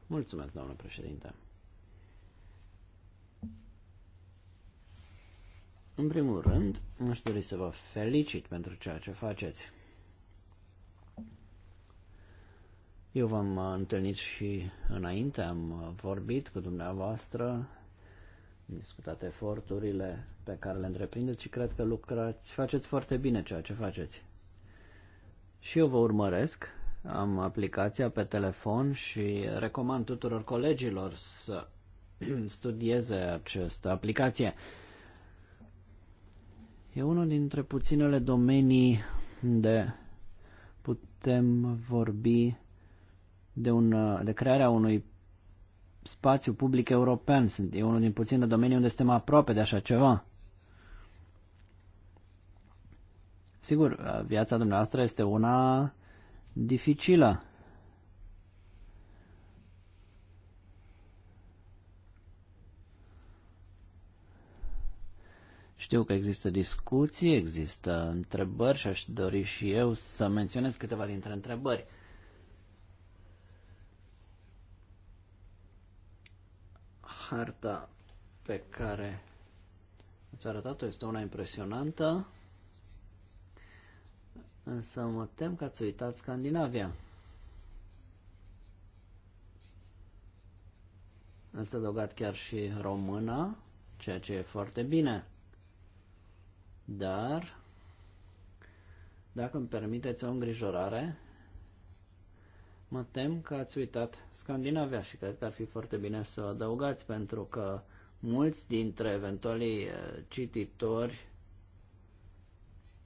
Mulțumesc, doamnă președinte. În primul rând, aș dori să vă felicit pentru ceea ce faceți. Eu v-am întâlnit și înainte, am vorbit cu dumneavoastră discutat eforturile pe care le întreprindeți și cred că lucrați, faceți foarte bine ceea ce faceți. Și eu vă urmăresc, am aplicația pe telefon și recomand tuturor colegilor să studieze această aplicație. E unul dintre puținele domenii unde putem vorbi de, un, de crearea unui spațiu public european. Sunt, e unul din puține domenii unde suntem aproape de așa ceva. Sigur, viața dumneavoastră este una dificilă. Știu că există discuții, există întrebări și aș dori și eu să menționez câteva dintre întrebări. Harta pe care ați arătat-o este una impresionantă, însă mă tem că ați uitat Scandinavia. Ați adăugat chiar și româna, ceea ce e foarte bine. Dar, dacă îmi permiteți o îngrijorare, Mă tem că ați uitat Scandinavia și cred că ar fi foarte bine să o adăugați pentru că mulți dintre eventualii eh, cititori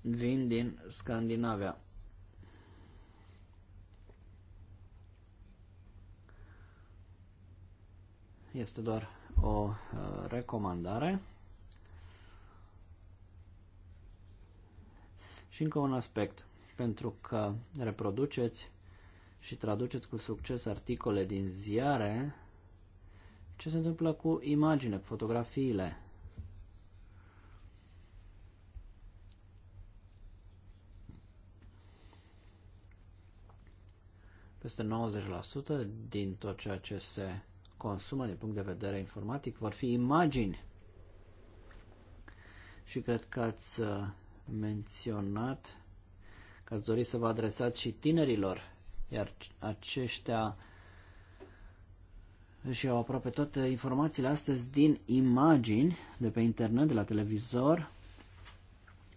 vin din Scandinavia. Este doar o eh, recomandare. Și încă un aspect, pentru că reproduceți și traduceți cu succes articole din ziare, ce se întâmplă cu imagine, cu fotografiile? Peste 90% din tot ceea ce se consumă din punct de vedere informatic vor fi imagini. Și cred că ați uh, menționat că ați dori să vă adresați și tinerilor iar aceștia își iau aproape toate informațiile astăzi din imagini de pe internet, de la televizor.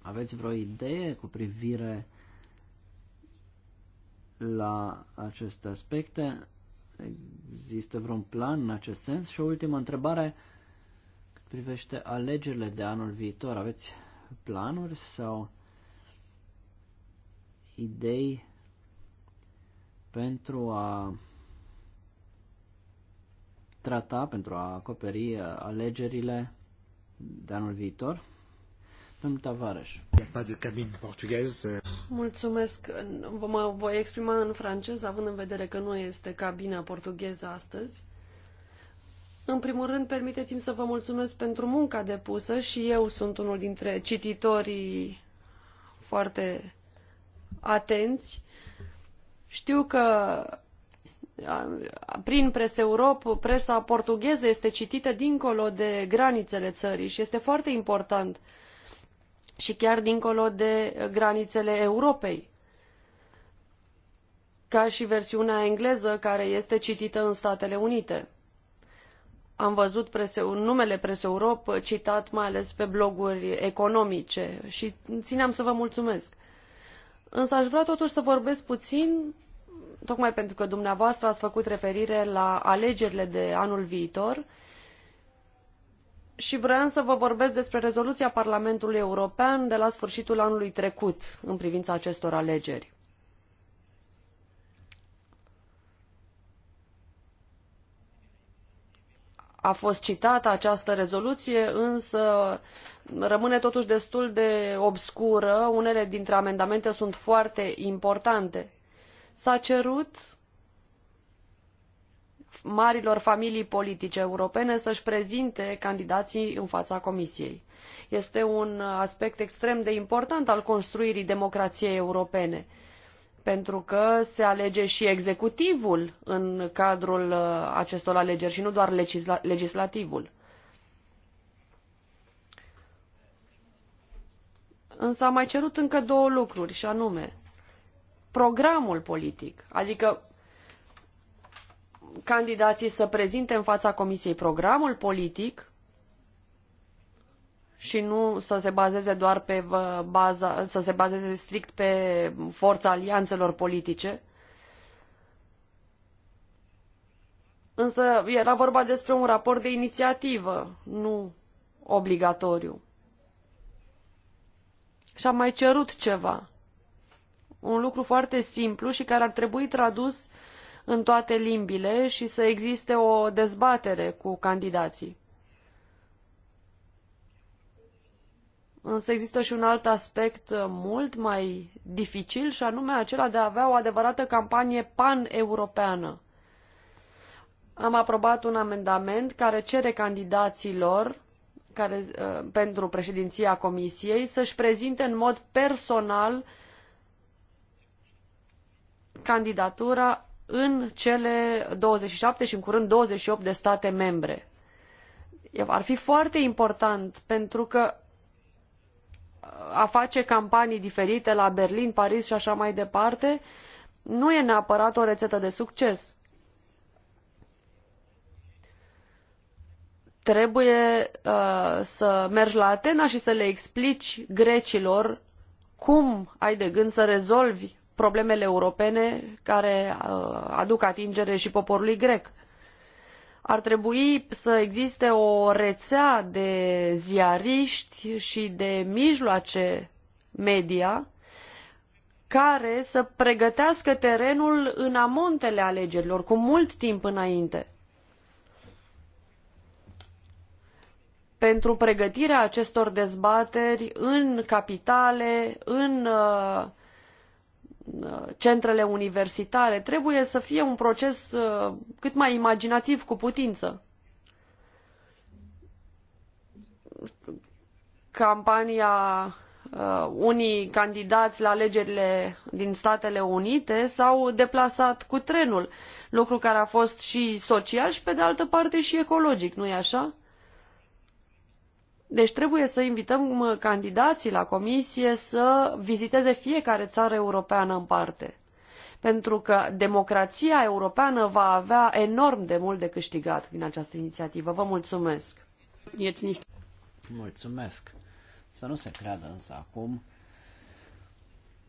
Aveți vreo idee cu privire la aceste aspecte? Există vreun plan în acest sens? Și o ultimă întrebare cât privește alegerile de anul viitor. Aveți planuri sau idei pentru a trata, pentru a acoperi uh, alegerile de anul viitor. Domnul Tavares. Euh. Mulțumesc. Mă voi exprima în franceză, având în vedere că nu este cabina portugheză astăzi. În primul rând, permiteți-mi să vă mulțumesc pentru munca depusă și eu sunt unul dintre cititorii foarte atenți știu că prin Pres Europa, presa portugheză este citită dincolo de granițele țării și este foarte important și chiar dincolo de granițele Europei. Ca și versiunea engleză care este citită în Statele Unite. Am văzut prese, numele Pres Europe citat mai ales pe bloguri economice și țineam să vă mulțumesc. Însă aș vrea totuși să vorbesc puțin, tocmai pentru că dumneavoastră ați făcut referire la alegerile de anul viitor și vreau să vă vorbesc despre rezoluția Parlamentului European de la sfârșitul anului trecut în privința acestor alegeri. a fost citată această rezoluție, însă rămâne totuși destul de obscură. Unele dintre amendamente sunt foarte importante. S-a cerut marilor familii politice europene să-și prezinte candidații în fața Comisiei. Este un aspect extrem de important al construirii democrației europene pentru că se alege și executivul în cadrul uh, acestor alegeri și nu doar legisla legislativul. Însă am mai cerut încă două lucruri, și anume programul politic, adică candidații să prezinte în fața Comisiei programul politic și nu să se bazeze doar pe baza, să se bazeze strict pe forța alianțelor politice. Însă era vorba despre un raport de inițiativă, nu obligatoriu. Și am mai cerut ceva. Un lucru foarte simplu și care ar trebui tradus în toate limbile și să existe o dezbatere cu candidații. Însă există și un alt aspect uh, mult mai dificil și anume acela de a avea o adevărată campanie pan-europeană. Am aprobat un amendament care cere candidaților care, uh, pentru președinția Comisiei să-și prezinte în mod personal candidatura în cele 27 și în curând 28 de state membre. Ar fi foarte important pentru că a face campanii diferite la Berlin, Paris și așa mai departe, nu e neapărat o rețetă de succes. Trebuie uh, să mergi la Atena și să le explici grecilor cum ai de gând să rezolvi problemele europene care uh, aduc atingere și poporului grec ar trebui să existe o rețea de ziariști și de mijloace media care să pregătească terenul în amontele alegerilor, cu mult timp înainte. Pentru pregătirea acestor dezbateri în capitale, în uh, centrele universitare. Trebuie să fie un proces uh, cât mai imaginativ cu putință. Campania uh, unii candidați la alegerile din Statele Unite s-au deplasat cu trenul, lucru care a fost și social și pe de altă parte și ecologic, nu-i așa? Deci trebuie să invităm candidații la comisie să viziteze fiecare țară europeană în parte. Pentru că democrația europeană va avea enorm de mult de câștigat din această inițiativă. Vă mulțumesc! Mulțumesc! Să nu se creadă însă acum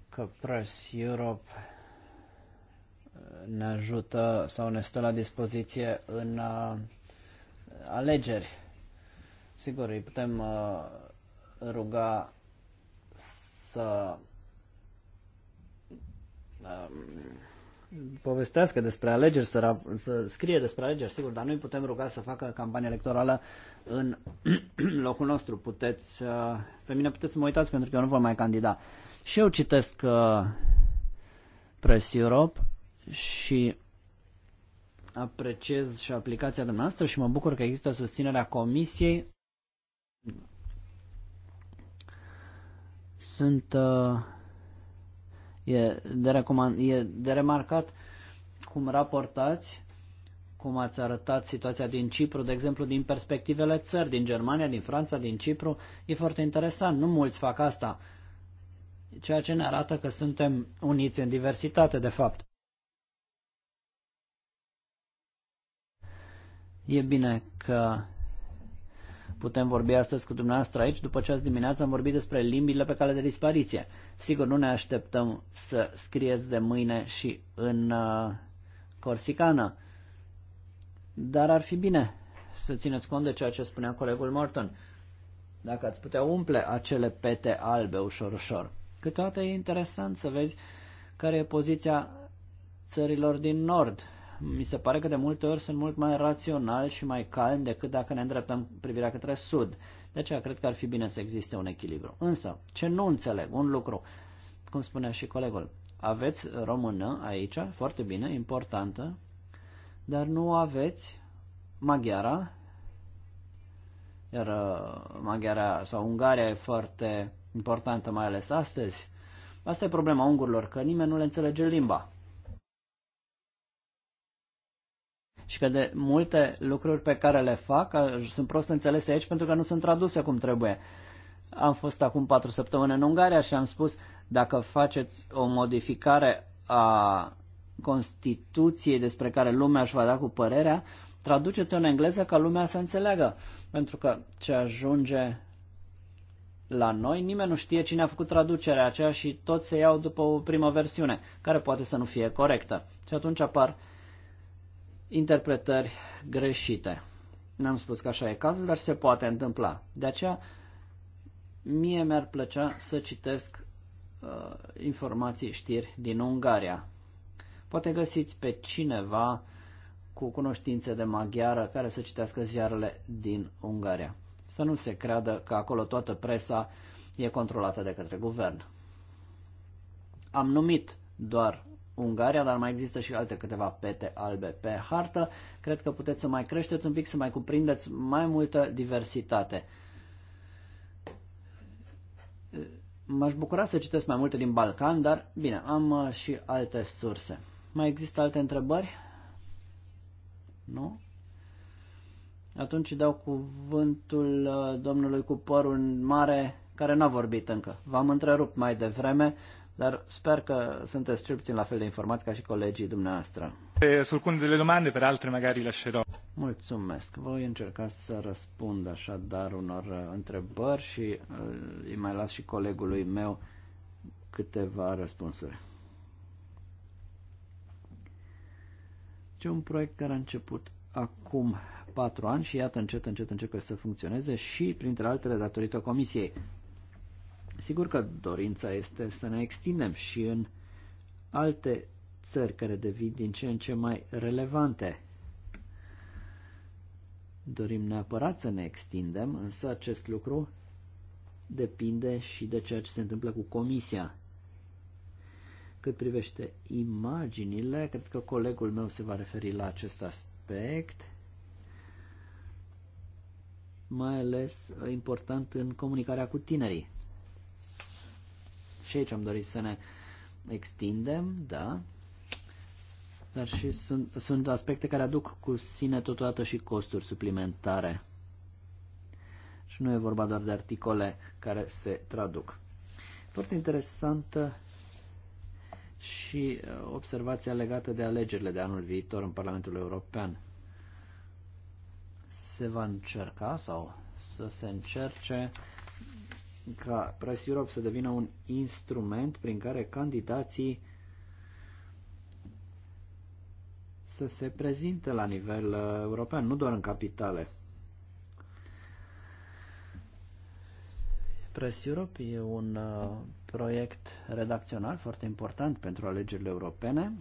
că Press Europe uh, ne ajută sau ne stă la dispoziție în uh, alegeri Sigur, îi putem uh, ruga să uh, povestească despre alegeri, să, să scrie despre alegeri, sigur, dar noi putem ruga să facă campanie electorală în locul nostru. Puteți, uh, pe mine puteți să mă uitați pentru că eu nu vă mai candida. Și eu citesc uh, Press Europe și apreciez și aplicația dumneavoastră și mă bucur că există susținerea Comisiei Sunt uh, e de, recomand, e de remarcat cum raportați, cum ați arătat situația din Cipru, de exemplu, din perspectivele țări, din Germania, din Franța, din Cipru. E foarte interesant, nu mulți fac asta, ceea ce ne arată că suntem uniți în diversitate, de fapt. E bine că putem vorbi astăzi cu dumneavoastră aici, după ce azi dimineață am vorbit despre limbile pe cale de dispariție. Sigur, nu ne așteptăm să scrieți de mâine și în uh, corsicană, dar ar fi bine să țineți cont de ceea ce spunea colegul Morton. Dacă ați putea umple acele pete albe ușor, ușor. Câteodată e interesant să vezi care e poziția țărilor din nord Mm. mi se pare că de multe ori sunt mult mai rațional și mai calm decât dacă ne îndreptăm privirea către sud. De aceea cred că ar fi bine să existe un echilibru. Însă, ce nu înțeleg, un lucru, cum spunea și colegul, aveți română aici, foarte bine, importantă, dar nu aveți maghiara, iar uh, maghiara sau ungaria e foarte importantă, mai ales astăzi. Asta e problema ungurilor, că nimeni nu le înțelege limba. și că de multe lucruri pe care le fac sunt prost înțelese aici pentru că nu sunt traduse cum trebuie. Am fost acum patru săptămâni în Ungaria și am spus dacă faceți o modificare a Constituției despre care lumea își va da cu părerea, traduceți-o în engleză ca lumea să înțeleagă. Pentru că ce ajunge la noi, nimeni nu știe cine a făcut traducerea aceea și toți se iau după o primă versiune, care poate să nu fie corectă. Și atunci apar uh, interpretări greșite. N-am spus că așa e cazul, dar se poate întâmpla. De aceea, mie mi-ar plăcea să citesc uh, informații, știri din Ungaria. Poate găsiți pe cineva cu cunoștințe de maghiară care să citească ziarele din Ungaria. Să nu se creadă că acolo toată presa e controlată de către guvern. Am numit doar Ungaria, dar mai există și alte câteva pete albe pe hartă. Cred că puteți să mai creșteți un pic, să mai cuprindeți mai multă diversitate. M-aș bucura să citesc mai multe din Balcan, dar bine, am uh, și alte surse. Mai există alte întrebări? Nu? Atunci dau cuvântul uh, domnului cu părul mare, care n-a vorbit încă. V-am întrerupt mai devreme dar sper că sunteți cel puțin la fel de informați ca și colegii dumneavoastră. Sul cunde delle domande, per altre magari lascerò. Mulțumesc. Voi încerca să răspund așadar unor uh, întrebări și uh, îi mai las și colegului meu câteva răspunsuri. Ce un proiect care a început acum patru ani și iată încet, încet începe să funcționeze și printre altele datorită comisiei. Sigur că dorința este să ne extindem și în alte țări care devin din ce în ce mai relevante. Dorim neapărat să ne extindem, însă acest lucru depinde și de ceea ce se întâmplă cu comisia. Cât privește imaginile, cred că colegul meu se va referi la acest aspect, mai ales eh, important în comunicarea cu tinerii. Și aici am dorit să ne extindem, da, dar și sunt, sunt aspecte care aduc cu sine totodată și costuri suplimentare. Și nu e vorba doar de articole care se traduc. Foarte interesantă și uh, observația legată de alegerile de anul viitor în Parlamentul European. Se va încerca sau să se încerce ca Price Europe să devină un instrument prin care candidații să se prezinte la nivel uh, european, nu doar în capitale. Press Europe e un uh, proiect redacțional foarte important pentru alegerile europene.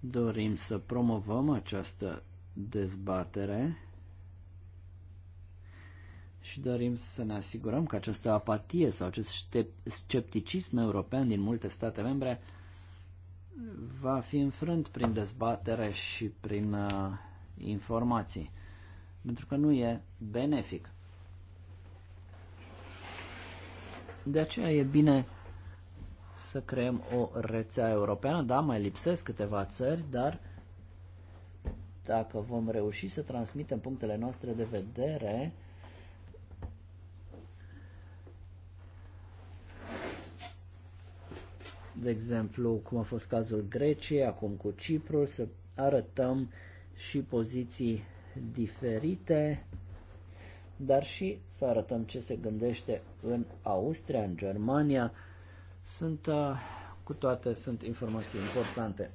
Dorim să promovăm această dezbatere și dorim să ne asigurăm că această apatie sau acest scepticism european din multe state membre va fi înfrânt prin dezbatere și prin uh, informații, pentru că nu e benefic. De aceea e bine să creăm o rețea europeană. Da, mai lipsesc câteva țări, dar dacă vom reuși să transmitem punctele noastre de vedere, de exemplu, cum a fost cazul Greciei, acum cu Cipru, să arătăm și poziții diferite, dar și să arătăm ce se gândește în Austria, în Germania. Sunt, uh, cu toate, sunt informații importante.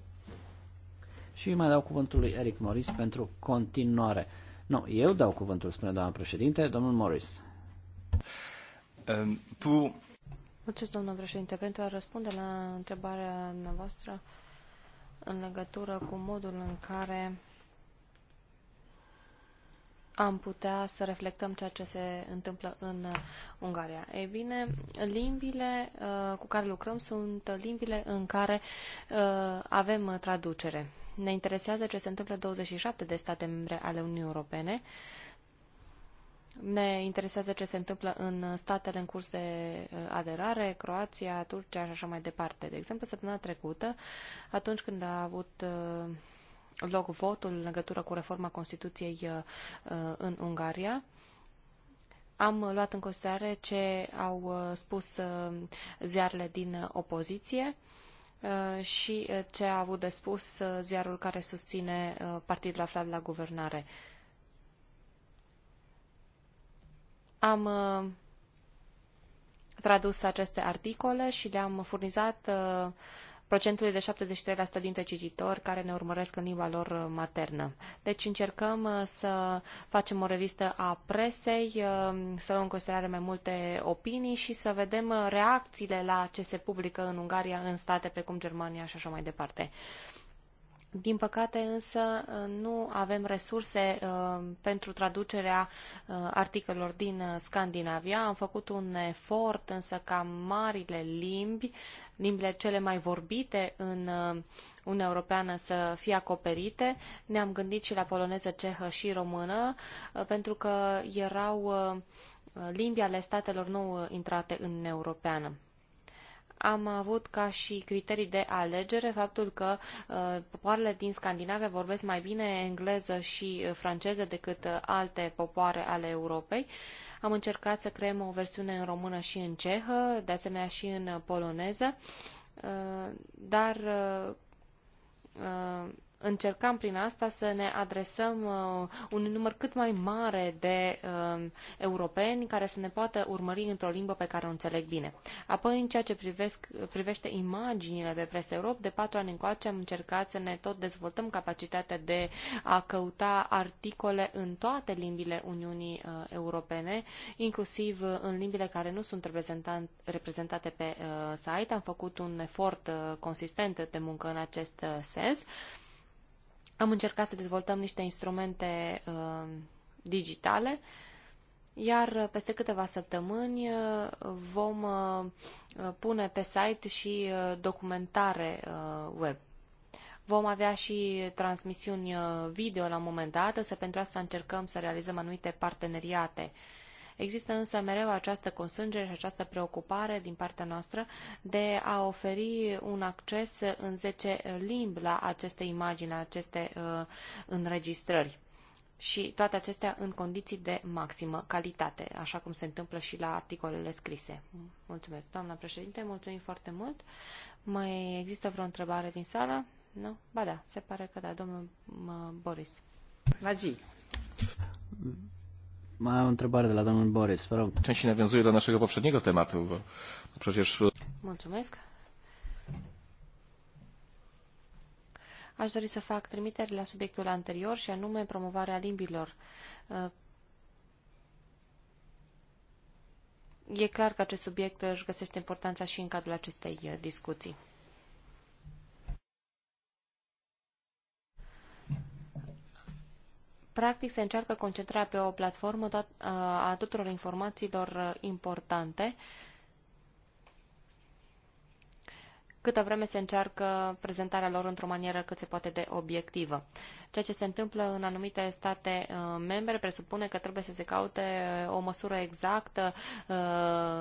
Și mai dau cuvântul lui Eric Morris pentru continuare. Nu, eu dau cuvântul, spune doamna președinte, domnul Morris. Um, pour Mulțumesc, domnul președinte. Pentru a răspunde la întrebarea noastră în legătură cu modul în care am putea să reflectăm ceea ce se întâmplă în Ungaria. Ei bine, limbile uh, cu care lucrăm sunt limbile în care uh, avem traducere. Ne interesează ce se întâmplă 27 de state membre ale Uniunii Europene. Uh, ne interesează ce se întâmplă în statele în curs de uh, aderare, Croația, Turcia și așa mai departe. De exemplu, săptămâna trecută, atunci când a avut uh, loc votul în legătură cu reforma Constituției uh, în Ungaria, am luat în considerare ce au spus ziarele din opoziție și ce a avut de spus ziarul care susține partidul aflat la guvernare. Am uh, tradus aceste articole și le-am furnizat uh, procentului de 73% dintre cititori care ne urmăresc în limba lor uh, maternă. Deci încercăm să facem o revistă a presei, să luăm în considerare mai multe opinii și să vedem reacțiile la ce se publică în Ungaria, în state precum Germania și așa mai departe. Din păcate însă nu avem resurse uh, pentru traducerea uh, articolelor din uh, Scandinavia. Am făcut un efort însă ca marile limbi, limbile cele mai vorbite în uh, Uniunea Europeană să fie acoperite. Ne-am gândit și la poloneză, cehă și română, uh, pentru că erau uh, limbi ale statelor nou intrate în Europeană am avut ca și criterii de alegere faptul că uh, popoarele din Scandinavia vorbesc mai bine engleză și uh, franceză decât uh, alte popoare ale Europei. Am încercat să creăm o versiune în română și în cehă, de asemenea și în poloneză, dar Încercăm prin asta să ne adresăm uh, un număr cât mai mare de uh, europeni care să ne poată urmări într-o limbă pe care o înțeleg bine. Apoi, în ceea ce privesc, privește imaginile pe presă Europe, de patru ani încoace am încercat să ne tot dezvoltăm capacitatea de a căuta articole în toate limbile Uniunii uh, Europene, inclusiv uh, în limbile care nu sunt reprezentate pe uh, site. Am făcut un efort uh, consistent de muncă în acest sens. Am încercat să dezvoltăm niște instrumente uh, digitale, iar peste câteva săptămâni uh, vom uh, pune pe site și uh, documentare uh, web. Vom avea și transmisiuni uh, video la un moment dat, să pentru asta încercăm să realizăm anumite parteneriate uh, Există însă mereu această constrângere și această preocupare din partea noastră de a oferi un acces în 10 limbi la aceste imagini, la aceste uh, înregistrări. Și toate acestea în condiții de maximă calitate, așa cum se întâmplă și la articolele scrise. Mulțumesc, doamna președinte, mulțumim foarte mult. Mai există vreo întrebare din sală? Nu? Ba da, se pare că da, domnul uh, Boris. Vazi. Mai întrebare de la domnul Boris, vă rog. Części nawiązuje do naszego poprzedniego tematu, bo przecież... Mulțumesc. Aș dori să fac trimiteri la subiectul anterior și anume promovarea limbilor. E clar că acest subiect își găsește importanța și în cadrul acestei discuții. Practic se încearcă concentrarea pe o platformă a tuturor informațiilor importante, câtă vreme se încearcă prezentarea lor într-o manieră cât se poate de obiectivă. Ceea ce se întâmplă în anumite state membre presupune că trebuie să se caute o măsură exactă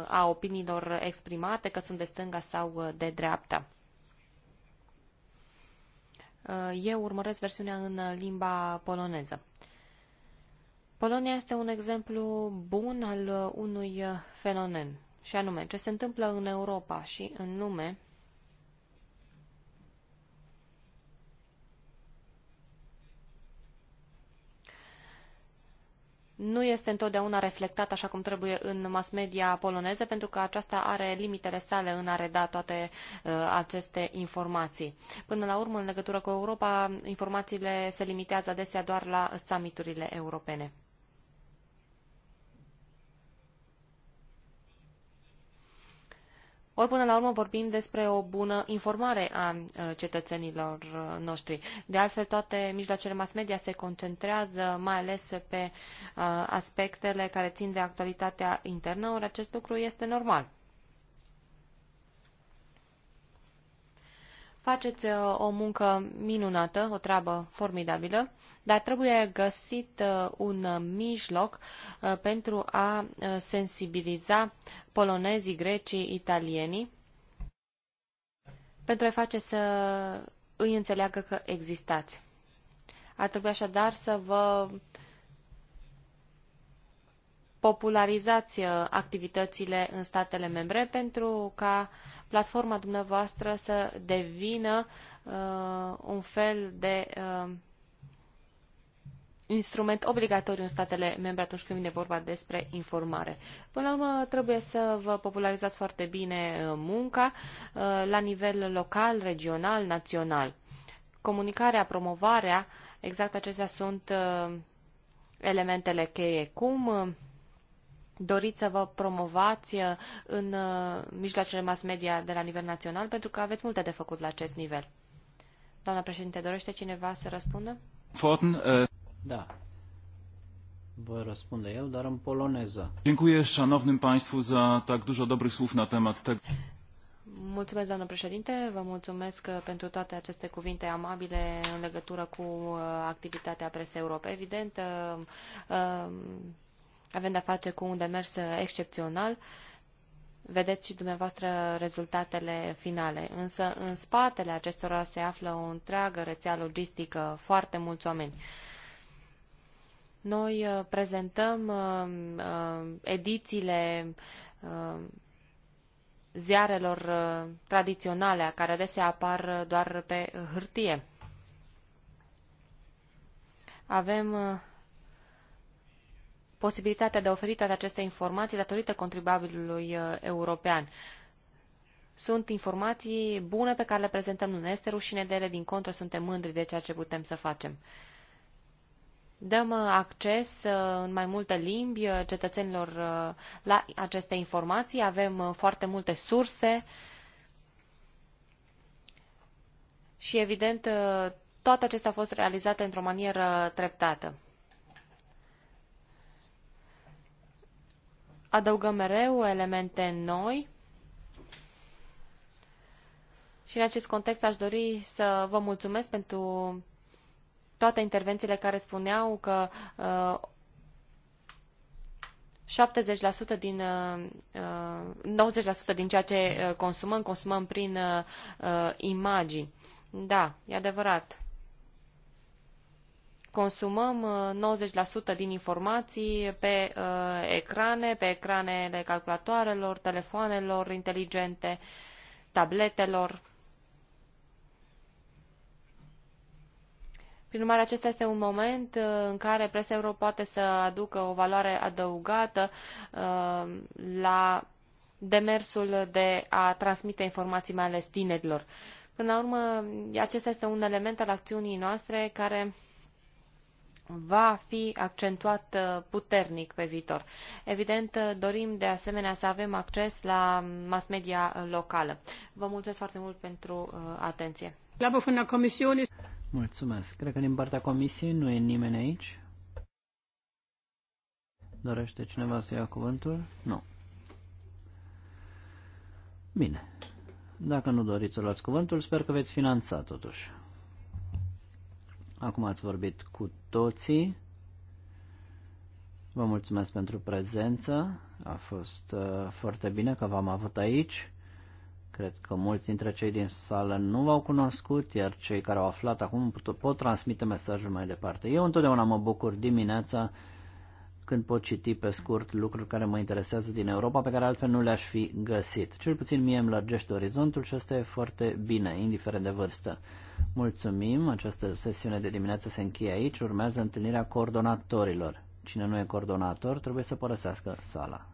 a opiniilor exprimate, că sunt de stânga sau de dreapta. Eu urmăresc versiunea în limba poloneză. Polonia este un exemplu bun al unui fenomen, și anume ce se întâmplă în Europa și în lume nu este întotdeauna reflectat așa cum trebuie în mass media poloneză, pentru că aceasta are limitele sale în a reda toate uh, aceste informații. Până la urmă, în legătură cu Europa, informațiile se limitează adesea doar la summiturile europene. Ori până la urmă vorbim despre o bună informare a cetățenilor noștri. De altfel, toate mijloacele mass media se concentrează mai ales pe aspectele care țin de actualitatea internă, ori acest lucru este normal. faceți o muncă minunată, o treabă formidabilă, dar trebuie găsit un mijloc pentru a sensibiliza polonezii, grecii, italienii, pentru a-i face să îi înțeleagă că existați. Ar trebui așadar să vă popularizați uh, activitățile în statele membre pentru ca platforma dumneavoastră să devină uh, un fel de uh, instrument obligatoriu în statele membre atunci când vine vorba despre informare. Până la urmă, trebuie să vă popularizați foarte bine uh, munca uh, la nivel local, regional, național. Comunicarea, promovarea, exact acestea sunt uh, elementele cheie. Cum doriți să vă promovați în mijloacele mass media de la nivel național, pentru că aveți multe de făcut la acest nivel. Doamna președinte, dorește cineva să răspundă? Forten, uh... Da. Voi răspunde eu, dar în poloneză. Dziękuję szanownym państwu za tak dużo dobrych słów na temat tego. Mulțumesc, doamnă președinte, vă mulțumesc uh, pentru toate aceste cuvinte amabile în legătură cu uh, activitatea presei Europe. Evident, uh, avem de-a face cu un demers excepțional. Vedeți și dumneavoastră rezultatele finale, însă în spatele acestora se află o întreagă rețea logistică, foarte mulți oameni. Noi uh, prezentăm uh, uh, edițiile ziarelor tradiționale, care adesea apar doar pe hârtie. Avem posibilitatea de a oferi toate aceste informații datorită contribuabilului european. Sunt informații bune pe care le prezentăm, nu ne este rușine de ele, din contră suntem mândri de ceea ce putem să facem. Dăm uh, acces uh, în mai multe limbi uh, cetățenilor la aceste informații. Avem foarte multe surse și, evident, toate acestea au fost realizate într-o manieră treptată. Adăugăm mereu elemente noi și, în acest context, aș dori să vă mulțumesc pentru toate intervențiile care spuneau că uh, 70% din, uh, 90% uh, din ceea ce uh, consumăm, consumăm prin uh, uh, imagini. Da, e adevărat. Consumăm 90% din informații pe uh, ecrane, pe ecranele calculatoarelor, telefoanelor inteligente, tabletelor. Prin urmare, acesta este un moment uh, în care presa euro poate să aducă o valoare adăugată uh, la demersul de a transmite informații, mai ales tinerilor. Până la urmă, acesta este un element al acțiunii noastre care va fi accentuat uh, puternic pe viitor. Evident, dorim de asemenea să avem acces la mass media locală. Vă mulțumesc foarte mult pentru atenție. Mulțumesc. Cred că din partea comisiei nu e nimeni aici. Dorește cineva să ia cuvântul? Nu. Bine. Dacă nu doriți să luați cuvântul, sper că veți finanța totuși. Acum ați vorbit cu toții. Vă mulțumesc pentru prezență. A fost uh, foarte bine că v-am avut aici. Cred că mulți dintre cei din sală nu v au cunoscut, iar cei care au aflat acum pot, pot transmite mesajul mai departe. Eu întotdeauna mă bucur dimineața când pot citi pe scurt lucruri care mă interesează din Europa, pe care altfel nu le-aș fi găsit. Cel puțin mie îmi lărgește orizontul și asta e foarte bine, indiferent de vârstă. Mulțumim, această sesiune de dimineață se încheie aici, urmează întâlnirea coordonatorilor. Cine nu e coordonator trebuie să părăsească sala.